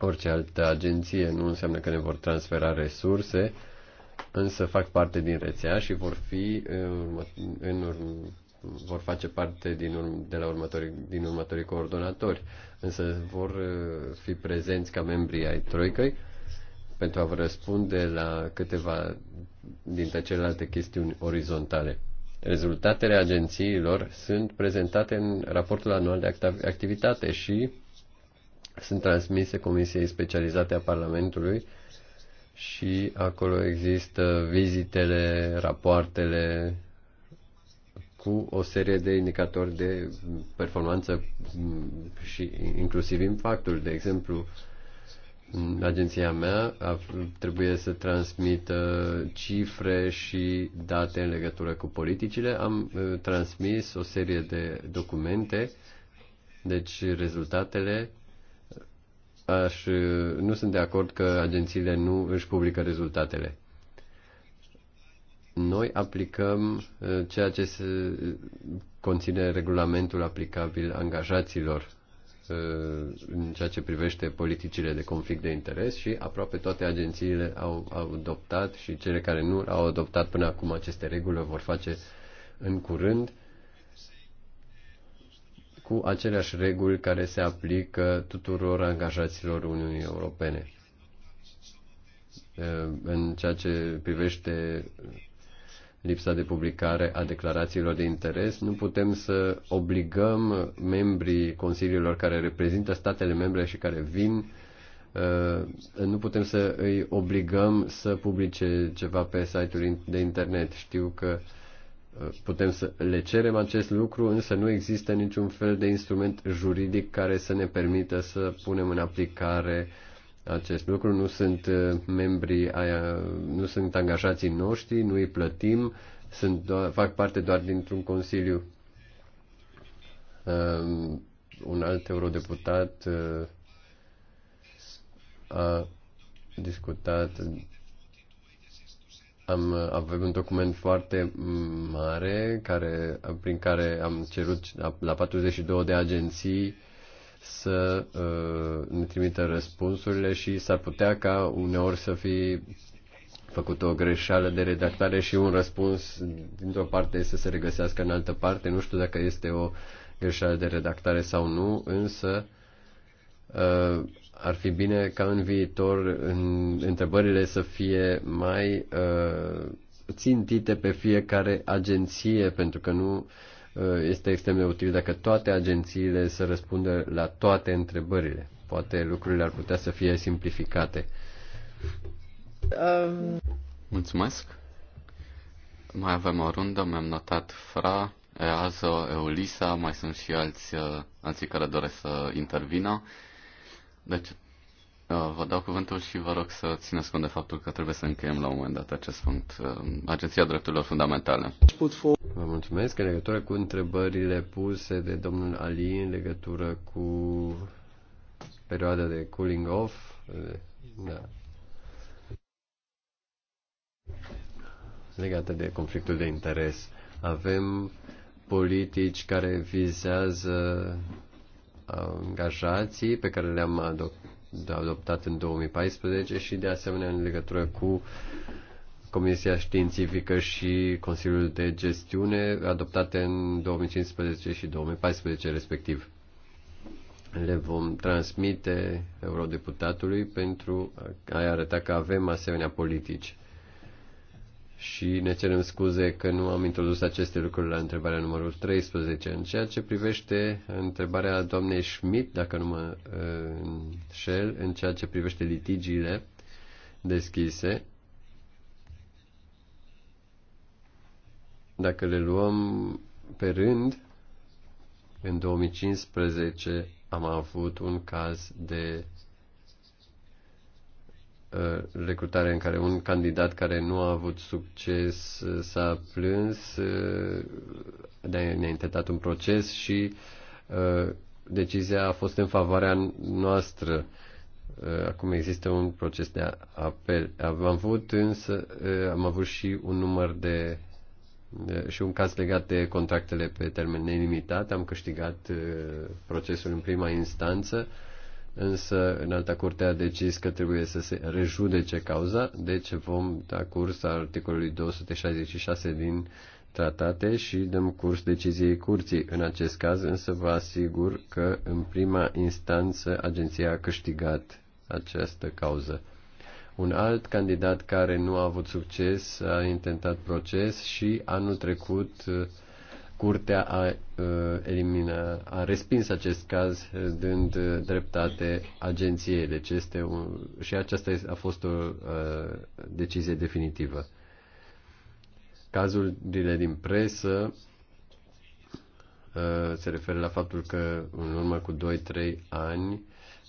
orice altă agenție. Nu înseamnă că ne vor transfera resurse, însă fac parte din rețea și vor fi eh, în urmă, vor face parte din, urm, de la următorii, din următorii coordonatori, însă vor eh, fi prezenți ca membri ai Troicăi pentru a vă răspunde la câteva dintre celelalte chestiuni orizontale. Rezultatele agențiilor sunt prezentate în raportul anual de activitate și sunt transmise Comisiei Specializate a Parlamentului și acolo există vizitele, rapoartele cu o serie de indicatori de performanță și inclusiv impactul. De exemplu, Agenția mea trebuie să transmită cifre și date în legătură cu politicile. Am uh, transmis o serie de documente, deci rezultatele aș, nu sunt de acord că agențiile nu își publică rezultatele. Noi aplicăm uh, ceea ce se conține regulamentul aplicabil angajaților Uh, în ceea ce privește politicile de conflict de interes și aproape toate agențiile au, au adoptat și cele care nu au adoptat până acum aceste reguli vor face în curând cu aceleași reguli care se aplică tuturor angajaților Uniunii Europene. Uh, în ceea ce privește lipsa de publicare a declarațiilor de interes, nu putem să obligăm membrii consiliilor care reprezintă statele membre și care vin, uh, nu putem să îi obligăm să publice ceva pe site ul de internet. Știu că uh, putem să le cerem acest lucru, însă nu există niciun fel de instrument juridic care să ne permită să punem în aplicare uh, acest lucru, nu sunt uh, membri, nu sunt angajații noștri, nu îi plătim, sunt, fac parte doar dintr-un consiliu. Um, un alt eurodeputat uh, a discutat am, avem un document foarte mare care, prin care am cerut la 42 de agenții să uh, ne trimită răspunsurile și s-ar putea ca uneori să fi făcut o greșeală de redactare și un răspuns dintr-o parte să se regăsească în altă parte. Nu știu dacă este o greșeală de redactare sau nu, însă uh, ar fi bine ca în viitor în, întrebările să fie mai uh, țintite pe fiecare agenție, pentru că nu uh, Uh, este extrem de util dacă toate agențiile să răspundă la toate întrebările. Poate lucrurile ar putea să fie simplificate. Um... Mulțumesc. Mai avem o rundă, mi-am notat FRA, Eazo, EULISA, mai sunt și alți, uh, alții care doresc să intervină. Deci da, vă dau cuvântul și vă rog să țineți cont de faptul că trebuie să încheiem la un moment dat acest punct. Ehm, Agenția Drepturilor Fundamentale. Vă mulțumesc. În legătură cu întrebările puse de domnul Ali în legătură cu perioada de cooling off, eh, da. legată de conflictul de interes. Avem politici care vizează eh, angajații pe care le-am adoptat adoptat în 2014 și de asemenea în legătură cu Comisia Științifică și Consiliul de Gestiune adoptate în 2015 și 2014 respectiv. Le vom transmite eurodeputatului pentru a arăta că avem asemenea politici și ne cerem scuze că nu am introdus aceste lucruri la întrebarea numărul 13. În ceea ce privește întrebarea doamnei Schmidt, dacă nu mă uh, înșel, în ceea ce privește litigiile deschise, dacă le luăm pe rând, în 2015 am avut un caz de Uh, recrutare în care un candidat care nu a avut succes uh, s-a plâns, uh, ne-a intentat un proces și decizia a fost în favoarea noastră. Acum există un proces de apel. Am avut însă, am avut și un număr de și un caz legat de contractele pe termen nelimitat. Am câștigat procesul în prima instanță însă în alta curte a decis că trebuie să se rejudece cauza, deci vom da curs articolului 266 din tratate și dăm curs deciziei curții. În acest caz însă vă asigur că în prima instanță agenția a câștigat această cauză. Un alt candidat care nu a avut succes a intentat proces și anul trecut Curtea a, uh, elimină, a respins acest caz uh, dând uh, dreptate agenției. Deci este un, și aceasta a fost o uh, decizie definitivă. Cazurile din presă uh, se referă la faptul că în urmă cu 2-3 ani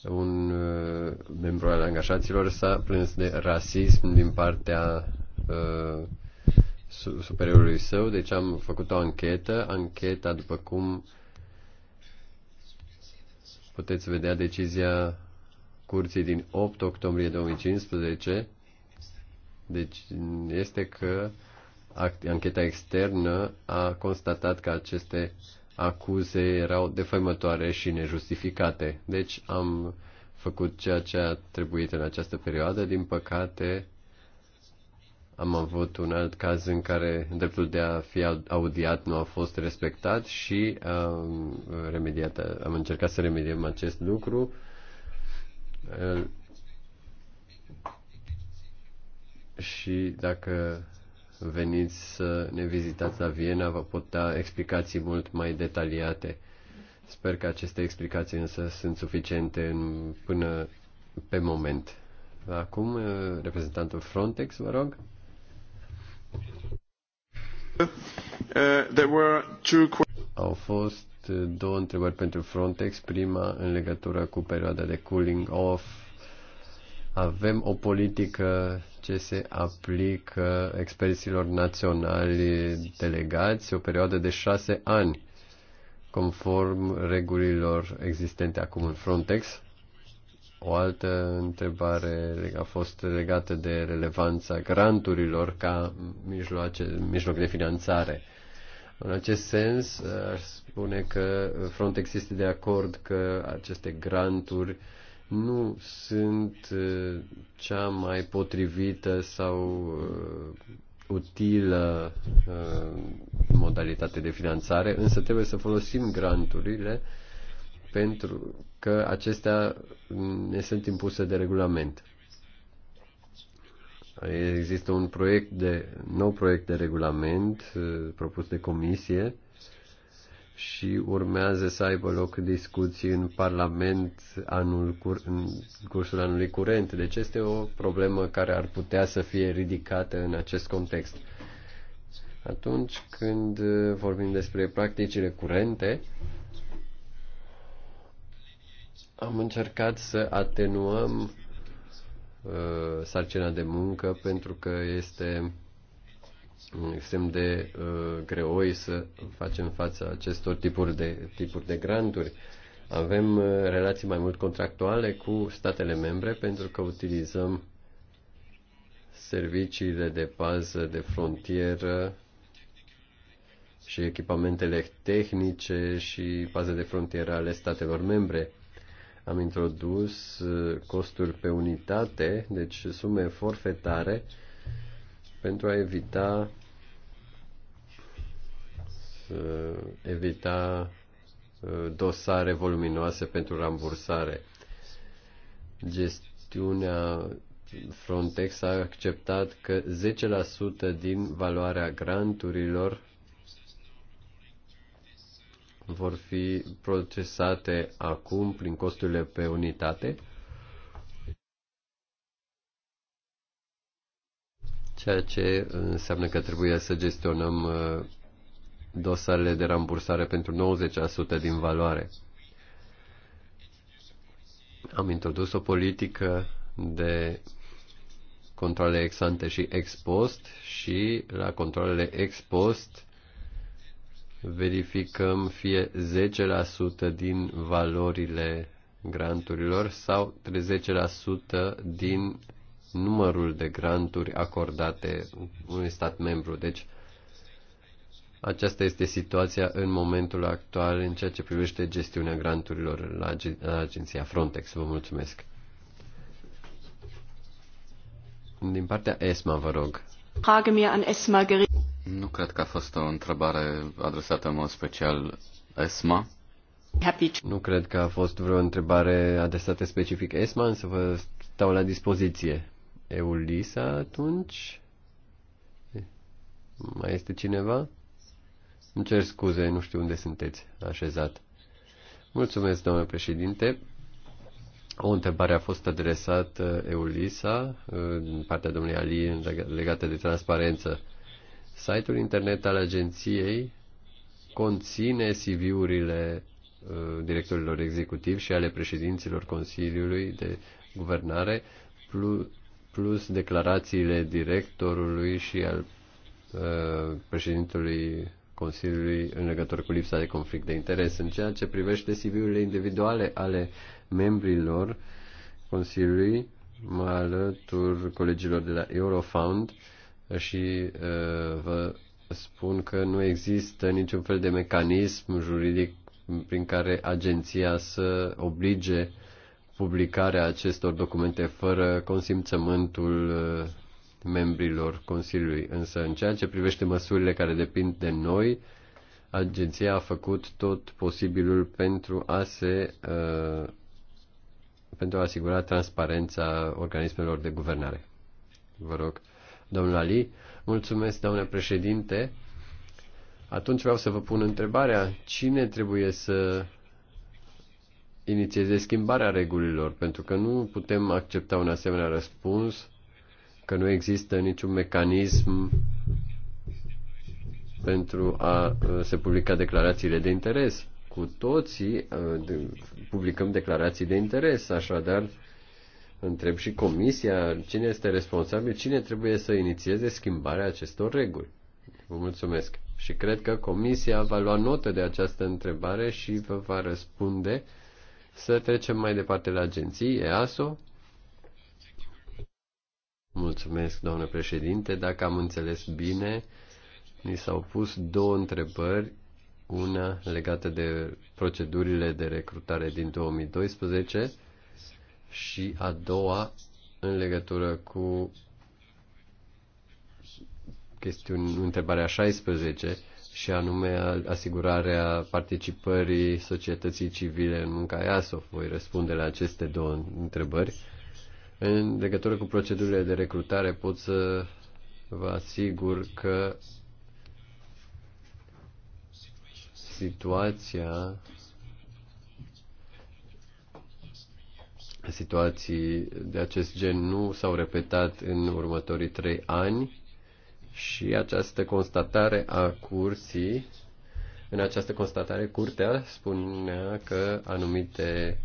un uh, membru al angajaților s-a plâns de rasism din partea uh, superiorului său, deci am făcut o anchetă. Ancheta, după cum puteți vedea decizia curții din 8 octombrie 2015, deci este că ancheta externă a constatat că aceste acuze erau defăimătoare și nejustificate. Deci am făcut ceea ce a trebuit în această perioadă. Din păcate, am avut un alt caz în care dreptul de a fi audiat nu a fost respectat și am, remediat, am încercat să remediem acest lucru. Și dacă veniți să ne vizitați la Viena, vă pot da explicații mult mai detaliate. Sper că aceste explicații însă sunt suficiente în, până pe moment. Acum, reprezentantul Frontex, vă rog. Au fost uh, două întrebări pentru Frontex. Prima în legătură cu perioada de cooling off. Avem o politică ce se aplică experților naționali delegați, o perioadă de șase ani, conform regulilor existente acum în Frontex o altă întrebare a fost legată de relevanța granturilor ca mijloace, mijloc de finanțare. În acest sens, aș spune că Frontex este de acord că aceste granturi nu sunt uh, cea mai potrivită sau uh, utilă uh, modalitate de finanțare, însă trebuie să folosim granturile uh, pentru că acestea ne sunt impuse de regulament. Există un proiect de, nou proiect de regulament uh, propus de comisie și urmează să aibă loc discuții în Parlament anul cur, în cursul anului curent. Deci este o problemă care ar putea să fie ridicată în acest context. Atunci când uh, vorbim despre practicile curente, am încercat să atenuăm uh, sarcina de muncă pentru că este extrem de uh, greoi să facem față acestor tipuri de, tipuri de granturi. Avem uh, relații mai mult contractuale cu statele membre pentru că utilizăm serviciile de pază de frontieră și echipamentele tehnice și pază de frontieră ale statelor membre. Am introdus uh, costuri pe unitate, deci sume forfetare, pentru a evita să evita uh, dosare voluminoase pentru rambursare. Gestiunea Frontex a acceptat că 10% din valoarea granturilor vor fi procesate acum prin costurile pe unitate, ceea ce înseamnă că trebuie să gestionăm uh, dosarele de rambursare pentru 90% din valoare. Am introdus o politică de controle ex ante și ex post și la controlele ex post verificăm fie 10% din valorile granturilor sau 30% din numărul de granturi acordate unui stat membru. Deci, aceasta este situația în momentul actual în ceea ce privește gestiunea granturilor la, ag- la agenția Frontex. Vă mulțumesc. Din partea ESMA, vă rog. Frage mir an ESMA nu cred că a fost o întrebare adresată în mod special ESMA. Nu cred că a fost vreo întrebare adresată specific ESMA, însă vă stau la dispoziție. Eulisa atunci? Mai este cineva? Îmi cer scuze, nu știu unde sunteți așezat. Mulțumesc, domnule președinte. O întrebare a fost adresată Eulisa uh, din partea domnului Ali legată de transparență. Site-ul internet al agenției conține CV-urile uh, directorilor executivi și ale președinților Consiliului de Guvernare, plus declarațiile directorului și al uh, președintelui Consiliului în legătură cu lipsa de conflict de interes. În ceea ce privește CV-urile individuale ale membrilor Consiliului, mă alătur colegilor de la Eurofound și vă spun că nu există niciun fel de mecanism juridic prin care agenția să oblige publicarea acestor documente fără consimțământul membrilor Consiliului. Însă, în ceea ce privește măsurile care depind de noi, agenția a făcut tot posibilul pentru a se uh, pentru a asigura transparența organismelor de guvernare. Vă rog. Domnul Ali, mulțumesc, domnule președinte. Atunci vreau să vă pun întrebarea, cine trebuie să inițieze schimbarea regulilor? Pentru că nu putem accepta un asemenea răspuns, că nu există niciun mecanism pentru a uh, se publica declarațiile de interes. Cu toții uh, publicăm declarații de interes, așadar întreb și comisia cine este responsabil, cine trebuie să inițieze schimbarea acestor reguli. Vă mulțumesc. Și cred că comisia va lua notă de această întrebare și vă va răspunde să trecem mai departe la agenții, EASO. Mulțumesc, doamnă președinte. Dacă am înțeles bine, ni s-au pus două întrebări una legată de procedurile de recrutare din 2012 și a doua în legătură cu chestiuni, întrebarea 16 și anume asigurarea participării societății civile în munca IASO. Voi răspunde la aceste două întrebări. În legătură cu procedurile de recrutare pot să vă asigur că situația situații de acest gen nu s-au repetat în următorii trei ani și această constatare a cursii, în această constatare curtea spunea că anumite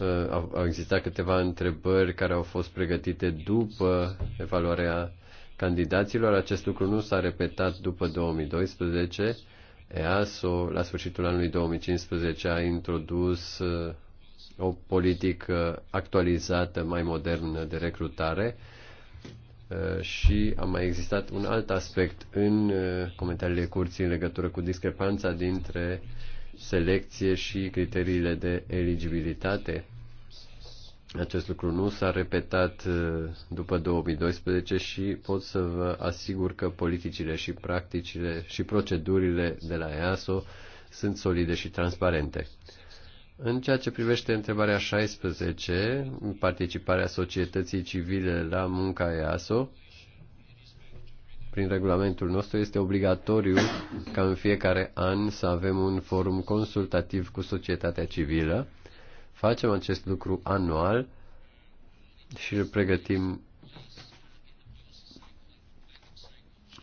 uh, au existat câteva întrebări care au fost pregătite după evaluarea candidaților. Acest lucru nu s-a repetat după 2012 EASO, la sfârșitul anului 2015, a introdus uh, o politică actualizată, mai modernă de recrutare uh, și a mai existat un alt aspect în uh, comentariile curții în legătură cu discrepanța dintre selecție și criteriile de eligibilitate acest lucru nu s-a repetat uh, după 2012 și pot să vă asigur că politicile și practicile și procedurile de la EASO sunt solide și transparente. În ceea ce privește întrebarea 16, participarea societății civile la munca EASO, prin regulamentul nostru este obligatoriu ca în fiecare an să avem un forum consultativ cu societatea civilă Facem acest lucru anual și îl pregătim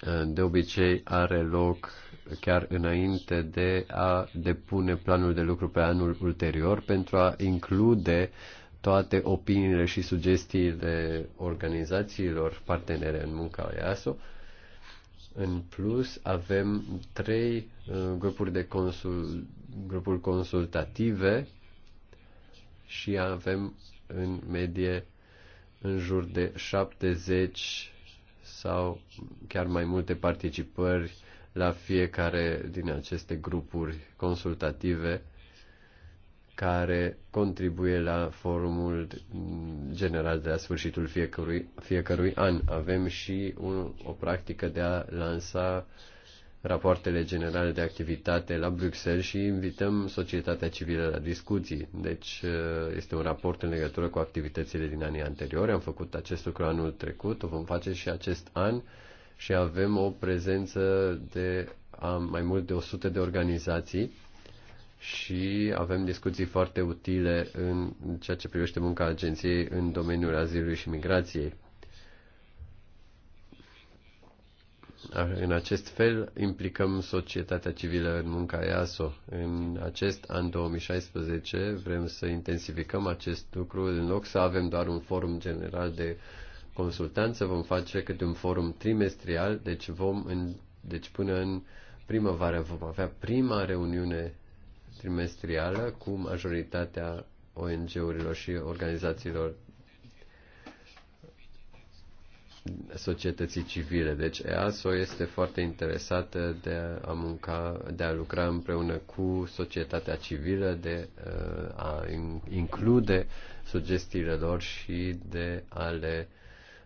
uh, de obicei are loc chiar înainte de a depune planul de lucru pe anul ulterior pentru a include toate opiniile și sugestiile organizațiilor partenere în munca IASO. În plus, avem trei uh, grupuri de consul, grupuri consultative și avem în medie în jur de 70 sau chiar mai multe participări la fiecare din aceste grupuri consultative care contribuie la forumul general de la sfârșitul fiecărui, fiecărui an. Avem și un, o practică de a lansa uh, rapoartele generale de activitate la Bruxelles și invităm societatea civilă la discuții. Deci uh, este un raport în legătură cu activitățile din anii anteriori. Am făcut acest lucru anul trecut, o vom face și acest an și avem o prezență de mai mult de 100 de organizații și avem discuții foarte utile în ceea ce privește munca agenției în domeniul azilului și migrației. În acest fel implicăm societatea civilă în munca EASO. În acest an 2016 vrem să intensificăm acest lucru. În loc să avem doar un forum general de consultanță, vom face câte un forum trimestrial, deci, vom în, deci până în primăvară vom avea prima reuniune trimestrială cu majoritatea ONG-urilor și organizațiilor societății civile. Deci EASO este foarte interesată de a munca, de a lucra împreună cu societatea civilă, de uh, a include sugestiile lor și de a le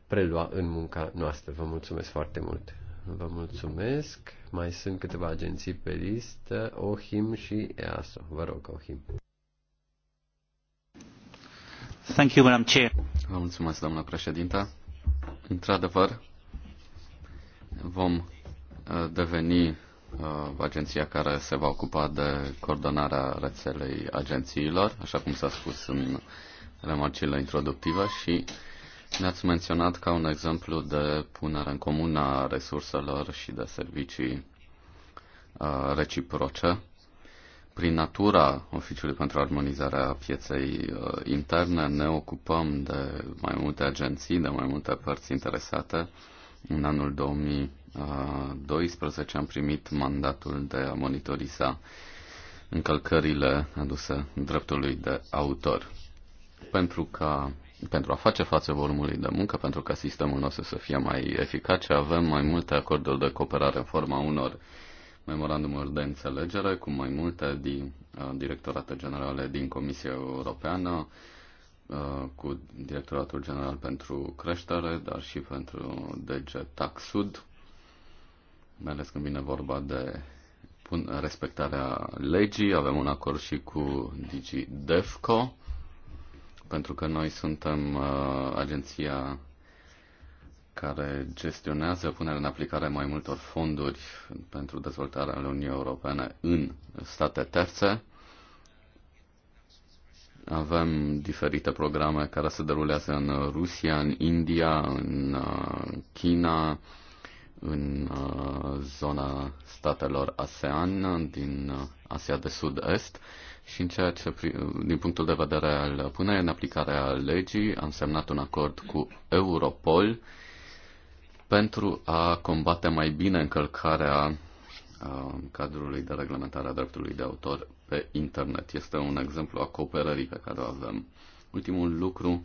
prelua în munca noastră. Vă mulțumesc foarte mult! Vă mulțumesc! Mai sunt câteva agenții pe listă, OHIM și EASO. Vă rog, OHIM. Thank you, Madam Chair. Vă mulțumesc, doamna președintă. Într-adevăr, vom uh, deveni uh, agenția care se va ocupa de coordonarea rețelei agențiilor, așa cum s-a spus în remarcile introductive și ne-ați menționat ca un exemplu de punere în comun a resurselor și de servicii uh, reciproce prin natura Oficiului pentru Armonizarea Pieței uh, Interne ne ocupăm de mai multe agenții, de mai multe părți interesate. În anul 2012 am primit mandatul de a monitoriza încălcările aduse dreptului de autor. Pentru ca pentru a face față volumului de muncă, pentru ca sistemul nostru să fie mai eficace, avem mai multe acorduri de cooperare în forma unor uh, memorandumuri de înțelegere cu mai multe din uh, directorate generale din Comisia Europeană, uh, cu Directoratul General pentru Creștere, dar și pentru DG Taxud, mai ales când vine vorba de respectarea legii. Avem un acord și cu DG DEFCO, pentru că noi suntem uh, agenția care gestionează punerea în aplicare mai multor fonduri pentru dezvoltarea Uniunii Europene în state terțe. Avem diferite programe care se derulează în Rusia, în India, în uh, China, în uh, zona statelor ASEAN din uh, Asia de Sud-Est și în ceea ce, din punctul de vedere al punerii în aplicare a legii, am semnat un acord cu Europol pentru a combate mai bine încălcarea cadrului de reglementare a dreptului de autor pe internet. Este un exemplu a cooperării pe care o avem. Ultimul lucru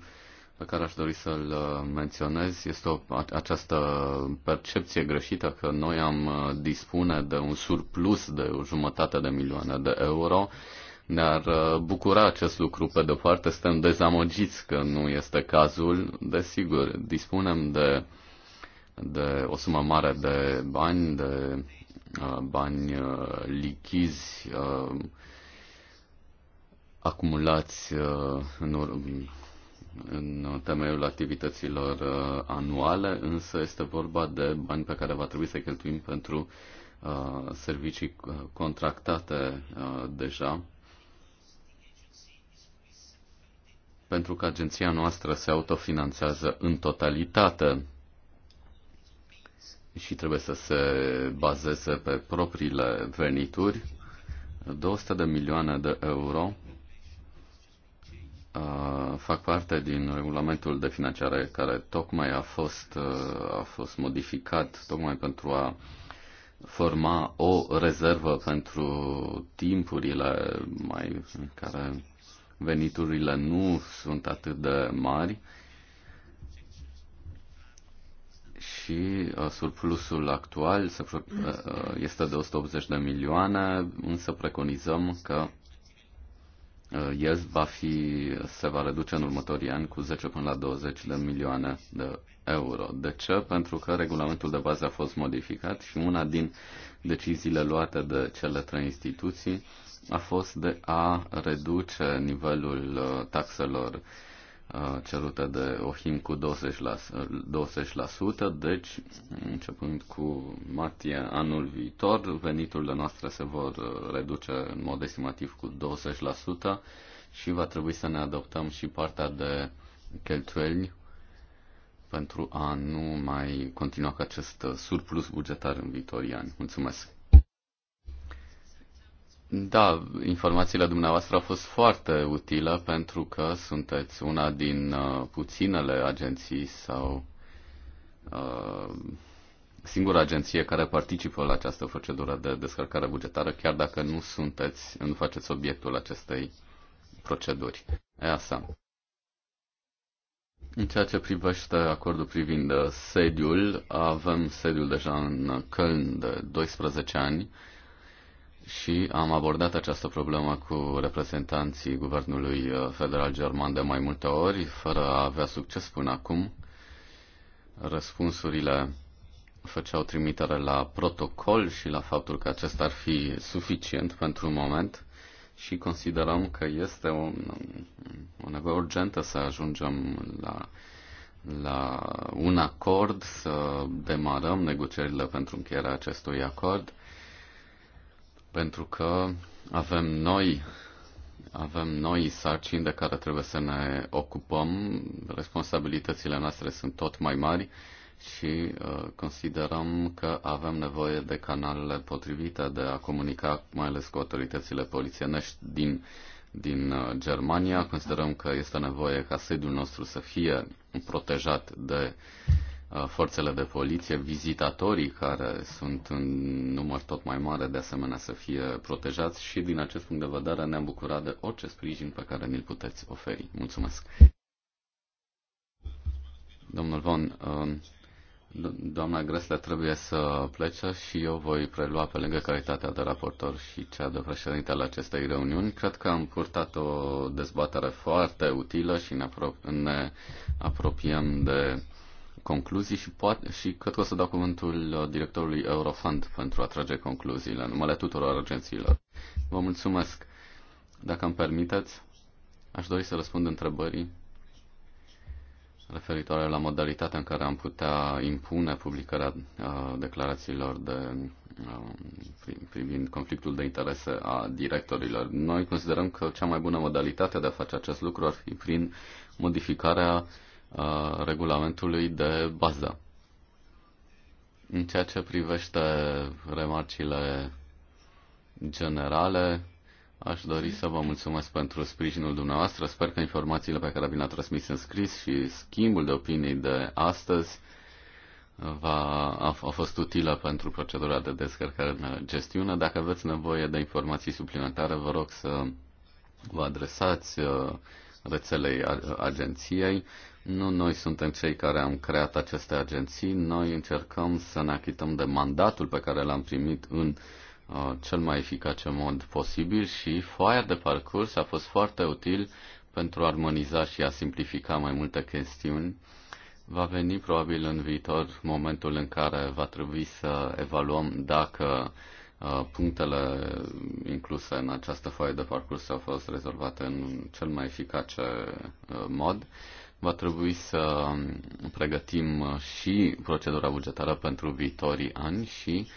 pe care aș dori să-l menționez este o, această percepție greșită că noi am dispune de un surplus de o jumătate de milioane de euro. Ne-ar bucura acest lucru, pe de-o parte suntem dezamăgiți că nu este cazul. Desigur, dispunem de de o sumă mare de bani, de uh, bani uh, lichizi uh, acumulați în, ur- în temeiul activităților anuale, însă este vorba de bani pe care va trebui să-i cheltuim pentru servicii contractate deja, pentru că agenția noastră se autofinanțează în totalitate și trebuie să se bazeze pe propriile venituri, 200 de milioane de euro uh, fac parte din regulamentul de finanțare care tocmai a fost, uh, a fost modificat tocmai pentru a forma o rezervă pentru timpurile mai în care veniturile nu sunt atât de mari și uh, surplusul actual uh, uh, este de 180 de milioane, însă preconizăm că el va fi, se va reduce în următorii ani cu 10 până la 20 de milioane de euro. De ce? Pentru că regulamentul de bază a fost modificat și una din deciziile luate de cele trei instituții a fost de a reduce nivelul taxelor Uh, cerută de OHIM cu 20%, la, 20% uh, deci începând cu martie anul viitor, veniturile noastre se vor uh, reduce în mod estimativ cu 20% și va trebui să ne adoptăm și partea de cheltuieli pentru a nu mai continua cu acest surplus bugetar în viitorii ani. Mulțumesc! Da, informațiile dumneavoastră au fost foarte utile pentru că sunteți una din uh, puținele agenții sau uh, singura agenție care participă la această procedură de descărcare bugetară, chiar dacă nu sunteți, nu faceți obiectul acestei proceduri. E asta. În ceea ce privește acordul privind uh, sediul, avem sediul deja în Köln de 12 ani și am abordat această problemă cu reprezentanții Guvernului uh, Federal German de mai multe ori, fără a avea succes până acum. Răspunsurile făceau trimitere la protocol și la faptul că acesta ar fi suficient pentru un moment și considerăm că este o, o nevoie urgentă să ajungem la, la un acord, să demarăm negocierile pentru încheierea acestui acord pentru că avem noi avem noi sarcini de care trebuie să ne ocupăm, responsabilitățile noastre sunt tot mai mari și uh, considerăm că avem nevoie de canalele potrivite de a comunica mai ales cu autoritățile polițienești din, din uh, Germania. Considerăm că este nevoie ca sediul nostru să fie protejat de uh, Uh, forțele de poliție, vizitatorii care sunt în număr tot mai mare de asemenea să fie protejați și din acest punct de vedere ne-am bucurat de orice sprijin pe care ni-l puteți oferi. Mulțumesc! Domnul Von, uh, doamna Gresle trebuie să plece și eu voi prelua pe lângă calitatea de raportor și cea de președinte al acestei reuniuni. Cred că am purtat o dezbatere foarte utilă și ne, ne apropiem de concluzii și, poate, și cred că o să dau cuvântul uh, directorului Eurofund pentru a trage concluziile în numele tuturor agențiilor. Vă mulțumesc. Dacă îmi permiteți, aș dori să răspund întrebării referitoare la modalitatea în care am putea impune publicarea uh, declarațiilor de, um, privind conflictul de interese a directorilor. Noi considerăm că cea mai bună modalitate de a face acest lucru ar fi prin modificarea regulamentului de bază. În ceea ce privește remarcile generale, aș dori să vă mulțumesc pentru sprijinul dumneavoastră. Sper că informațiile pe care vi le-a transmis în scris și schimbul de opinii de astăzi va, a, a fost utilă pentru procedura de descărcare de gestiune. Dacă aveți nevoie de informații suplimentare, vă rog să vă adresați rețelei agenției. Nu noi suntem cei care am creat aceste agenții, noi încercăm să ne achităm de mandatul pe care l-am primit în uh, cel mai eficace mod posibil și foaia de parcurs a fost foarte util pentru a armoniza și a simplifica mai multe chestiuni. Va veni probabil în viitor momentul în care va trebui să evaluăm dacă uh, punctele incluse în această foaie de parcurs au fost rezolvate în cel mai eficace uh, mod va trebui să pregătim și procedura bugetară pentru viitorii ani și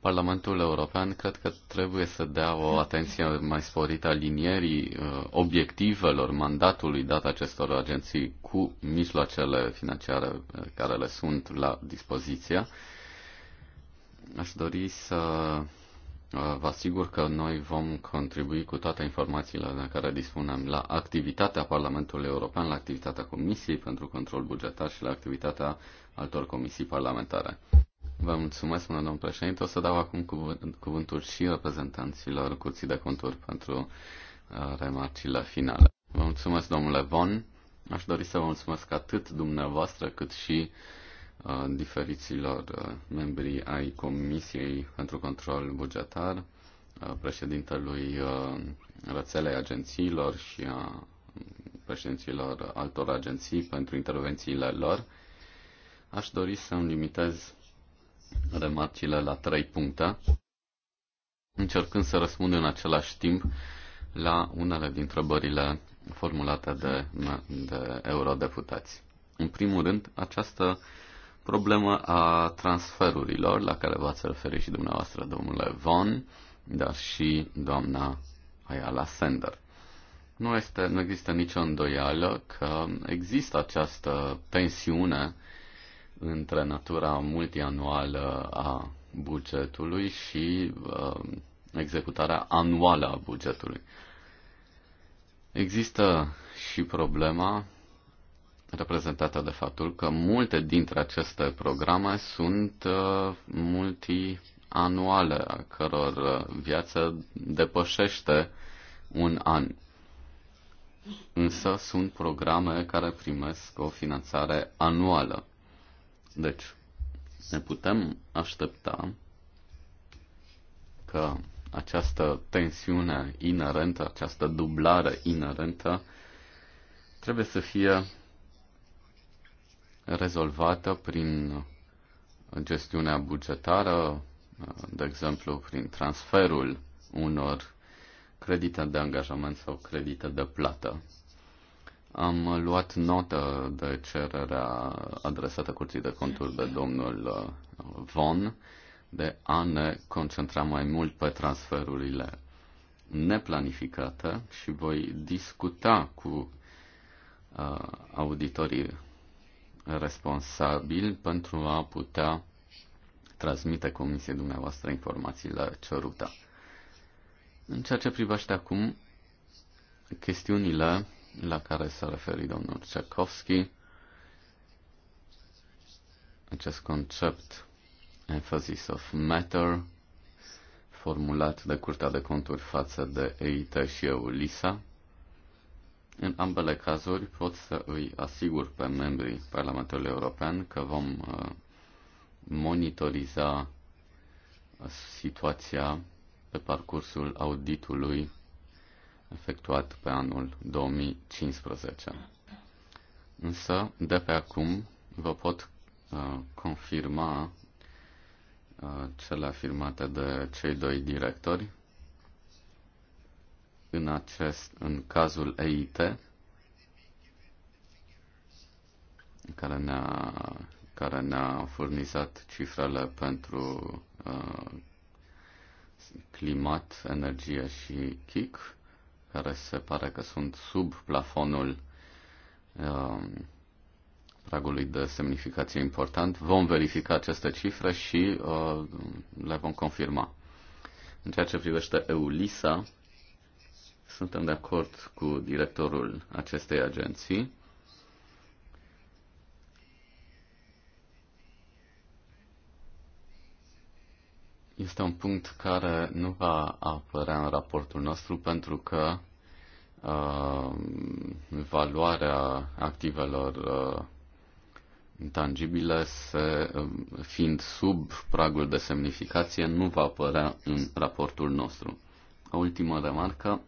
Parlamentul European cred că trebuie să dea o atenție mai sporită alinierii uh, obiectivelor mandatului dat acestor agenții cu mijloacele financiare uh, care le sunt la dispoziție. Aș dori să Uh, vă asigur că noi vom contribui cu toate informațiile de care dispunem la activitatea Parlamentului European, la activitatea Comisiei pentru Control Bugetar și la activitatea altor comisii parlamentare. Vă mulțumesc, mână, domn președinte. O să dau acum cuvântul și reprezentanților Curții de Conturi pentru uh, remarcile finale. Vă mulțumesc, domnule Von. Aș dori să vă mulțumesc atât dumneavoastră cât și diferiților membrii ai Comisiei pentru Control Bugetar, președintelui rețelei agențiilor și a președinților altor agenții pentru intervențiile lor. Aș dori să îmi limitez remarcile la trei puncte, încercând să răspund în același timp la unele din întrebările formulate de, de eurodeputați. În primul rând, această uh, problemă a transferurilor, la care v-ați referit și dumneavoastră, domnule Von, dar și doamna Ayala Sender. Nu, este, nu există nicio îndoială că există această tensiune între natura multianuală a bugetului și uh, executarea anuală a bugetului. Există și problema reprezentată de faptul că multe dintre aceste programe sunt uh, multianuale, a căror uh, viață depășește un an. Însă sunt programe care primesc o finanțare anuală. Deci, ne putem aștepta că această tensiune inerentă, această dublare inerentă trebuie să fie rezolvată prin gestiunea bugetară, de exemplu prin transferul unor credite de angajament sau credite de plată. Am luat notă de cererea adresată Curții de Conturi de domnul uh, Von de a ne concentra mai mult pe transferurile neplanificate și voi discuta cu uh, auditorii responsabil pentru a putea transmite comisiei dumneavoastră informațiile cerute. În ceea ce privește acum chestiunile la care s-a referit domnul Tchaikovsky, acest concept emphasis of matter formulat de Curtea de Conturi față de EIT și EULISA, în ambele cazuri pot să îi asigur pe membrii Parlamentului European că vom uh, monitoriza uh, situația pe parcursul auditului efectuat pe anul 2015. Însă, de pe acum, vă pot uh, confirma uh, cele afirmate de cei doi directori în, acest, în cazul EIT, care ne-a, care ne-a furnizat cifrele pentru uh, climat, energie și kick, care se pare că sunt sub plafonul uh, pragului de semnificație important. Vom verifica aceste cifre și uh, le vom confirma. În ceea ce privește EULISA, suntem de acord cu directorul acestei agenții. Este un punct care nu va apărea în raportul nostru pentru că uh, valoarea activelor uh, intangibile se, uh, fiind sub pragul de semnificație nu va apărea în raportul nostru. O ultimă remarcă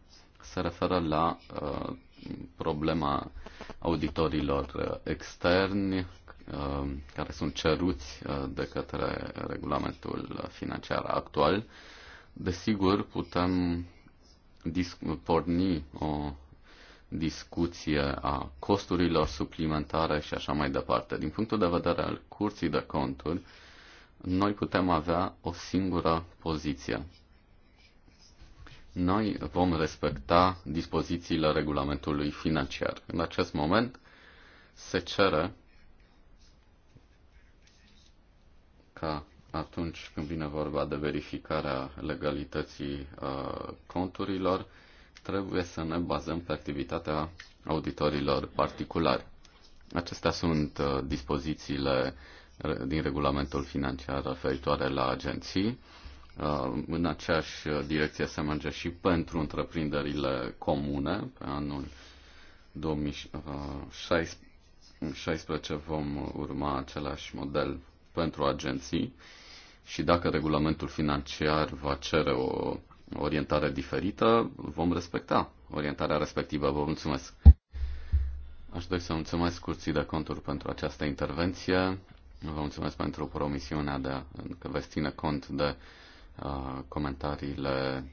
se referă la uh, problema auditorilor uh, externi uh, care sunt ceruți uh, de către regulamentul financiar actual. Desigur, putem porni o discuție a costurilor suplimentare și așa mai departe. Din punctul de vedere al curții de conturi, noi putem avea o singură poziție noi vom respecta dispozițiile regulamentului financiar. În acest moment se cere ca atunci când vine vorba de verificarea legalității uh, conturilor, trebuie să ne bazăm pe activitatea auditorilor particulari. Acestea sunt uh, dispozițiile din regulamentul financiar referitoare la agenții. Uh, în aceeași uh, direcție se merge și pentru întreprinderile comune. Pe anul 2016 uh, vom urma același model pentru agenții și dacă regulamentul financiar va cere o orientare diferită, vom respecta orientarea respectivă. Vă mulțumesc! Aș dori să mulțumesc curții de conturi pentru această intervenție. Vă mulțumesc pentru promisiunea de că veți ține cont de comentariile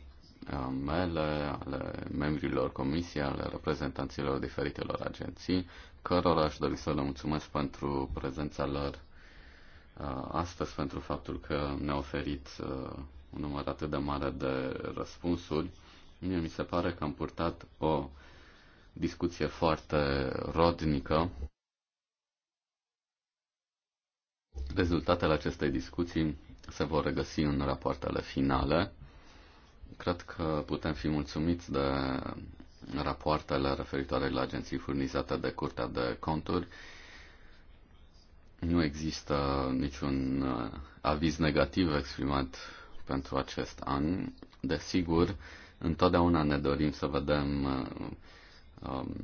mele, ale membrilor comisiei, ale reprezentanților diferitelor agenții, cărora aș dori să le mulțumesc pentru prezența lor astăzi, pentru faptul că ne au oferit un număr atât de mare de răspunsuri. Mie mi se pare că am purtat o discuție foarte rodnică. Rezultatele acestei discuții se vor regăsi în rapoartele finale. Cred că putem fi mulțumiți de rapoartele referitoare la agenții furnizate de Curtea de Conturi. Nu există niciun uh, aviz negativ exprimat pentru acest an. Desigur, întotdeauna ne dorim să vedem uh, um,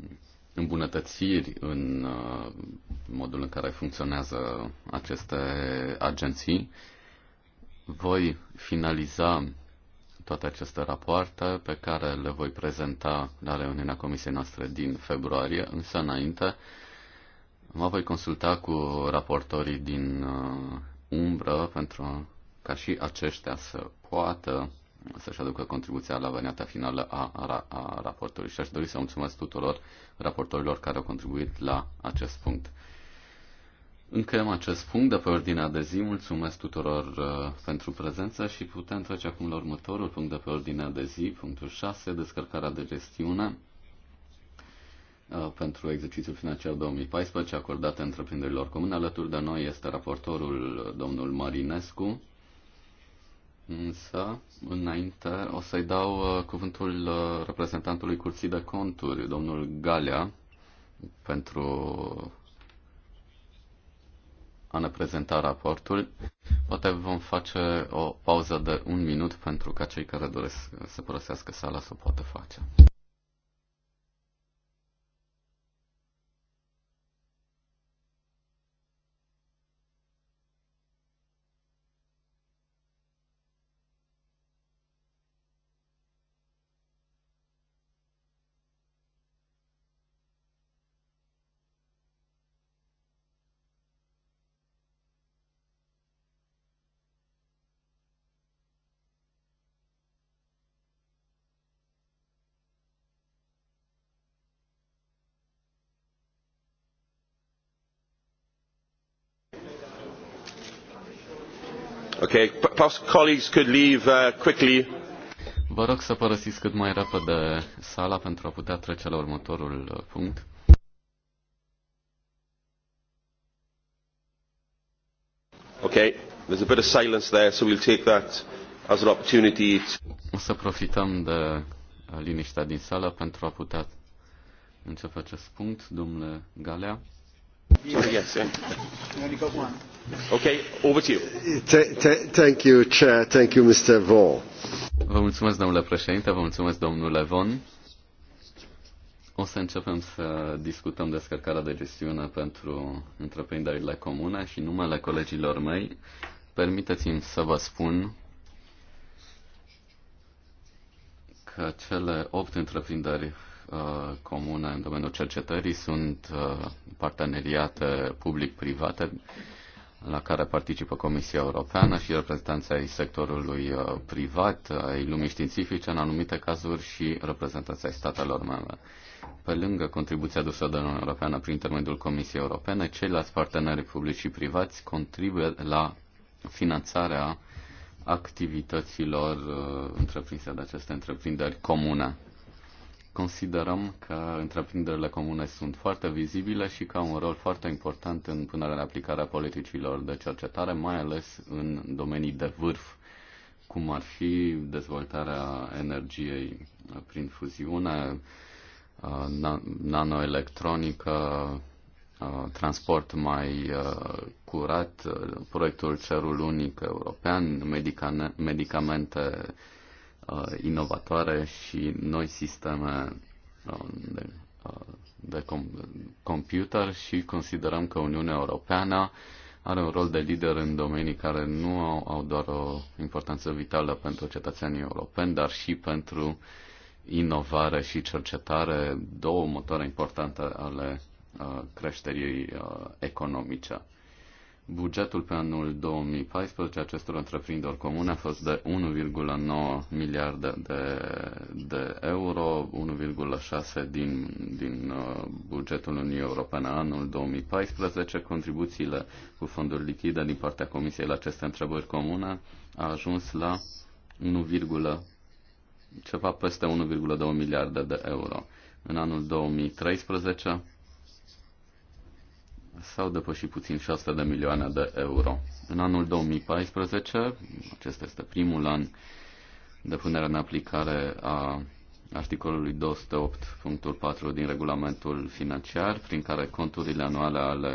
îmbunătățiri în uh, modul în care funcționează aceste agenții voi finaliza toate aceste rapoarte pe care le voi prezenta la reuniunea comisiei noastre din februarie, însă înainte mă voi consulta cu raportorii din uh, umbră pentru ca și aceștia să poată să-și aducă contribuția la varianta finală a, a, a raportului. Și aș dori să mulțumesc tuturor raportorilor care au contribuit la acest punct. Încheiem acest punct de pe ordinea de zi. Mulțumesc tuturor uh, pentru prezență și putem trece acum la următorul punct de pe ordinea de zi, punctul 6, descărcarea de gestiune uh, pentru exercițiul financiar 2014 acordate întreprinderilor comune. Alături de noi este raportorul uh, domnul Marinescu. Însă, înainte, o să-i dau uh, cuvântul reprezentantului Curții de Conturi, domnul Galea, pentru a ne prezenta raportul. Poate vom face o pauză de un minut pentru ca cei care doresc să părăsească sala să o poată face. Okay, perhaps colleagues could leave uh, quickly. Vă rog să părăsiți cât mai repede sala pentru a putea trece la următorul uh, punct. Okay, there's a bit of silence there, so we'll take that as an opportunity. To... O să profităm de uh, liniștea din sală pentru a putea începe acest punct, domnule Galea. Yes, yeah. Okay, over to you. Thank you, Chair. Thank you, Mr. Vaughan. Vă mulțumesc, domnule președinte, vă mulțumesc, domnule Von. O să începem să discutăm descărcarea de gestiune pentru întreprinderile comune și numele colegilor mei. Permiteți-mi să vă spun că cele opt întreprinderi uh, comune în domeniul cercetării sunt uh, parteneriate public-private la care participă Comisia Europeană și reprezentanții ai sectorului uh, privat, ai lumii științifice, în anumite cazuri și reprezentanții ai statelor membre. Pe lângă contribuția adusă de Uniunea Europeană prin intermediul Comisiei Europene, ceilalți parteneri publici și privați contribuie la finanțarea activităților uh, întreprinse de aceste întreprinderi comune. Considerăm că întreprinderile comune sunt foarte vizibile și că au un rol foarte important în punerea în aplicare a politicilor de cercetare, mai ales în domenii de vârf, cum ar fi dezvoltarea energiei prin fuziune, nanoelectronică, transport mai curat, proiectul Cerul Unic European, medicamente Uh, inovatoare și noi sisteme uh, de, uh, de computer și considerăm că Uniunea Europeană are un rol de lider în domenii care nu au, au doar o importanță vitală pentru cetățenii europeni, dar și pentru inovare și cercetare, două motoare importante ale creșterii economice. Bugetul pe anul 2014 acestor întreprinderi comune a fost de 1,9 miliarde de, de euro, 1,6 din, din uh, bugetul Uniunii Europene anul 2014. Contribuțiile cu fonduri lichide din partea Comisiei la aceste întrebări comune a ajuns la 1, ceva peste 1,2 miliarde de euro. În anul 2013 s-au depășit puțin 6 de milioane de euro. În anul 2014, acesta este primul an de punere în aplicare a articolului 208.4 din regulamentul financiar, prin care conturile anuale ale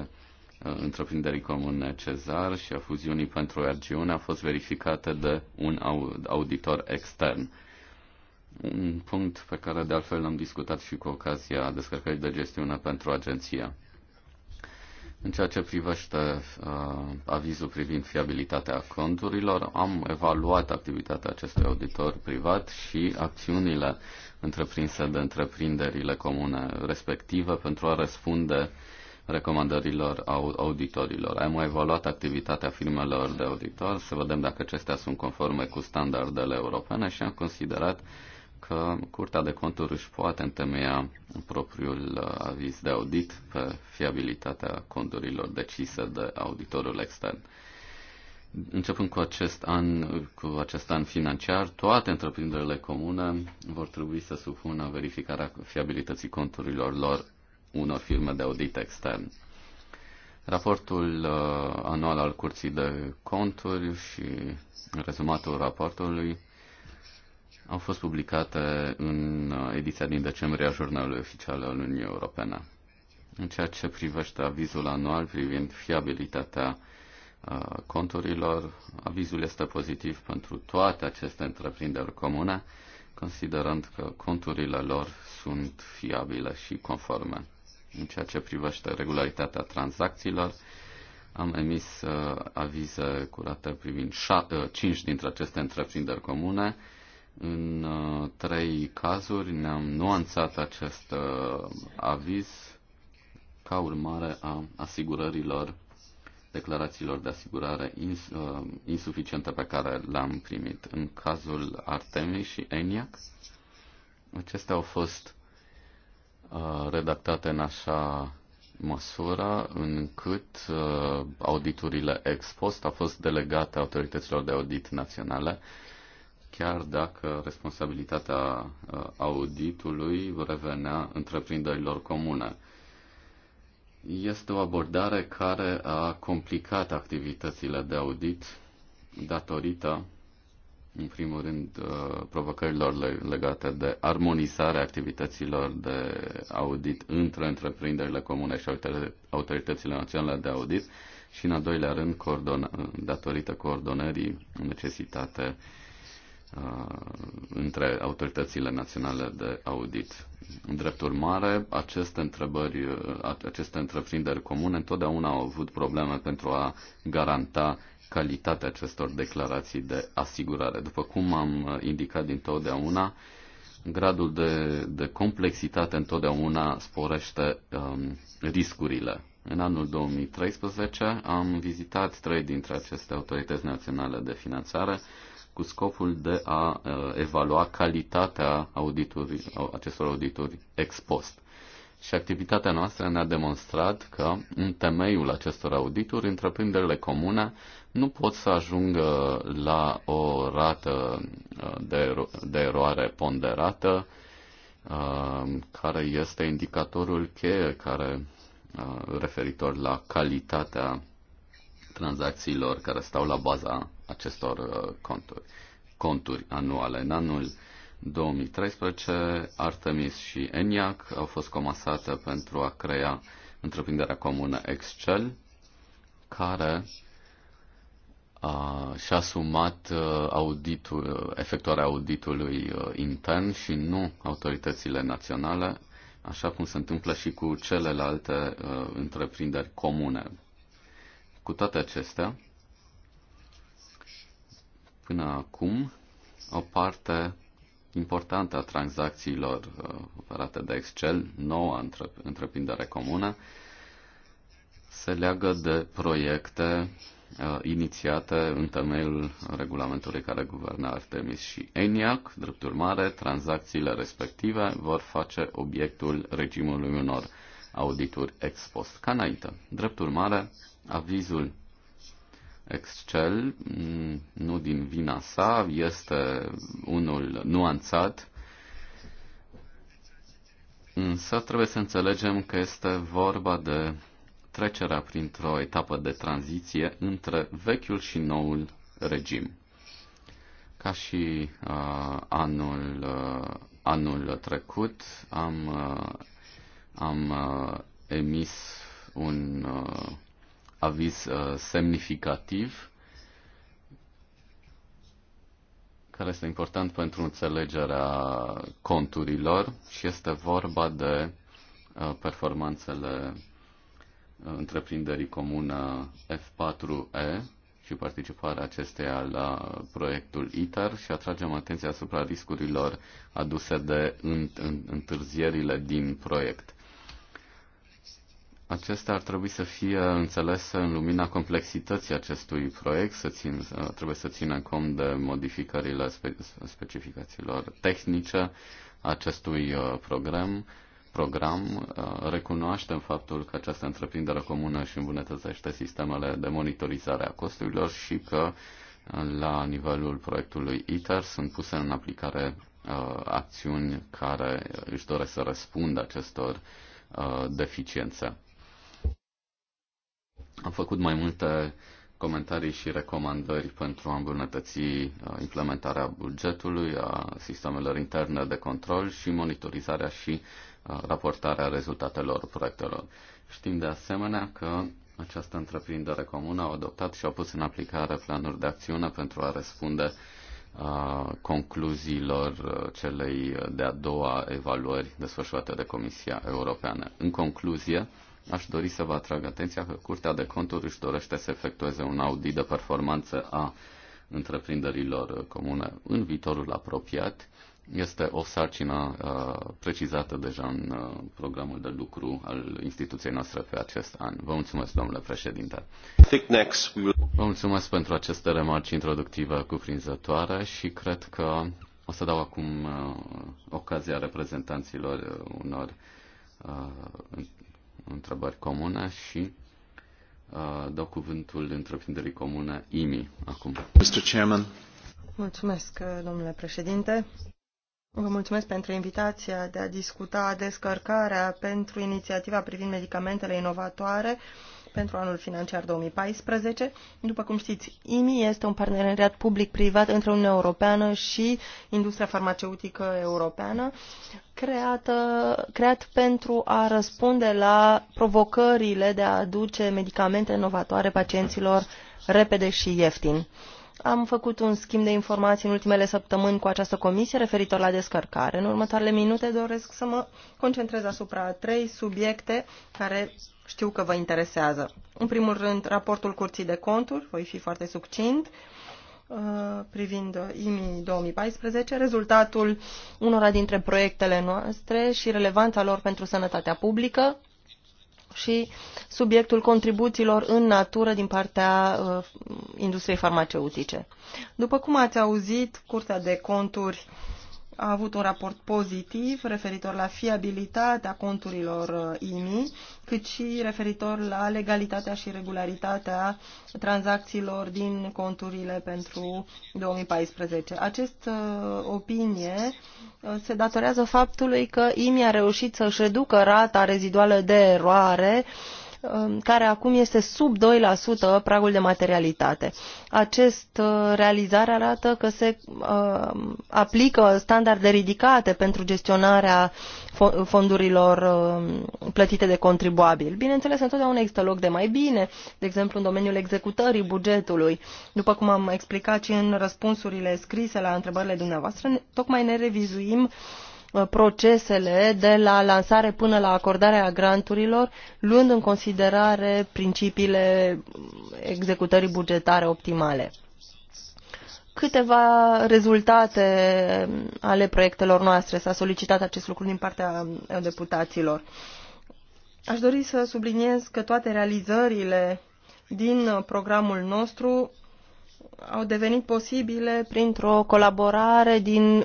uh, întreprinderii comune Cezar și a fuziunii pentru regiune a fost verificate de un auditor extern. Un punct pe care de altfel l-am discutat și cu ocazia descărcării de gestiune pentru agenția. În ceea ce privește uh, avizul privind fiabilitatea conturilor, am evaluat activitatea acestui auditor privat și acțiunile întreprinse de întreprinderile comune respective pentru a răspunde recomandărilor auditorilor. Am evaluat activitatea firmelor de auditor să vedem dacă acestea sunt conforme cu standardele europene și am considerat că Curtea de Conturi își poate întemeia propriul uh, aviz de audit pe fiabilitatea conturilor decise de auditorul extern. Începând cu acest an, cu acest an financiar, toate întreprinderile comune vor trebui să supună verificarea fiabilității conturilor lor unor firme de audit extern. Raportul uh, anual al Curții de Conturi și rezumatul raportului au fost publicate în uh, ediția din decembrie a Jurnalului Oficial al Uniunii Europene. În ceea ce privește avizul anual privind fiabilitatea uh, conturilor, avizul este pozitiv pentru toate aceste întreprinderi comune, considerând că conturile lor sunt fiabile și conforme. În ceea ce privește regularitatea tranzacțiilor, am emis uh, avize curate privind uh, 5 dintre aceste întreprinderi comune, în uh, trei cazuri ne-am nuanțat acest uh, aviz ca urmare a asigurărilor, declarațiilor de asigurare uh, insuficiente pe care le-am primit. În cazul Artemis și ENIAC, acestea au fost redactate în așa măsură încât auditurile ex post au fost delegate autorităților de audit naționale chiar dacă responsabilitatea uh, auditului revenea întreprinderilor comune. Este o abordare care a complicat activitățile de audit datorită, în primul rând, uh, provocărilor legate de armonizarea activităților de audit între întreprinderile comune și autoritățile naționale de audit și, în al doilea rând, coordon- datorită coordonării necesitate uh, Uh, între autoritățile naționale de audit. În drept urmare, aceste, întrebări, uh, aceste întreprinderi comune întotdeauna au avut probleme pentru a garanta calitatea acestor declarații de asigurare. După cum am indicat dintotdeauna, gradul de, de complexitate întotdeauna sporește um, riscurile. În anul 2013 am vizitat trei dintre aceste autorități naționale de finanțare cu scopul de a uh, evalua calitatea acestor auditori ex post. Și activitatea noastră ne-a demonstrat că, în temeiul acestor audituri, întreprinderile comune nu pot să ajungă la o rată uh, de, de eroare ponderată, uh, care este indicatorul cheie care referitor la calitatea tranzacțiilor care stau la baza acestor uh, conturi, conturi anuale. În anul 2013, Artemis și ENIAC au fost comasate pentru a crea întreprinderea comună Excel, care și-a asumat uh, auditul, efectuarea auditului uh, intern și nu autoritățile naționale, așa cum se întâmplă și cu celelalte întreprinderi comune cu toate acestea, până acum, o parte importantă a tranzacțiilor uh, operate de Excel, noua întreprindere comună, se leagă de proiecte uh, inițiate în temeiul regulamentului care guvernă Artemis și ENIAC. Drept urmare, tranzacțiile respective vor face obiectul regimului unor audituri ex post, ca înainte. Drept urmare, avizul Excel, mm, nu din vina sa, este unul nuanțat, însă trebuie să înțelegem că este vorba de trecerea printr-o etapă de tranziție între vechiul și noul regim. Ca și uh, anul, uh, anul trecut, am, uh, am uh, emis un uh, aviz uh, semnificativ care este important pentru înțelegerea conturilor și este vorba de uh, performanțele uh, întreprinderii comună F4E și participarea acesteia la proiectul ITER și atragem atenția asupra riscurilor aduse de întârzierile din proiect. Acestea ar trebui să fie înțelese în lumina complexității acestui proiect, să țin, trebuie să țină cont de modificările spe, specificațiilor tehnice acestui uh, program, program, uh, recunoaștem faptul că această întreprindere comună și îmbunătățește sistemele de monitorizare a costurilor și că uh, la nivelul proiectului ITER sunt puse în aplicare uh, acțiuni care își doresc să răspundă acestor uh, deficiențe. Am făcut mai multe comentarii și recomandări pentru a îmbunătăți uh, implementarea bugetului, a sistemelor interne de control și monitorizarea și uh, raportarea rezultatelor proiectelor. Știm de asemenea că această întreprindere comună a adoptat și a pus în aplicare planuri de acțiune pentru a răspunde a uh, concluziilor celei de-a doua evaluări desfășurate de Comisia Europeană. În concluzie, Aș dori să vă atrag atenția că Curtea de Conturi își dorește să efectueze un audit de performanță a întreprinderilor comune în viitorul apropiat. Este o sarcină uh, precizată deja în uh, programul de lucru al instituției noastre pe acest an. Vă mulțumesc, domnule președinte. Vă mulțumesc pentru aceste remarci introductive cuprinzătoare și cred că o să dau acum uh, ocazia reprezentanților uh, unor uh, întrebări comune și uh, dau cuvântul întreprinderii comune IMI acum. Mr. Chairman. Mulțumesc, uh, domnule președinte. Vă mulțumesc pentru invitația de a discuta descărcarea pentru inițiativa privind medicamentele inovatoare pentru anul financiar 2014. După cum știți, IMI este un parteneriat public-privat între Uniunea Europeană și industria farmaceutică europeană, creată, creat pentru a răspunde la provocările de a aduce medicamente inovatoare pacienților repede și ieftin. Am făcut un schimb de informații în ultimele săptămâni cu această comisie referitor la descărcare. În următoarele minute doresc să mă concentrez asupra trei subiecte care știu că vă interesează. În primul rând, raportul Curții de Conturi, voi fi foarte succint, uh, privind IMI 2014, rezultatul unora dintre proiectele noastre și relevanța lor pentru sănătatea publică, și subiectul contribuțiilor în natură din partea uh, industriei farmaceutice. După cum ați auzit, Curtea de Conturi a avut un raport pozitiv referitor la fiabilitatea conturilor IMI, uh, cât și referitor la legalitatea și regularitatea tranzacțiilor din conturile pentru 2014. Această uh, opinie uh, se datorează faptului că IMI a reușit să-și reducă rata reziduală de eroare uh, Um, care acum este sub 2% pragul de materialitate. Acest uh, realizare arată că se um, aplică standarde ridicate pentru gestionarea fondurilor um, plătite de contribuabil. Bineînțeles, întotdeauna există loc de mai bine, de exemplu în domeniul executării bugetului. După cum am explicat și în răspunsurile scrise la întrebările dumneavoastră, tocmai ne revizuim uh, Uh, procesele de la lansare până la acordarea granturilor, luând în considerare principiile executării bugetare optimale. Câteva rezultate ale proiectelor noastre. S-a solicitat acest lucru din partea deputaților. Aș dori să subliniez că toate realizările din programul nostru au devenit posibile printr-o colaborare din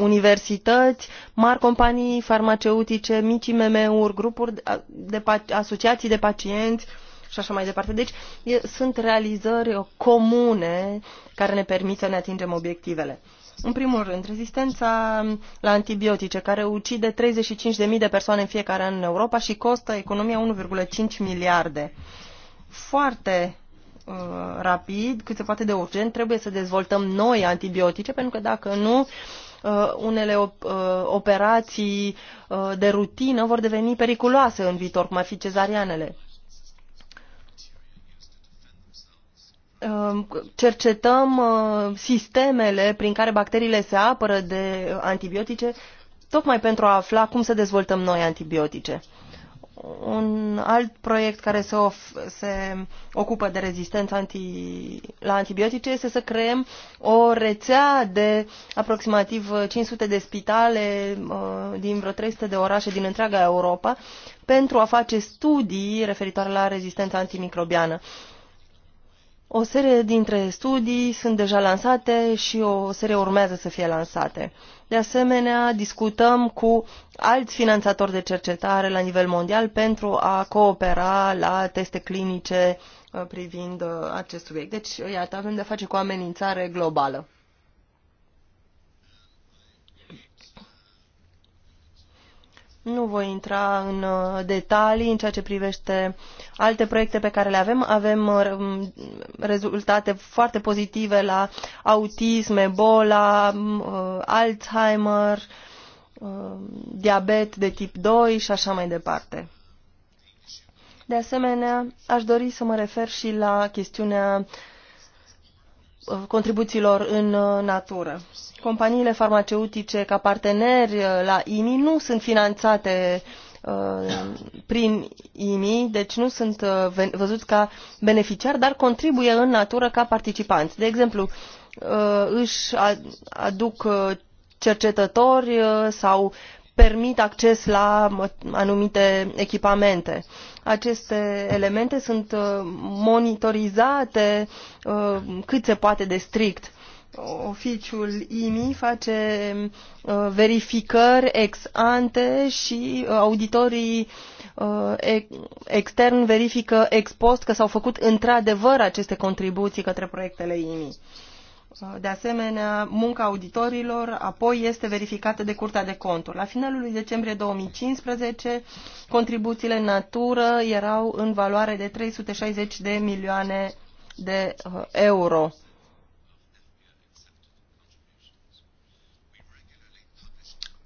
universități, mari companii farmaceutice, mici IMM-uri, grupuri de asociații de pacienți și așa mai departe. Deci e, sunt realizări uh, comune care ne permit să ne atingem obiectivele. În primul rând, rezistența um, la antibiotice, care ucide 35.000 de persoane în fiecare an în Europa și costă economia 1,5 miliarde. Foarte Uh, rapid, cât se poate de urgent, trebuie să dezvoltăm noi antibiotice, pentru că dacă nu, uh, unele uh, operații de rutină vor deveni periculoase în viitor, cum ar fi cezarianele. Cercetăm sistemele prin care bacteriile se apără de antibiotice, tocmai pentru a afla cum să dezvoltăm noi antibiotice un alt proiect care se, of- se ocupă de rezistența anti- la antibiotice este să creăm o rețea de aproximativ 500 de spitale uh, din vreo 300 de orașe din întreaga Europa pentru a face studii referitoare la rezistența antimicrobiană. O serie dintre studii sunt deja lansate și o serie urmează să fie lansate. De asemenea, discutăm cu alți finanțatori de cercetare la nivel mondial pentru a coopera la teste clinice uh, privind uh, acest subiect. Deci, iată, avem de face cu o amenințare globală. Nu voi intra în uh, detalii în ceea ce privește alte proiecte pe care le avem. Avem uh, mm, rezultate foarte pozitive la autism, Ebola, mm, uh, Alzheimer, diabet de tip 2 și așa mai departe. De asemenea, aș dori să mă refer și la chestiunea uh, contribuțiilor în uh, natură. Companiile farmaceutice ca parteneri uh, la IMI nu sunt finanțate uh, prin IMI, deci nu sunt văzuți ca beneficiari, dar contribuie în natură ca participanți. De exemplu, își aduc cercetători sau permit acces la anumite echipamente aceste elemente sunt uh, monitorizate uh, cât se poate de strict. Oficiul IMI face uh, verificări ex ante și auditorii extern verifică ex post că s-au făcut într-adevăr aceste contribuții către proiectele IMI. De asemenea, munca auditorilor apoi este verificată de Curtea de Conturi. La finalul lui decembrie 2015, contribuțiile în natură erau în valoare de 360 de milioane de uh, euro.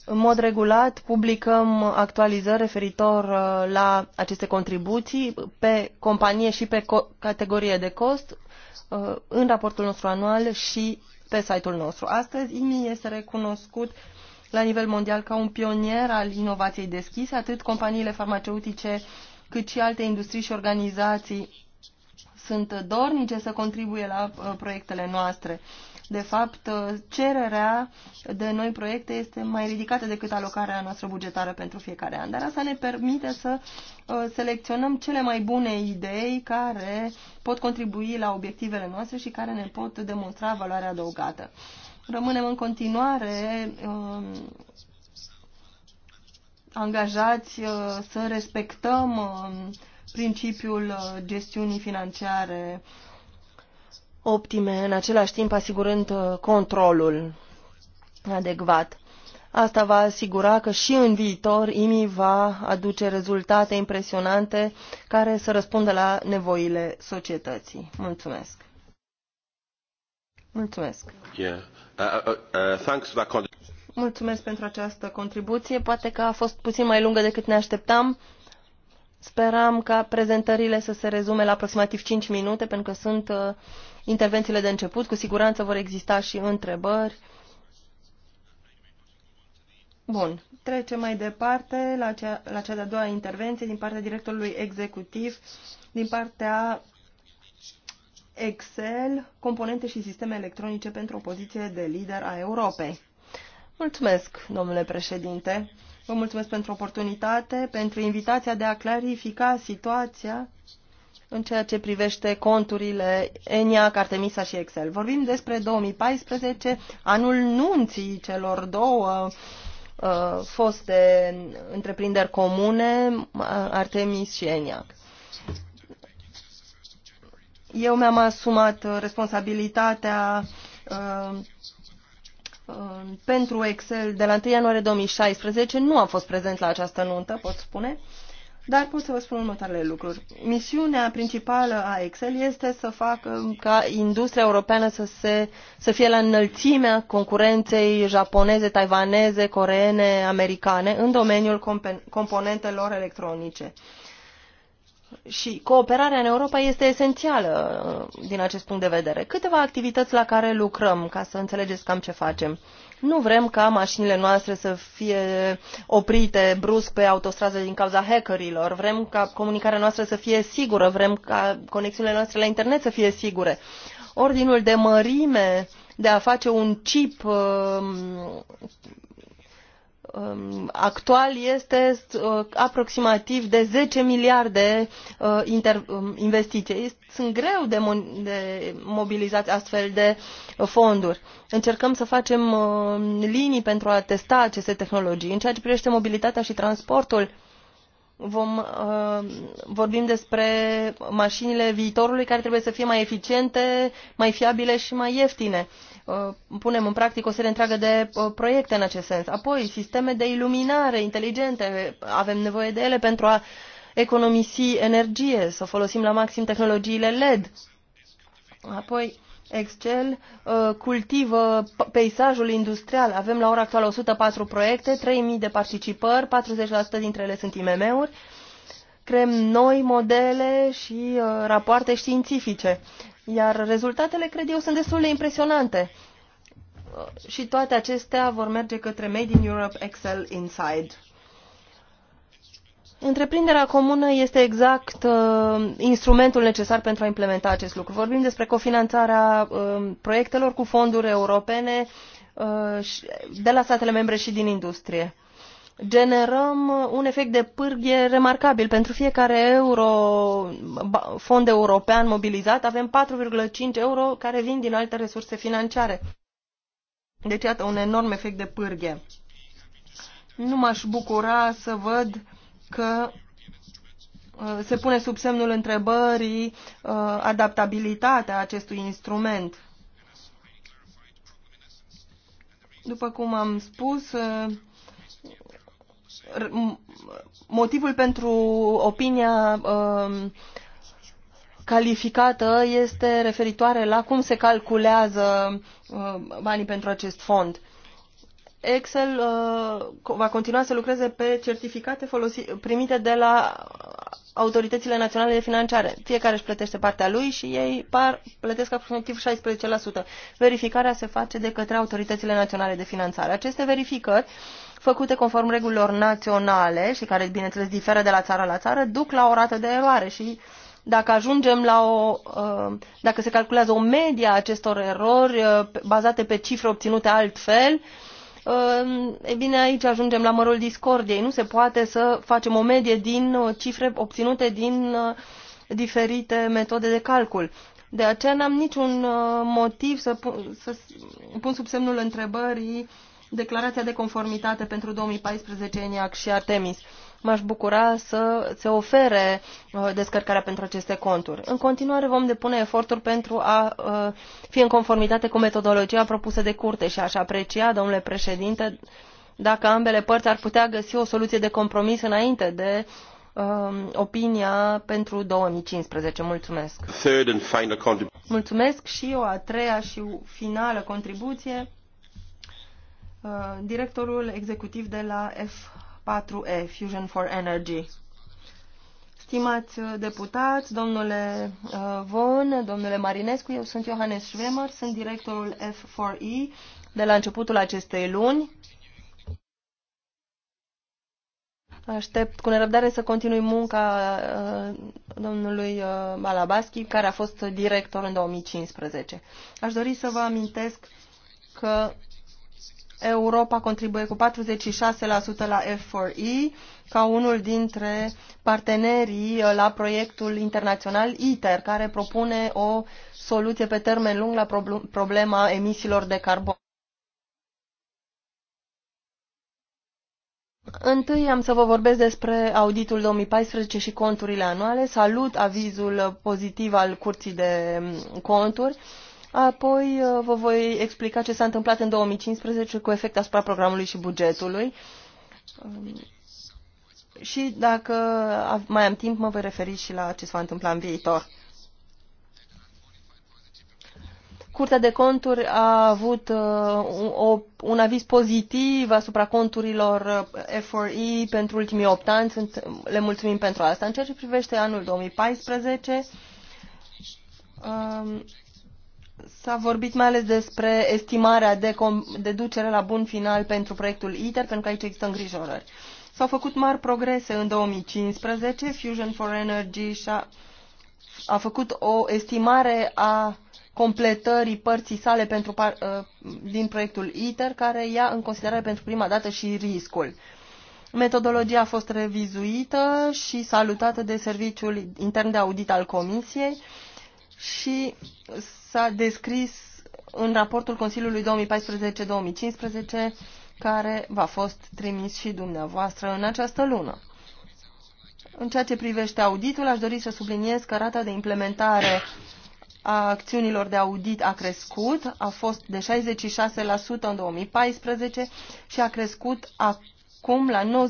În mod regulat publicăm actualizări referitor uh, la aceste contribuții pe companie și pe categorie de cost Uh, în raportul nostru anual și pe site-ul nostru. Astăzi, IMI este recunoscut la nivel mondial ca un pionier al inovației deschise, atât companiile farmaceutice cât și alte industrii și organizații sunt dornice să contribuie la uh, proiectele noastre. De fapt, cererea de noi proiecte este mai ridicată decât alocarea noastră bugetară pentru fiecare an. Dar asta ne permite să uh, selecționăm cele mai bune idei care pot contribui la obiectivele noastre și care ne pot demonstra valoarea adăugată. Rămânem în continuare um, angajați uh, să respectăm um, principiul uh, gestiunii financiare optime, în același timp asigurând uh, controlul adecvat. Asta va asigura că și în viitor IMI va aduce rezultate impresionante care să răspundă la nevoile societății. Mulțumesc! Mulțumesc! Yeah. Uh, uh, uh thanks Mulțumesc pentru această contribuție. Poate că a fost puțin mai lungă decât ne așteptam. Speram ca prezentările să se rezume la aproximativ 5 minute, pentru că sunt uh, intervențiile de început. Cu siguranță vor exista și întrebări. Bun. Trecem mai departe la cea, la cea de-a doua intervenție din partea directorului executiv, din partea Excel, componente și sisteme electronice pentru o poziție de lider a Europei. Mulțumesc, domnule președinte. Vă mulțumesc pentru oportunitate, pentru invitația de a clarifica situația în ceea ce privește conturile ENIAC, Artemisa și Excel. Vorbim despre 2014, anul nunții celor două uh, foste întreprinderi comune, uh, Artemis și ENIAC. Eu mi-am asumat responsabilitatea uh, uh pentru Excel de la 1 ianuarie 2016. Nu am fost prezent la această nuntă, pot spune. Uh, dar pot să vă spun următoarele lucruri. Misiunea principală a Excel este să facă ca industria europeană să, se, să fie la înălțimea concurenței japoneze, taiwaneze, coreene, americane în domeniul componentelor electronice. Și cooperarea în Europa este esențială uh, din acest punct de vedere. Câteva activități la care lucrăm, ca să înțelegeți cam ce facem. Uh, nu vrem ca mașinile noastre să fie oprite brusc pe autostradă din cauza hackerilor. Vrem ca comunicarea noastră să fie sigură. Vrem ca conexiunile noastre la internet să fie sigure. Ordinul de mărime de a face un chip uh, Um, actual este uh, aproximativ de 10 miliarde uh, um, investiții. Sunt greu de, de astfel de fonduri. Încercăm să facem um, linii pentru a testa aceste tehnologii. În ceea ce privește mobilitatea și transportul, vom, uh, vorbim despre mașinile viitorului care trebuie să fie mai eficiente, mai fiabile și mai ieftine. Uh, punem în practic o serie întreagă de uh, proiecte în acest sens. Apoi, sisteme de iluminare inteligente, avem nevoie de ele pentru a economisi energie, să folosim la maxim tehnologiile LED. Apoi, Excel uh, cultivă peisajul industrial. Avem la ora actuală 104 proiecte, 3.000 de participări, 40% dintre ele sunt IMM-uri. Creăm noi modele și rapoarte științifice. Iar rezultatele, cred eu, sunt destul de impresionante. Și toate acestea vor merge către Made in Europe Excel Inside. Întreprinderea comună este exact uh, instrumentul necesar pentru a implementa acest lucru. Vorbim despre cofinanțarea uh, proiectelor cu fonduri europene uh, de la statele membre și din industrie generăm uh, un efect de pârghie remarcabil. Pentru fiecare euro fond european mobilizat avem 4,5 euro care vin din alte resurse financiare. Deci, iată, un enorm efect de pârghie. Nu m-aș bucura să văd că uh, se pune sub semnul întrebării uh, adaptabilitatea acestui instrument. După cum am spus, motivul pentru opinia um, calificată este referitoare la cum se calculează um, banii pentru acest fond. Excel uh, va continua să lucreze pe certificate folosi, primite de la autoritățile naționale de financiare. Fiecare își plătește partea lui și ei par, plătesc aproximativ 16%. Verificarea se face de către autoritățile naționale de finanțare. Aceste verificări uh, făcute conform regulilor naționale și care, bineînțeles, diferă de la țară la țară, duc la o rată de eroare și dacă ajungem la o, uh, dacă se calculează o medie a acestor erori uh, bazate pe cifre obținute altfel, uh, e bine, aici ajungem la mărul discordiei. Nu se poate să facem o medie din cifre obținute din diferite metode de calcul. De aceea n-am niciun motiv să pun, să pun sub semnul întrebării declarația de conformitate pentru 2014 ENIAC și Artemis. M-aș bucura să se ofere uh, descărcarea pentru aceste conturi. În continuare vom depune eforturi pentru a uh, fi în conformitate cu metodologia propusă de curte și aș aprecia, domnule președinte, dacă ambele părți ar putea găsi o soluție de compromis înainte de um, opinia pentru 2015. Mulțumesc. Mulțumesc și o a treia și finală contribuție Uh, directorul executiv de la F4E, Fusion for Energy. Stimați uh, deputați, domnule uh, Von, domnule Marinescu, eu sunt Johannes Schwemer, sunt directorul F4E de la începutul acestei luni. Aștept cu nerăbdare să continui munca domnului Balabaschi, care a fost director în 2015. Aș dori să vă amintesc că Europa contribuie cu 46% la F4E ca unul dintre partenerii uh, la proiectul internațional ITER, care propune o soluție pe termen lung la problema emisiilor de carbon. Întâi am să vă vorbesc despre auditul 2014 și conturile anuale. Salut avizul pozitiv al Curții de Conturi Apoi uh, vă voi explica ce s-a întâmplat în 2015 cu efect asupra programului și bugetului. Um, și dacă mai am timp, mă voi referi și la ce s-a întâmplat în viitor. Curtea de conturi a avut uh, o, un aviz pozitiv asupra conturilor uh, F4E pentru ultimii 8 ani. Sunt, le mulțumim pentru asta. În ceea ce privește anul 2014, S-a vorbit mai ales despre estimarea de deducere la bun final pentru proiectul ITER, pentru că aici există îngrijorări. S-au făcut mari progrese în 2015. Fusion for Energy și-a a făcut o estimare a completării părții sale pentru, uh, din proiectul ITER, care ia în considerare pentru prima dată și riscul. Metodologia a fost revizuită și salutată de Serviciul Intern de Audit al Comisiei și s-a descris în raportul Consiliului 2014-2015, care v-a fost trimis și dumneavoastră în această lună. În ceea ce privește auditul, aș dori să subliniez că rata de implementare a acțiunilor de audit a crescut, a fost de 66% în 2014 și a crescut acum la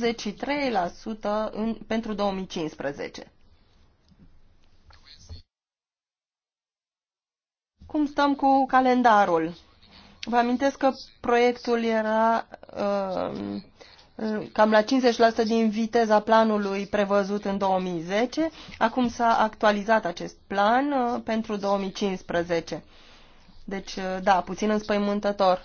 93% în, pentru 2015. Cum stăm cu calendarul? Vă amintesc că proiectul era uh, cam la 50% din viteza planului prevăzut în 2010. Acum s-a actualizat acest plan uh, pentru 2015. Deci, uh, da, puțin înspăimântător.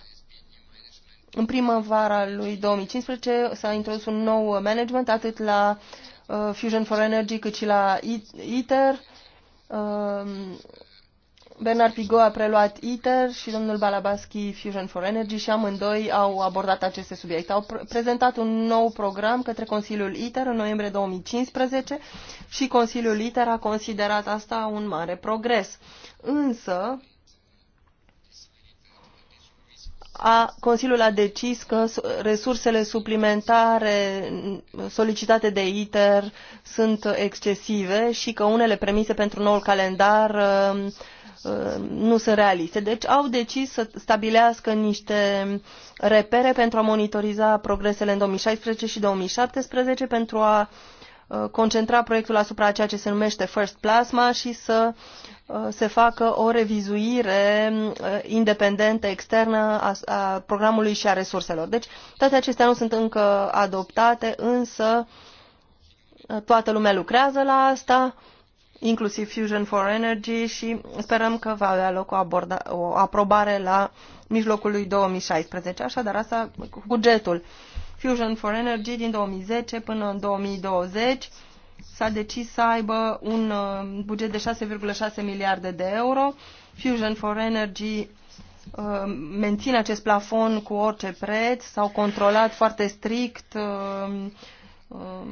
În primăvara lui 2015 s-a introdus un nou management atât la uh, Fusion for Energy cât și la ITER. Uh, Bernard Pigot a preluat ITER și domnul Balabaschi Fusion for Energy și amândoi au abordat aceste subiecte. Au prezentat un nou program către Consiliul ITER în noiembrie 2015 și Consiliul ITER a considerat asta un mare progres. Însă, a, Consiliul a decis că resursele suplimentare solicitate de ITER sunt excesive și că unele premise pentru noul calendar uh, Uh, nu sunt realiste. Deci au decis să stabilească niște repere pentru a monitoriza progresele în 2016 și 2017 pentru a uh, concentra proiectul asupra ceea ce se numește First Plasma și să uh, se facă o revizuire independentă, externă a, programului și a resurselor. Deci toate acestea nu sunt încă adoptate, însă toată lumea lucrează la asta inclusiv Fusion for Energy și sperăm că va avea loc o, aborda, o aprobare la mijlocul lui 2016. Așadar, asta cu bugetul. Fusion for Energy din 2010 până în 2020 s-a decis să aibă un uh, buget de 6,6 miliarde de euro. Fusion for Energy uh, menține acest plafon cu orice preț, s-au controlat foarte strict uh, Um,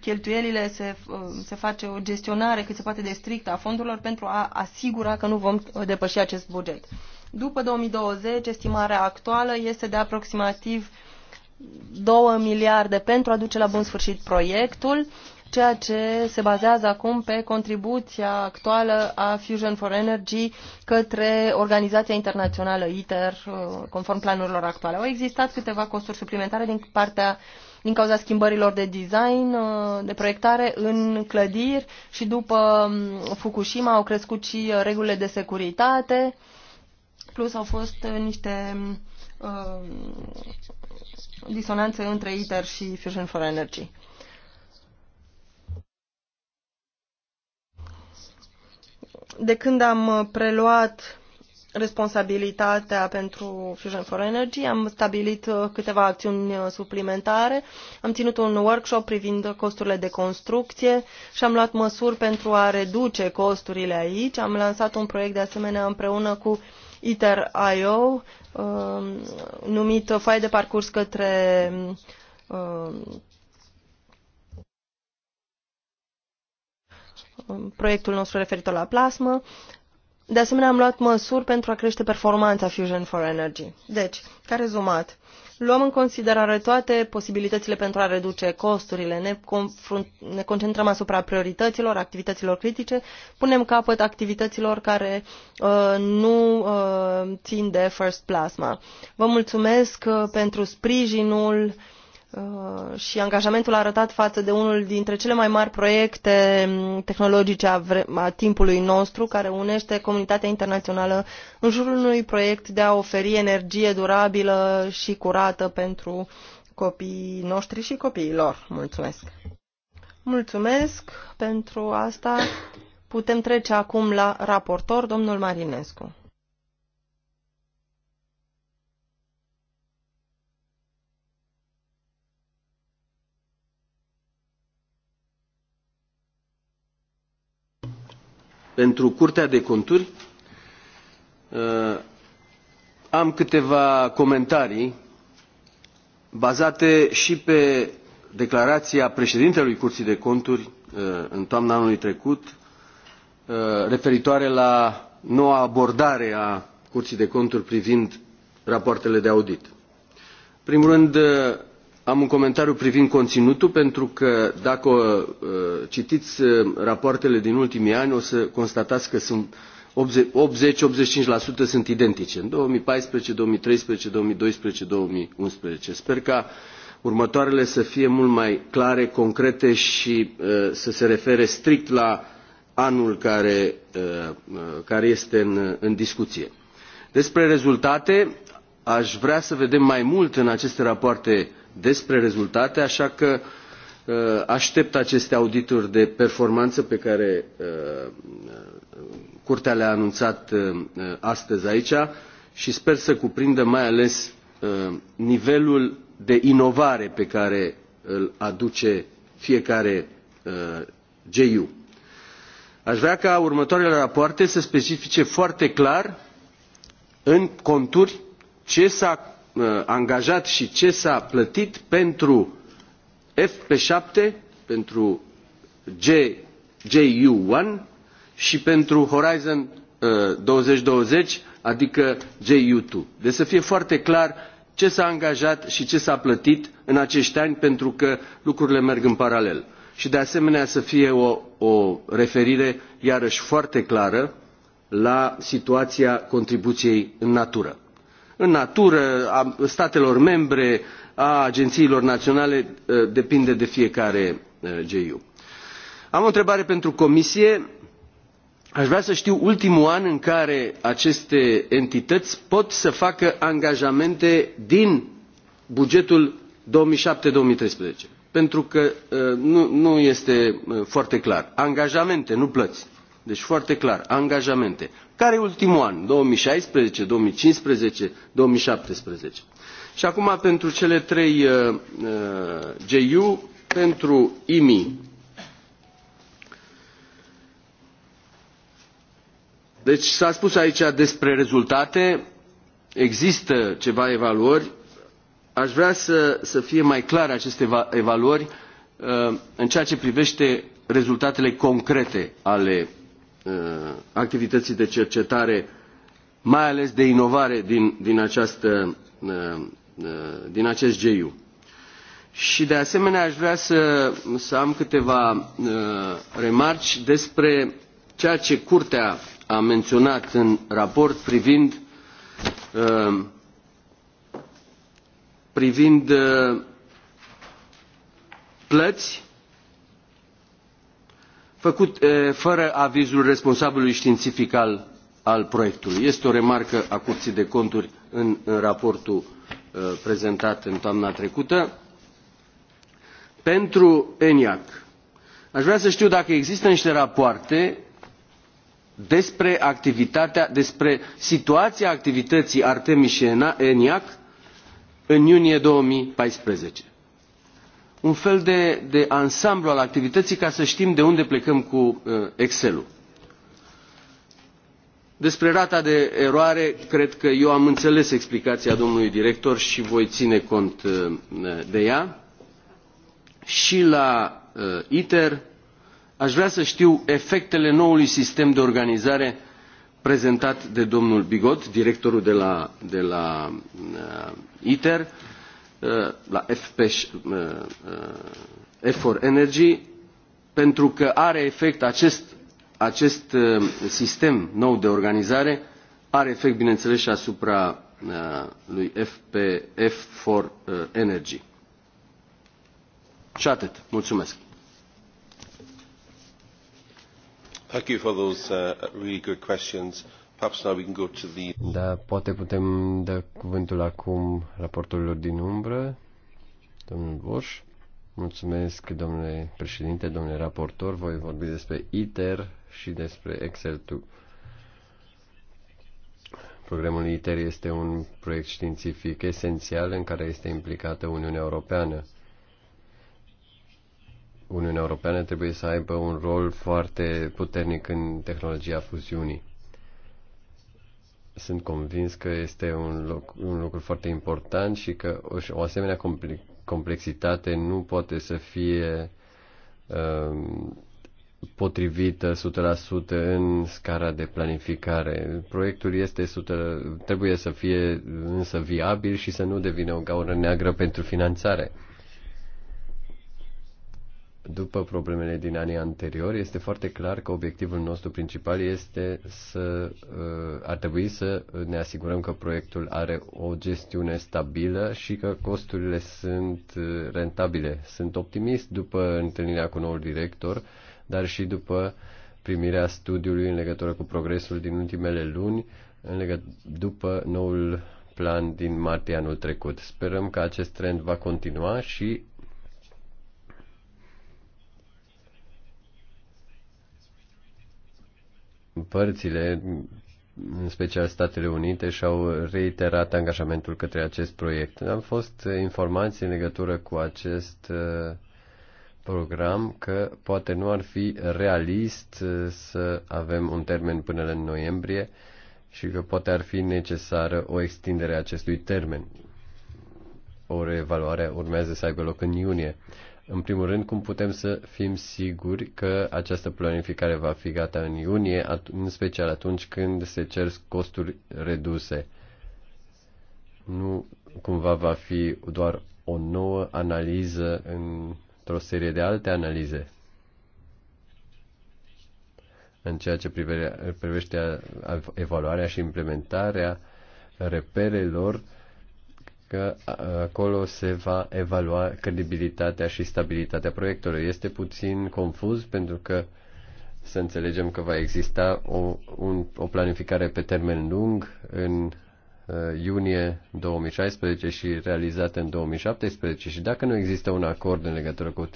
cheltuielile se, um, se face o gestionare cât se poate de strictă a fondurilor pentru a asigura că nu vom depăși acest buget. După 2020, estimarea actuală este de aproximativ 2 miliarde pentru a duce la bun sfârșit proiectul, ceea ce se bazează acum pe contribuția actuală a Fusion for Energy către organizația internațională ITER, uh, conform planurilor actuale. Au existat câteva costuri suplimentare din partea uh, din cauza schimbărilor de design, uh, de proiectare în clădiri și după um, Fukushima au crescut și uh, regulile de securitate, plus au fost uh, niște uh, disonanțe între ITER și Fusion for Energy. De când am preluat responsabilitatea pentru Fusion for Energy, am stabilit uh, câteva acțiuni uh, suplimentare, am ținut un workshop privind costurile de construcție și am luat măsuri pentru a reduce costurile aici. Am lansat un proiect de asemenea împreună cu ITER.io um, numit Foaie de parcurs către um, um, proiectul nostru referitor la plasmă de asemenea, am luat măsuri pentru a crește performanța Fusion for Energy. Deci, ca rezumat, luăm în considerare toate posibilitățile pentru a reduce costurile, ne, ne concentrăm asupra priorităților, activităților critice, punem capăt activităților care uh, nu uh, țin de First Plasma. Vă mulțumesc uh, pentru sprijinul Uh, și angajamentul arătat față de unul dintre cele mai mari proiecte mm, tehnologice a, a timpului nostru, care unește comunitatea internațională în jurul unui proiect de a oferi energie durabilă și curată pentru copiii noștri și copiilor. Mulțumesc! Mulțumesc pentru asta. Putem trece acum la raportor, domnul Marinescu. pentru Curtea de Conturi. Uh, am câteva comentarii bazate și pe declarația președintelui Curții de Conturi uh, în toamna anului trecut uh, referitoare la noua abordare a Curții de Conturi privind rapoartele de audit. În primul rând, am un comentariu privind conținutul, pentru că dacă uh, citiți uh, rapoartele din ultimii ani, o să constatați că sunt 80-85% sunt identice în 2014, 2013, 2012, 2011. Sper ca următoarele să fie mult mai clare, concrete și uh, să se refere strict la anul care, care este în, în discuție. Despre rezultate, aș vrea să vedem mai mult în aceste rapoarte despre rezultate, așa că uh, aștept aceste audituri de performanță pe care uh, Curtea le-a anunțat uh, astăzi aici și sper să cuprindă mai ales nivelul de inovare pe care îl aduce fiecare GU. Aș vrea ca următoarele rapoarte să specifice foarte clar în conturi ce s-a Uh, angajat și ce s-a plătit pentru FP7, pentru JU1 și pentru Horizon 2020, uh, adică JU2. Deci să fie foarte clar ce s-a angajat și ce s-a plătit în acești ani, pentru că lucrurile merg în paralel. Și de asemenea să fie o, o referire iarăși foarte clară la situația contribuției în natură în natură a statelor membre a agențiilor naționale eh, depinde de fiecare eh, giu. am o întrebare pentru comisie Aș vrea să știu ultimul an în care aceste entități pot să facă angajamente din bugetul două mii șapte două mii treisprezece pentru că eh, nu, nu este foarte clar angajamente nu plăți. deci foarte clar angajamente care e ultimul an? 2016, 2015, 2017. Și acum pentru cele trei uh, uh GU, pentru IMI. Deci s-a spus aici despre rezultate, există ceva evaluări, aș vrea să, să fie mai clare aceste evaluări uh, în ceea ce privește rezultatele concrete ale Uh, activității de cercetare, mai ales de inovare din, din, această, uh, uh, din acest GIU. Și de asemenea aș vrea să, să am câteva remarci despre ceea ce Curtea a menționat în raport privind, privind plăți făcut fără avizul responsabilului științific al, al proiectului. Este o remarcă a Curții de Conturi în, în raportul prezentat în toamna trecută. Pentru ENIAC, aș vrea să știu dacă există niște rapoarte despre activitatea, despre situația activității Artemis și ENIAC în iunie 2014 un fel de, de ansamblu al activității ca să știm de unde plecăm cu uh, Excel-ul. Despre rata de eroare, cred că eu am înțeles explicația domnului director și voi ține cont uh, de ea. Și la uh, ITER aș vrea să știu efectele noului sistem de organizare prezentat de domnul Bigot, directorul de la, de la ITER, Uh, la FP, uh, uh, F4 Energy, pentru că are efect acest, acest sistem nou de organizare, are efect, bineînțeles, și asupra lui FP, F4 Energy. Și atât. Mulțumesc. Thank you for those uh, really good questions. Da, poate putem da cuvântul acum raportorilor din umbră. Domnul Borș. Mulțumesc, domnule președinte, domnule raportor. Voi vorbi despre ITER și despre Excel 2. Programul ITER este un proiect științific esențial în care este implicată Uniunea Europeană. Uniunea Europeană trebuie să aibă un rol foarte puternic în tehnologia fuziunii sunt convins că este un, loc, un lucru foarte important și că o, o asemenea complexitate nu poate să fie um, potrivită 100% în scara de planificare. Proiectul este 100, trebuie să fie însă viabil și să nu devină o gaură neagră pentru finanțare după problemele din anii anteriori, este foarte clar că obiectivul nostru principal este să uh, ar trebui să ne asigurăm că proiectul are o gestiune stabilă și că costurile sunt uh, rentabile. Sunt optimist după întâlnirea cu noul director, dar și după primirea studiului în legătură cu progresul din ultimele luni, în legăt- după noul plan din martie anul trecut. Sperăm că acest trend va continua și părțile, în special Statele Unite, și-au reiterat angajamentul către acest proiect. Am fost informații în legătură cu acest uh, program că poate nu ar fi realist uh, să avem un termen până în noiembrie și că poate ar fi necesară o extindere a acestui termen. O reevaluare urmează să aibă loc în iunie. În primul rând, cum putem să fim siguri că această planificare va fi gata în iunie, în special atunci când se cer costuri reduse. Nu cumva va fi doar o nouă analiză într-o serie de alte analize. În ceea ce privește evaluarea și implementarea reperelor, că acolo se va evalua credibilitatea și stabilitatea proiectului. Este puțin confuz pentru că să înțelegem că va exista o, un, o planificare pe termen lung în uh, iunie 2016 și realizată în 2017 și dacă nu există un acord în legătură cu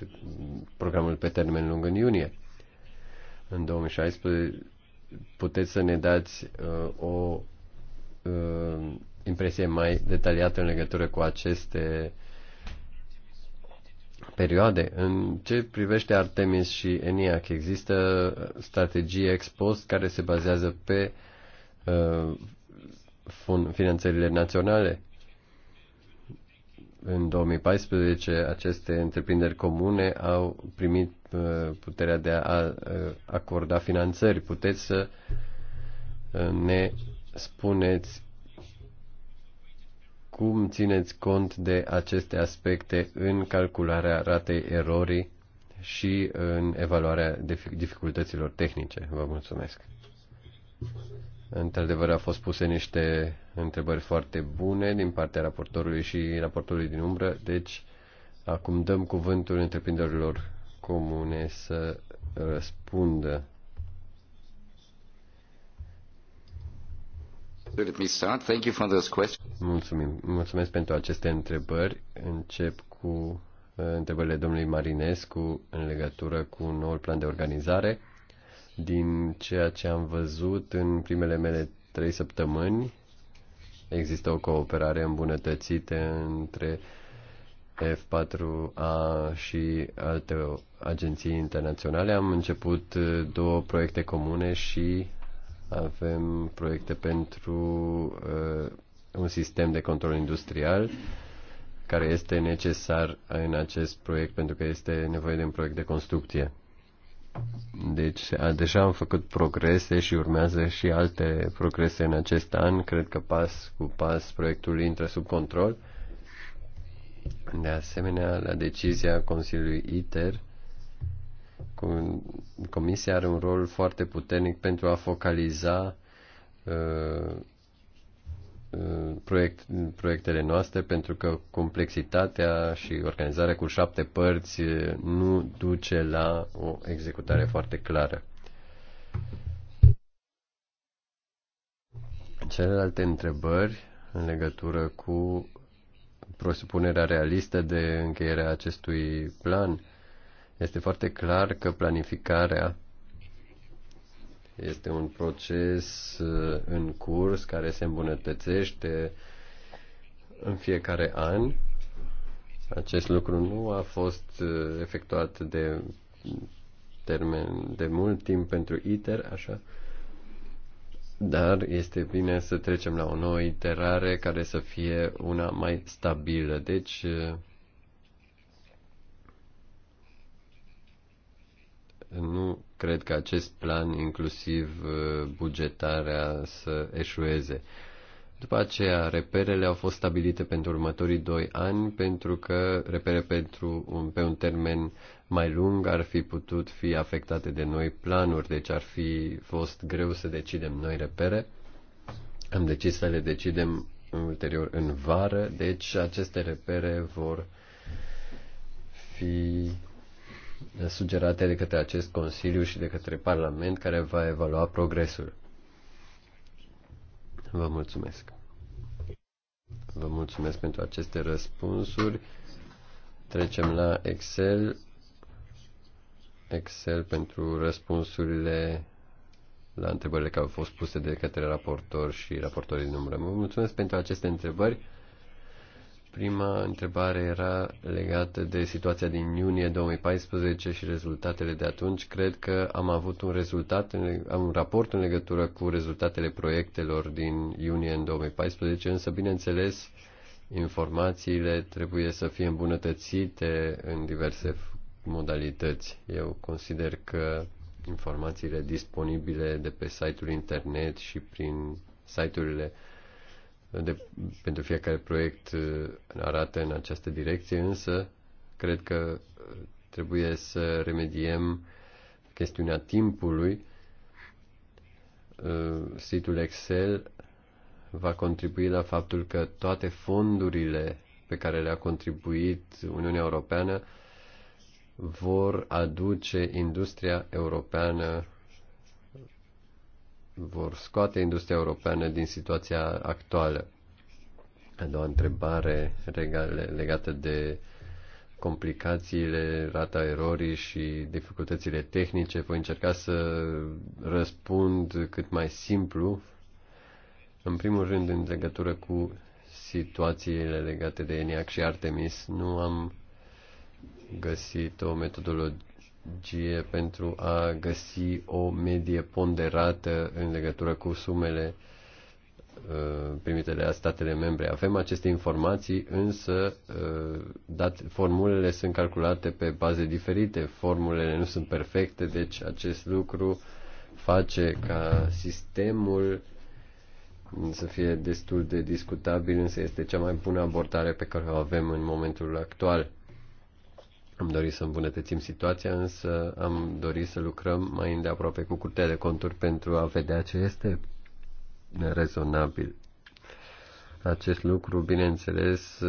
programul pe termen lung în iunie în 2016 puteți să ne dați uh, o uh, impresie mai detaliată în legătură cu aceste perioade. În ce privește Artemis și ENIAC, există strategie ex post care se bazează pe uh, finanțările naționale. În 2014, aceste întreprinderi comune au primit uh, puterea de a uh, acorda finanțări. Puteți să uh, ne spuneți cum țineți cont de aceste aspecte în calcularea ratei erorii și în evaluarea dificultăților tehnice. Vă mulțumesc. Într-adevăr, au fost puse niște întrebări foarte bune din partea raportorului și raportorului din umbră, deci acum dăm cuvântul întreprinderilor comune să răspundă Mulțumim. Mulțumesc pentru aceste întrebări. Încep cu uh, întrebările domnului Marinescu în legătură cu noul plan de organizare. Din ceea ce am văzut în primele mele trei săptămâni, există o cooperare îmbunătățită între F4A și alte agenții internaționale. Am început uh, două proiecte comune și avem proiecte pentru uh, un sistem de control industrial care este necesar în acest proiect pentru că este nevoie de un proiect de construcție. Deci a, deja am făcut progrese și urmează și alte progrese în acest an. Cred că pas cu pas proiectul intră sub control. De asemenea, la decizia Consiliului ITER Comisia are un rol foarte puternic pentru a focaliza uh, uh, proiect, proiectele noastre pentru că complexitatea și organizarea cu șapte părți uh, nu duce la o executare foarte clară. Celelalte întrebări în legătură cu presupunerea realistă de încheierea acestui plan este foarte clar că planificarea este un proces uh, în curs care se îmbunătățește în fiecare an. Acest lucru nu a fost uh, efectuat de termen de mult timp pentru ITER, așa, dar este bine să trecem la o nouă iterare care să fie una mai stabilă. Deci, uh, nu cred că acest plan, inclusiv uh, bugetarea, să eșueze. După aceea, reperele au fost stabilite pentru următorii doi ani, pentru că repere pentru un, pe un termen mai lung ar fi putut fi afectate de noi planuri, deci ar fi fost greu să decidem noi repere. Am decis să le decidem ulterior în vară, deci aceste repere vor fi sugerate de către acest Consiliu și de către Parlament care va evalua progresul. Vă mulțumesc. Vă mulțumesc pentru aceste răspunsuri. Trecem la Excel. Excel pentru răspunsurile la întrebările care au fost puse de către raportor și raportorii numără. Vă mulțumesc pentru aceste întrebări. Prima întrebare era legată de situația din iunie 2014 și rezultatele de atunci. Cred că am avut un rezultat, am un raport în legătură cu rezultatele proiectelor din iunie în 2014, însă, bineînțeles, informațiile trebuie să fie îmbunătățite în diverse modalități. Eu consider că informațiile disponibile de pe site-ul internet și prin site-urile uh, de, pentru fiecare proiect uh, arată în această direcție, însă cred că uh, trebuie să remediem chestiunea timpului. Uh, Situl Excel va contribui la faptul că toate fondurile pe care le-a contribuit Uniunea Europeană vor aduce industria europeană vor scoate industria europeană din situația actuală. A doua întrebare legată de complicațiile, rata erorii și dificultățile tehnice. Voi încerca să răspund cât mai simplu. În primul rând, în legătură cu situațiile legate de ENIAC și Artemis, nu am găsit o metodologie strategie pentru a găsi o medie ponderată în legătură cu sumele uh, primite de la statele membre. Avem aceste informații, însă uh, dat, formulele sunt calculate pe baze diferite, formulele nu sunt perfecte, deci acest lucru face ca sistemul să fie destul de discutabil, însă este cea mai bună abordare pe care o avem în momentul actual. Am dorit să îmbunătățim situația, însă am dorit să lucrăm mai îndeaproape cu Curtea de Conturi pentru a vedea ce este rezonabil. Acest lucru, bineînțeles,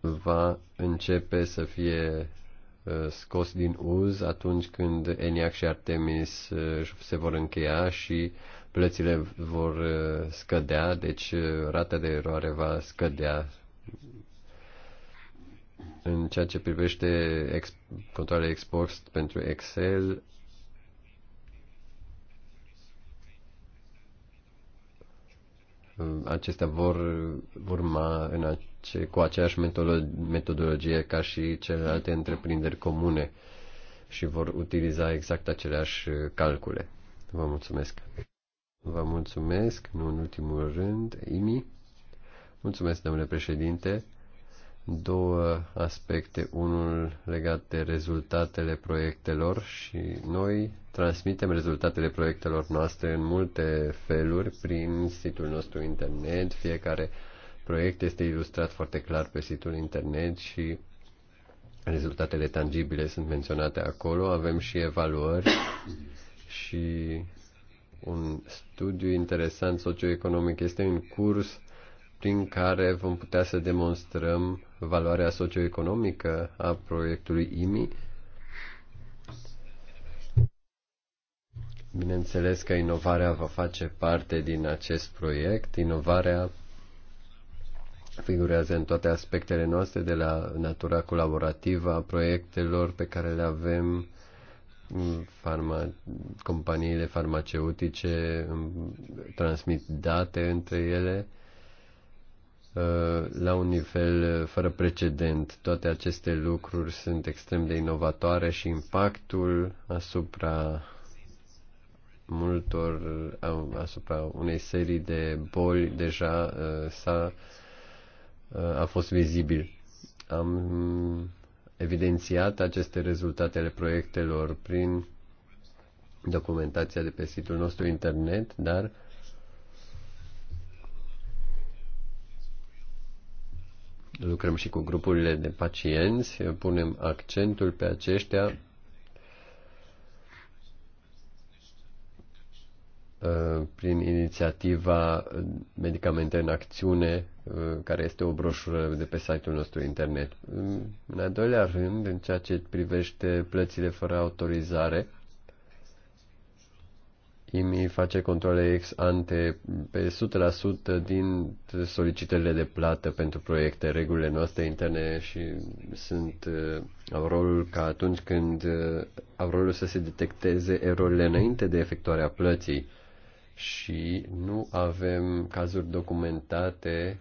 va începe să fie uh, scos din uz atunci când ENIAC și Artemis uh, se vor încheia și plățile vor uh, scădea, deci rata de eroare va scădea în ceea ce privește ex, controlele export pentru Excel, acestea vor urma în ace, cu aceeași metodologie ca și celelalte întreprinderi comune și vor utiliza exact aceleași calcule. Vă mulțumesc! Vă mulțumesc, nu în ultimul rând, Imi. Mulțumesc, domnule președinte două aspecte, unul legat de rezultatele proiectelor și noi transmitem rezultatele proiectelor noastre în multe feluri prin situl nostru internet, fiecare proiect este ilustrat foarte clar pe situl internet și rezultatele tangibile sunt menționate acolo, avem și evaluări și un studiu interesant socioeconomic este în curs prin care vom putea să demonstrăm valoarea socioeconomică a proiectului IMI. Bineînțeles că inovarea va face parte din acest proiect. Inovarea figurează în toate aspectele noastre, de la natura colaborativă a proiectelor pe care le avem, farma, companiile farmaceutice transmit date între ele, Uh, la un nivel uh, fără precedent. Toate aceste lucruri sunt extrem de inovatoare și impactul asupra multor, uh, asupra unei serii de boli deja s-a, a fost vizibil. Am evidențiat aceste rezultate ale proiectelor prin documentația de pe site-ul nostru internet, dar uh, lucrăm și cu grupurile de pacienți, punem accentul pe aceștia. Uh, prin inițiativa Medicamente în Acțiune, uh, care este o broșură de pe site-ul nostru internet. În al doilea rând, în ceea ce privește plățile fără autorizare, IMI face controle ex ante pe 100% din solicitările de plată pentru proiecte. Regulile noastre interne și sunt uh, au rolul ca atunci când uh, au rolul să se detecteze erorile înainte de efectuarea plății și nu avem cazuri documentate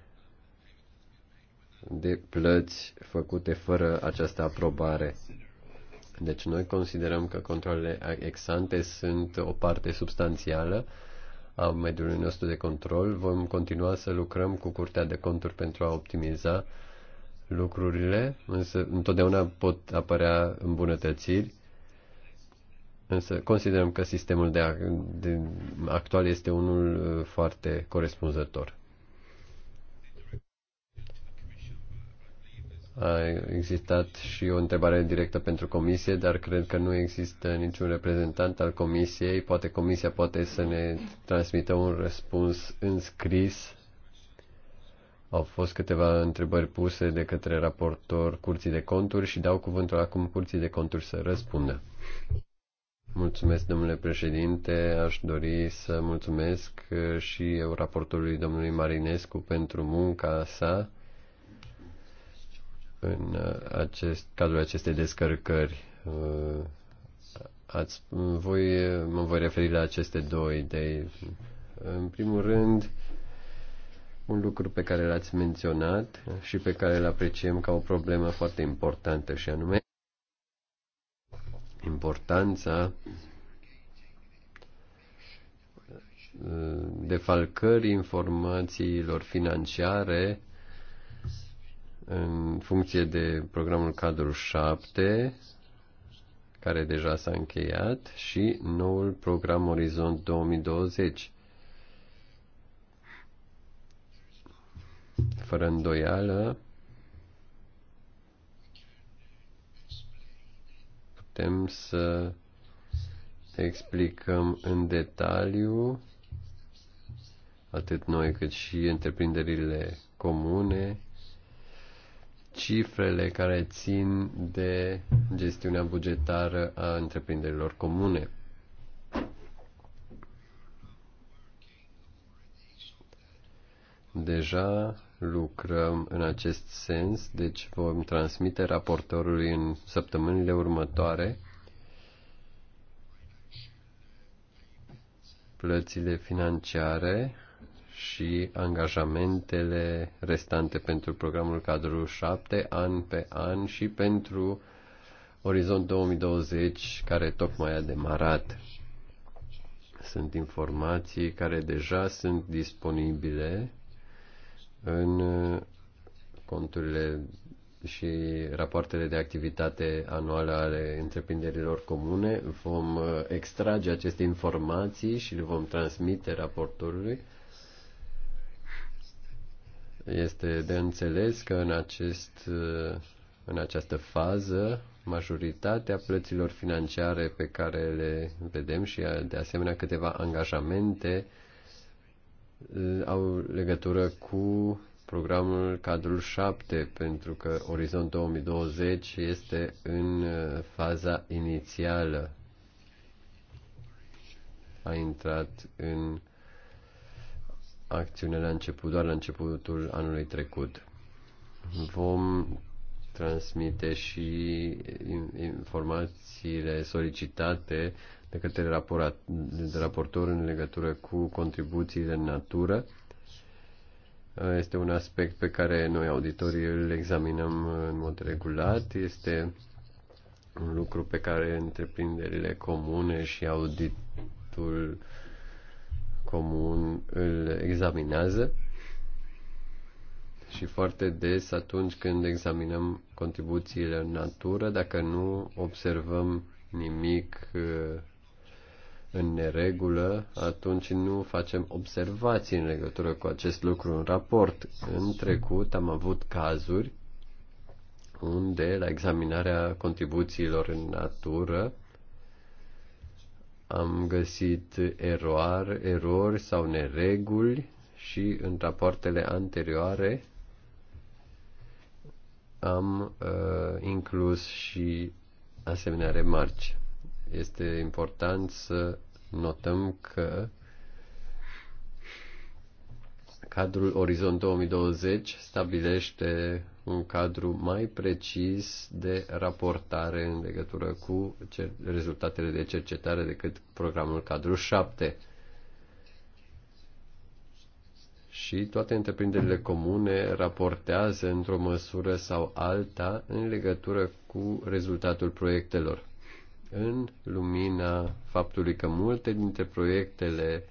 de plăți făcute fără această aprobare. Deci noi considerăm că controlele exante sunt o parte substanțială a mediului nostru de control. Vom continua să lucrăm cu Curtea de Conturi pentru a optimiza lucrurile, însă întotdeauna pot apărea îmbunătățiri. Însă considerăm că sistemul de, de actual este unul uh, foarte corespunzător. A existat și o întrebare directă pentru comisie, dar cred că nu există niciun reprezentant al comisiei. Poate comisia poate să ne transmită un răspuns în scris. Au fost câteva întrebări puse de către raportor Curții de Conturi și dau cuvântul acum Curții de Conturi să răspundă. Mulțumesc, domnule președinte. Aș dori să mulțumesc și eu raportorului domnului Marinescu pentru munca sa în uh, acest, cadrul acestei descărcări. Uh, ați, voi, mă voi referi la aceste două idei. În primul rând, un lucru pe care l-ați menționat și pe care îl apreciem ca o problemă foarte importantă și anume importanța uh, defalcării informațiilor financiare în funcție de programul cadru 7, care deja s-a încheiat, și noul program Orizont 2020. Fără îndoială, putem să explicăm în detaliu atât noi cât și întreprinderile comune cifrele care țin de gestiunea bugetară a întreprinderilor comune. Deja lucrăm în acest sens, deci vom transmite raportorului în săptămânile următoare plățile financiare și angajamentele restante pentru programul cadru 7 an pe an și pentru Orizont 2020 care tocmai a demarat. Sunt informații care deja sunt disponibile în conturile și rapoartele de activitate anuală ale întreprinderilor comune. Vom uh, extrage aceste informații și le vom transmite raportorului este de înțeles că în, acest, în această fază majoritatea plăților financiare pe care le vedem și de asemenea câteva angajamente au legătură cu programul cadrul 7 pentru că Orizont 2020 este în faza inițială. A intrat în acțiune la început, doar la începutul anului trecut. Vom transmite și informațiile solicitate de către raportor în legătură cu contribuțiile în natură. Este un aspect pe care noi auditorii îl examinăm în mod regulat. Este un lucru pe care întreprinderile comune și auditul uh, comun îl examinează și foarte des atunci când examinăm contribuțiile în natură, dacă nu observăm nimic uh, în neregulă, atunci nu facem observații în legătură cu acest lucru în raport. În trecut am avut cazuri unde la examinarea contribuțiilor în natură am găsit eroar, erori sau nereguli și în rapoartele anterioare am uh, inclus și asemenea remarci. Este important să notăm că Cadrul Orizont 2020 stabilește un cadru mai precis de raportare în legătură cu rezultatele de cercetare decât programul cadru 7. Și toate întreprinderile comune raportează într-o măsură sau alta în legătură cu rezultatul proiectelor. În lumina faptului că multe dintre proiectele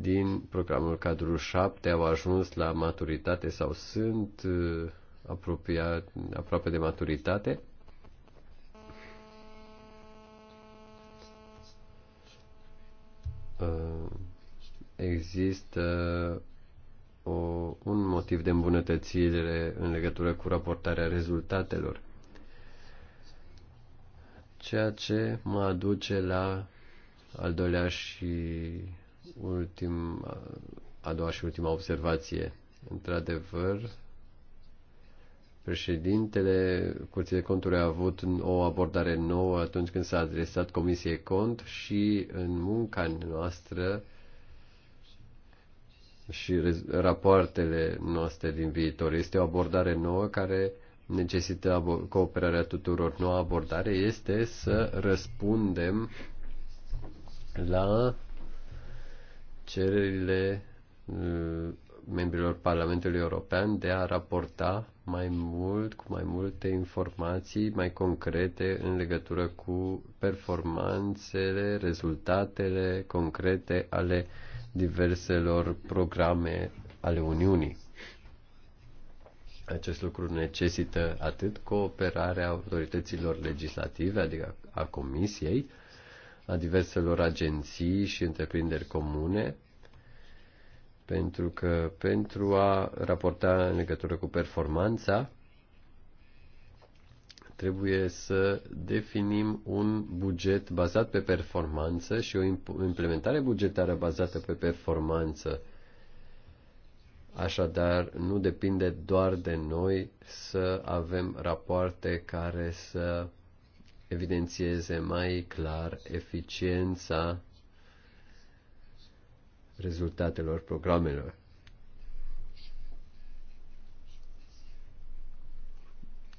din programul cadrul 7 au ajuns la maturitate sau sunt uh, apropiat, aproape de maturitate. Uh, există o, un motiv de îmbunătățire în legătură cu raportarea rezultatelor, ceea ce mă aduce la al doilea și ultim, a doua și ultima observație. Într-adevăr, președintele Curții de Conturi a avut o abordare nouă atunci când s-a adresat Comisiei Cont și în munca noastră și rapoartele noastre din viitor. Este o abordare nouă care necesită cooperarea tuturor. Noua abordare este să răspundem la cererile uh, membrilor Parlamentului European de a raporta mai mult, cu mai multe informații mai concrete în legătură cu performanțele, rezultatele concrete ale diverselor programe ale Uniunii. Acest lucru necesită atât cooperarea autorităților legislative, adică a Comisiei, a diverselor agenții și întreprinderi comune, pentru că pentru a raporta în legătură cu performanța, trebuie să definim un buget bazat pe performanță și o implementare bugetară bazată pe performanță. Așadar, nu depinde doar de noi să avem rapoarte care să evidențieze mai clar eficiența rezultatelor programelor.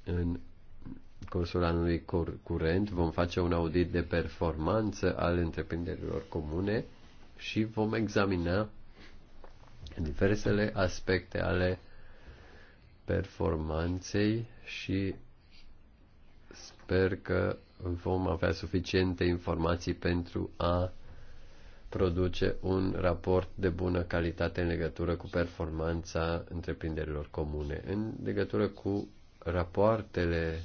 În cursul anului curent vom face un audit de performanță al întreprinderilor comune și vom examina diversele aspecte ale performanței și sper că vom avea suficiente informații pentru a produce un raport de bună calitate în legătură cu performanța întreprinderilor comune, în legătură cu rapoartele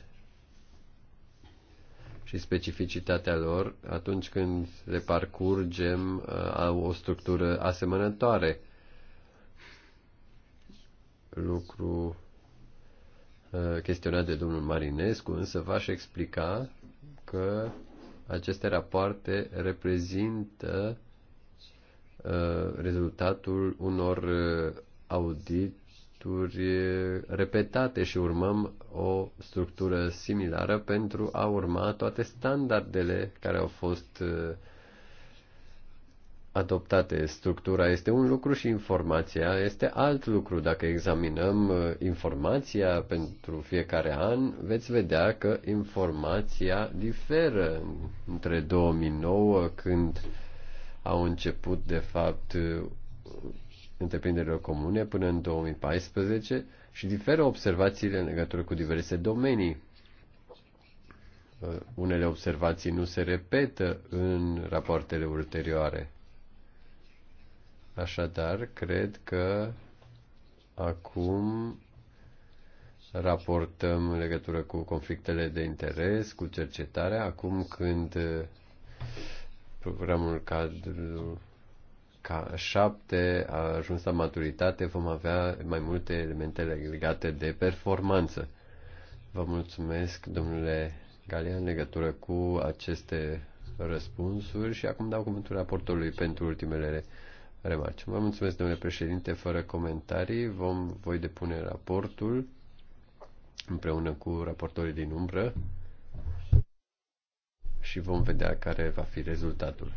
și specificitatea lor, atunci când le parcurgem, uh, au o structură asemănătoare. Lucru uh, chestionat de domnul Marinescu, însă v-aș explica că aceste rapoarte reprezintă uh, rezultatul unor uh, audituri uh, repetate și urmăm o structură similară pentru a urma toate standardele care au fost adoptate. Structura este un lucru și informația este alt lucru. Dacă examinăm uh, informația pentru fiecare an, veți vedea că informația diferă între 2009, când au început, de fapt, uh, întreprinderile comune, până în 2014 și diferă observațiile în legătură cu diverse domenii. Uh, unele observații nu se repetă în rapoartele ulterioare Așadar, cred că acum raportăm în legătură cu conflictele de interes, cu cercetarea, acum când uh, programul cadru ca șapte a ajuns la maturitate, vom avea mai multe elemente legate de performanță. Vă mulțumesc, domnule Galia, în legătură cu aceste răspunsuri și acum dau cuvântul raportului pentru ultimele remarci. Vă mulțumesc, domnule președinte, fără comentarii. Vom, voi depune raportul împreună cu raportorii din umbră și vom vedea care va fi rezultatul.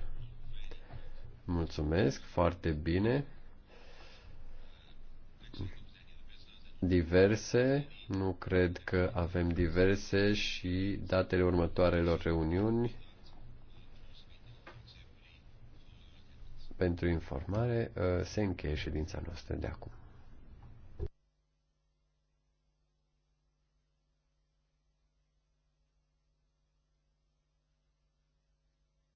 Mulțumesc, foarte bine. Diverse, nu cred că avem diverse și datele următoarelor reuniuni pentru informare. Uh, se încheie ședința noastră de acum.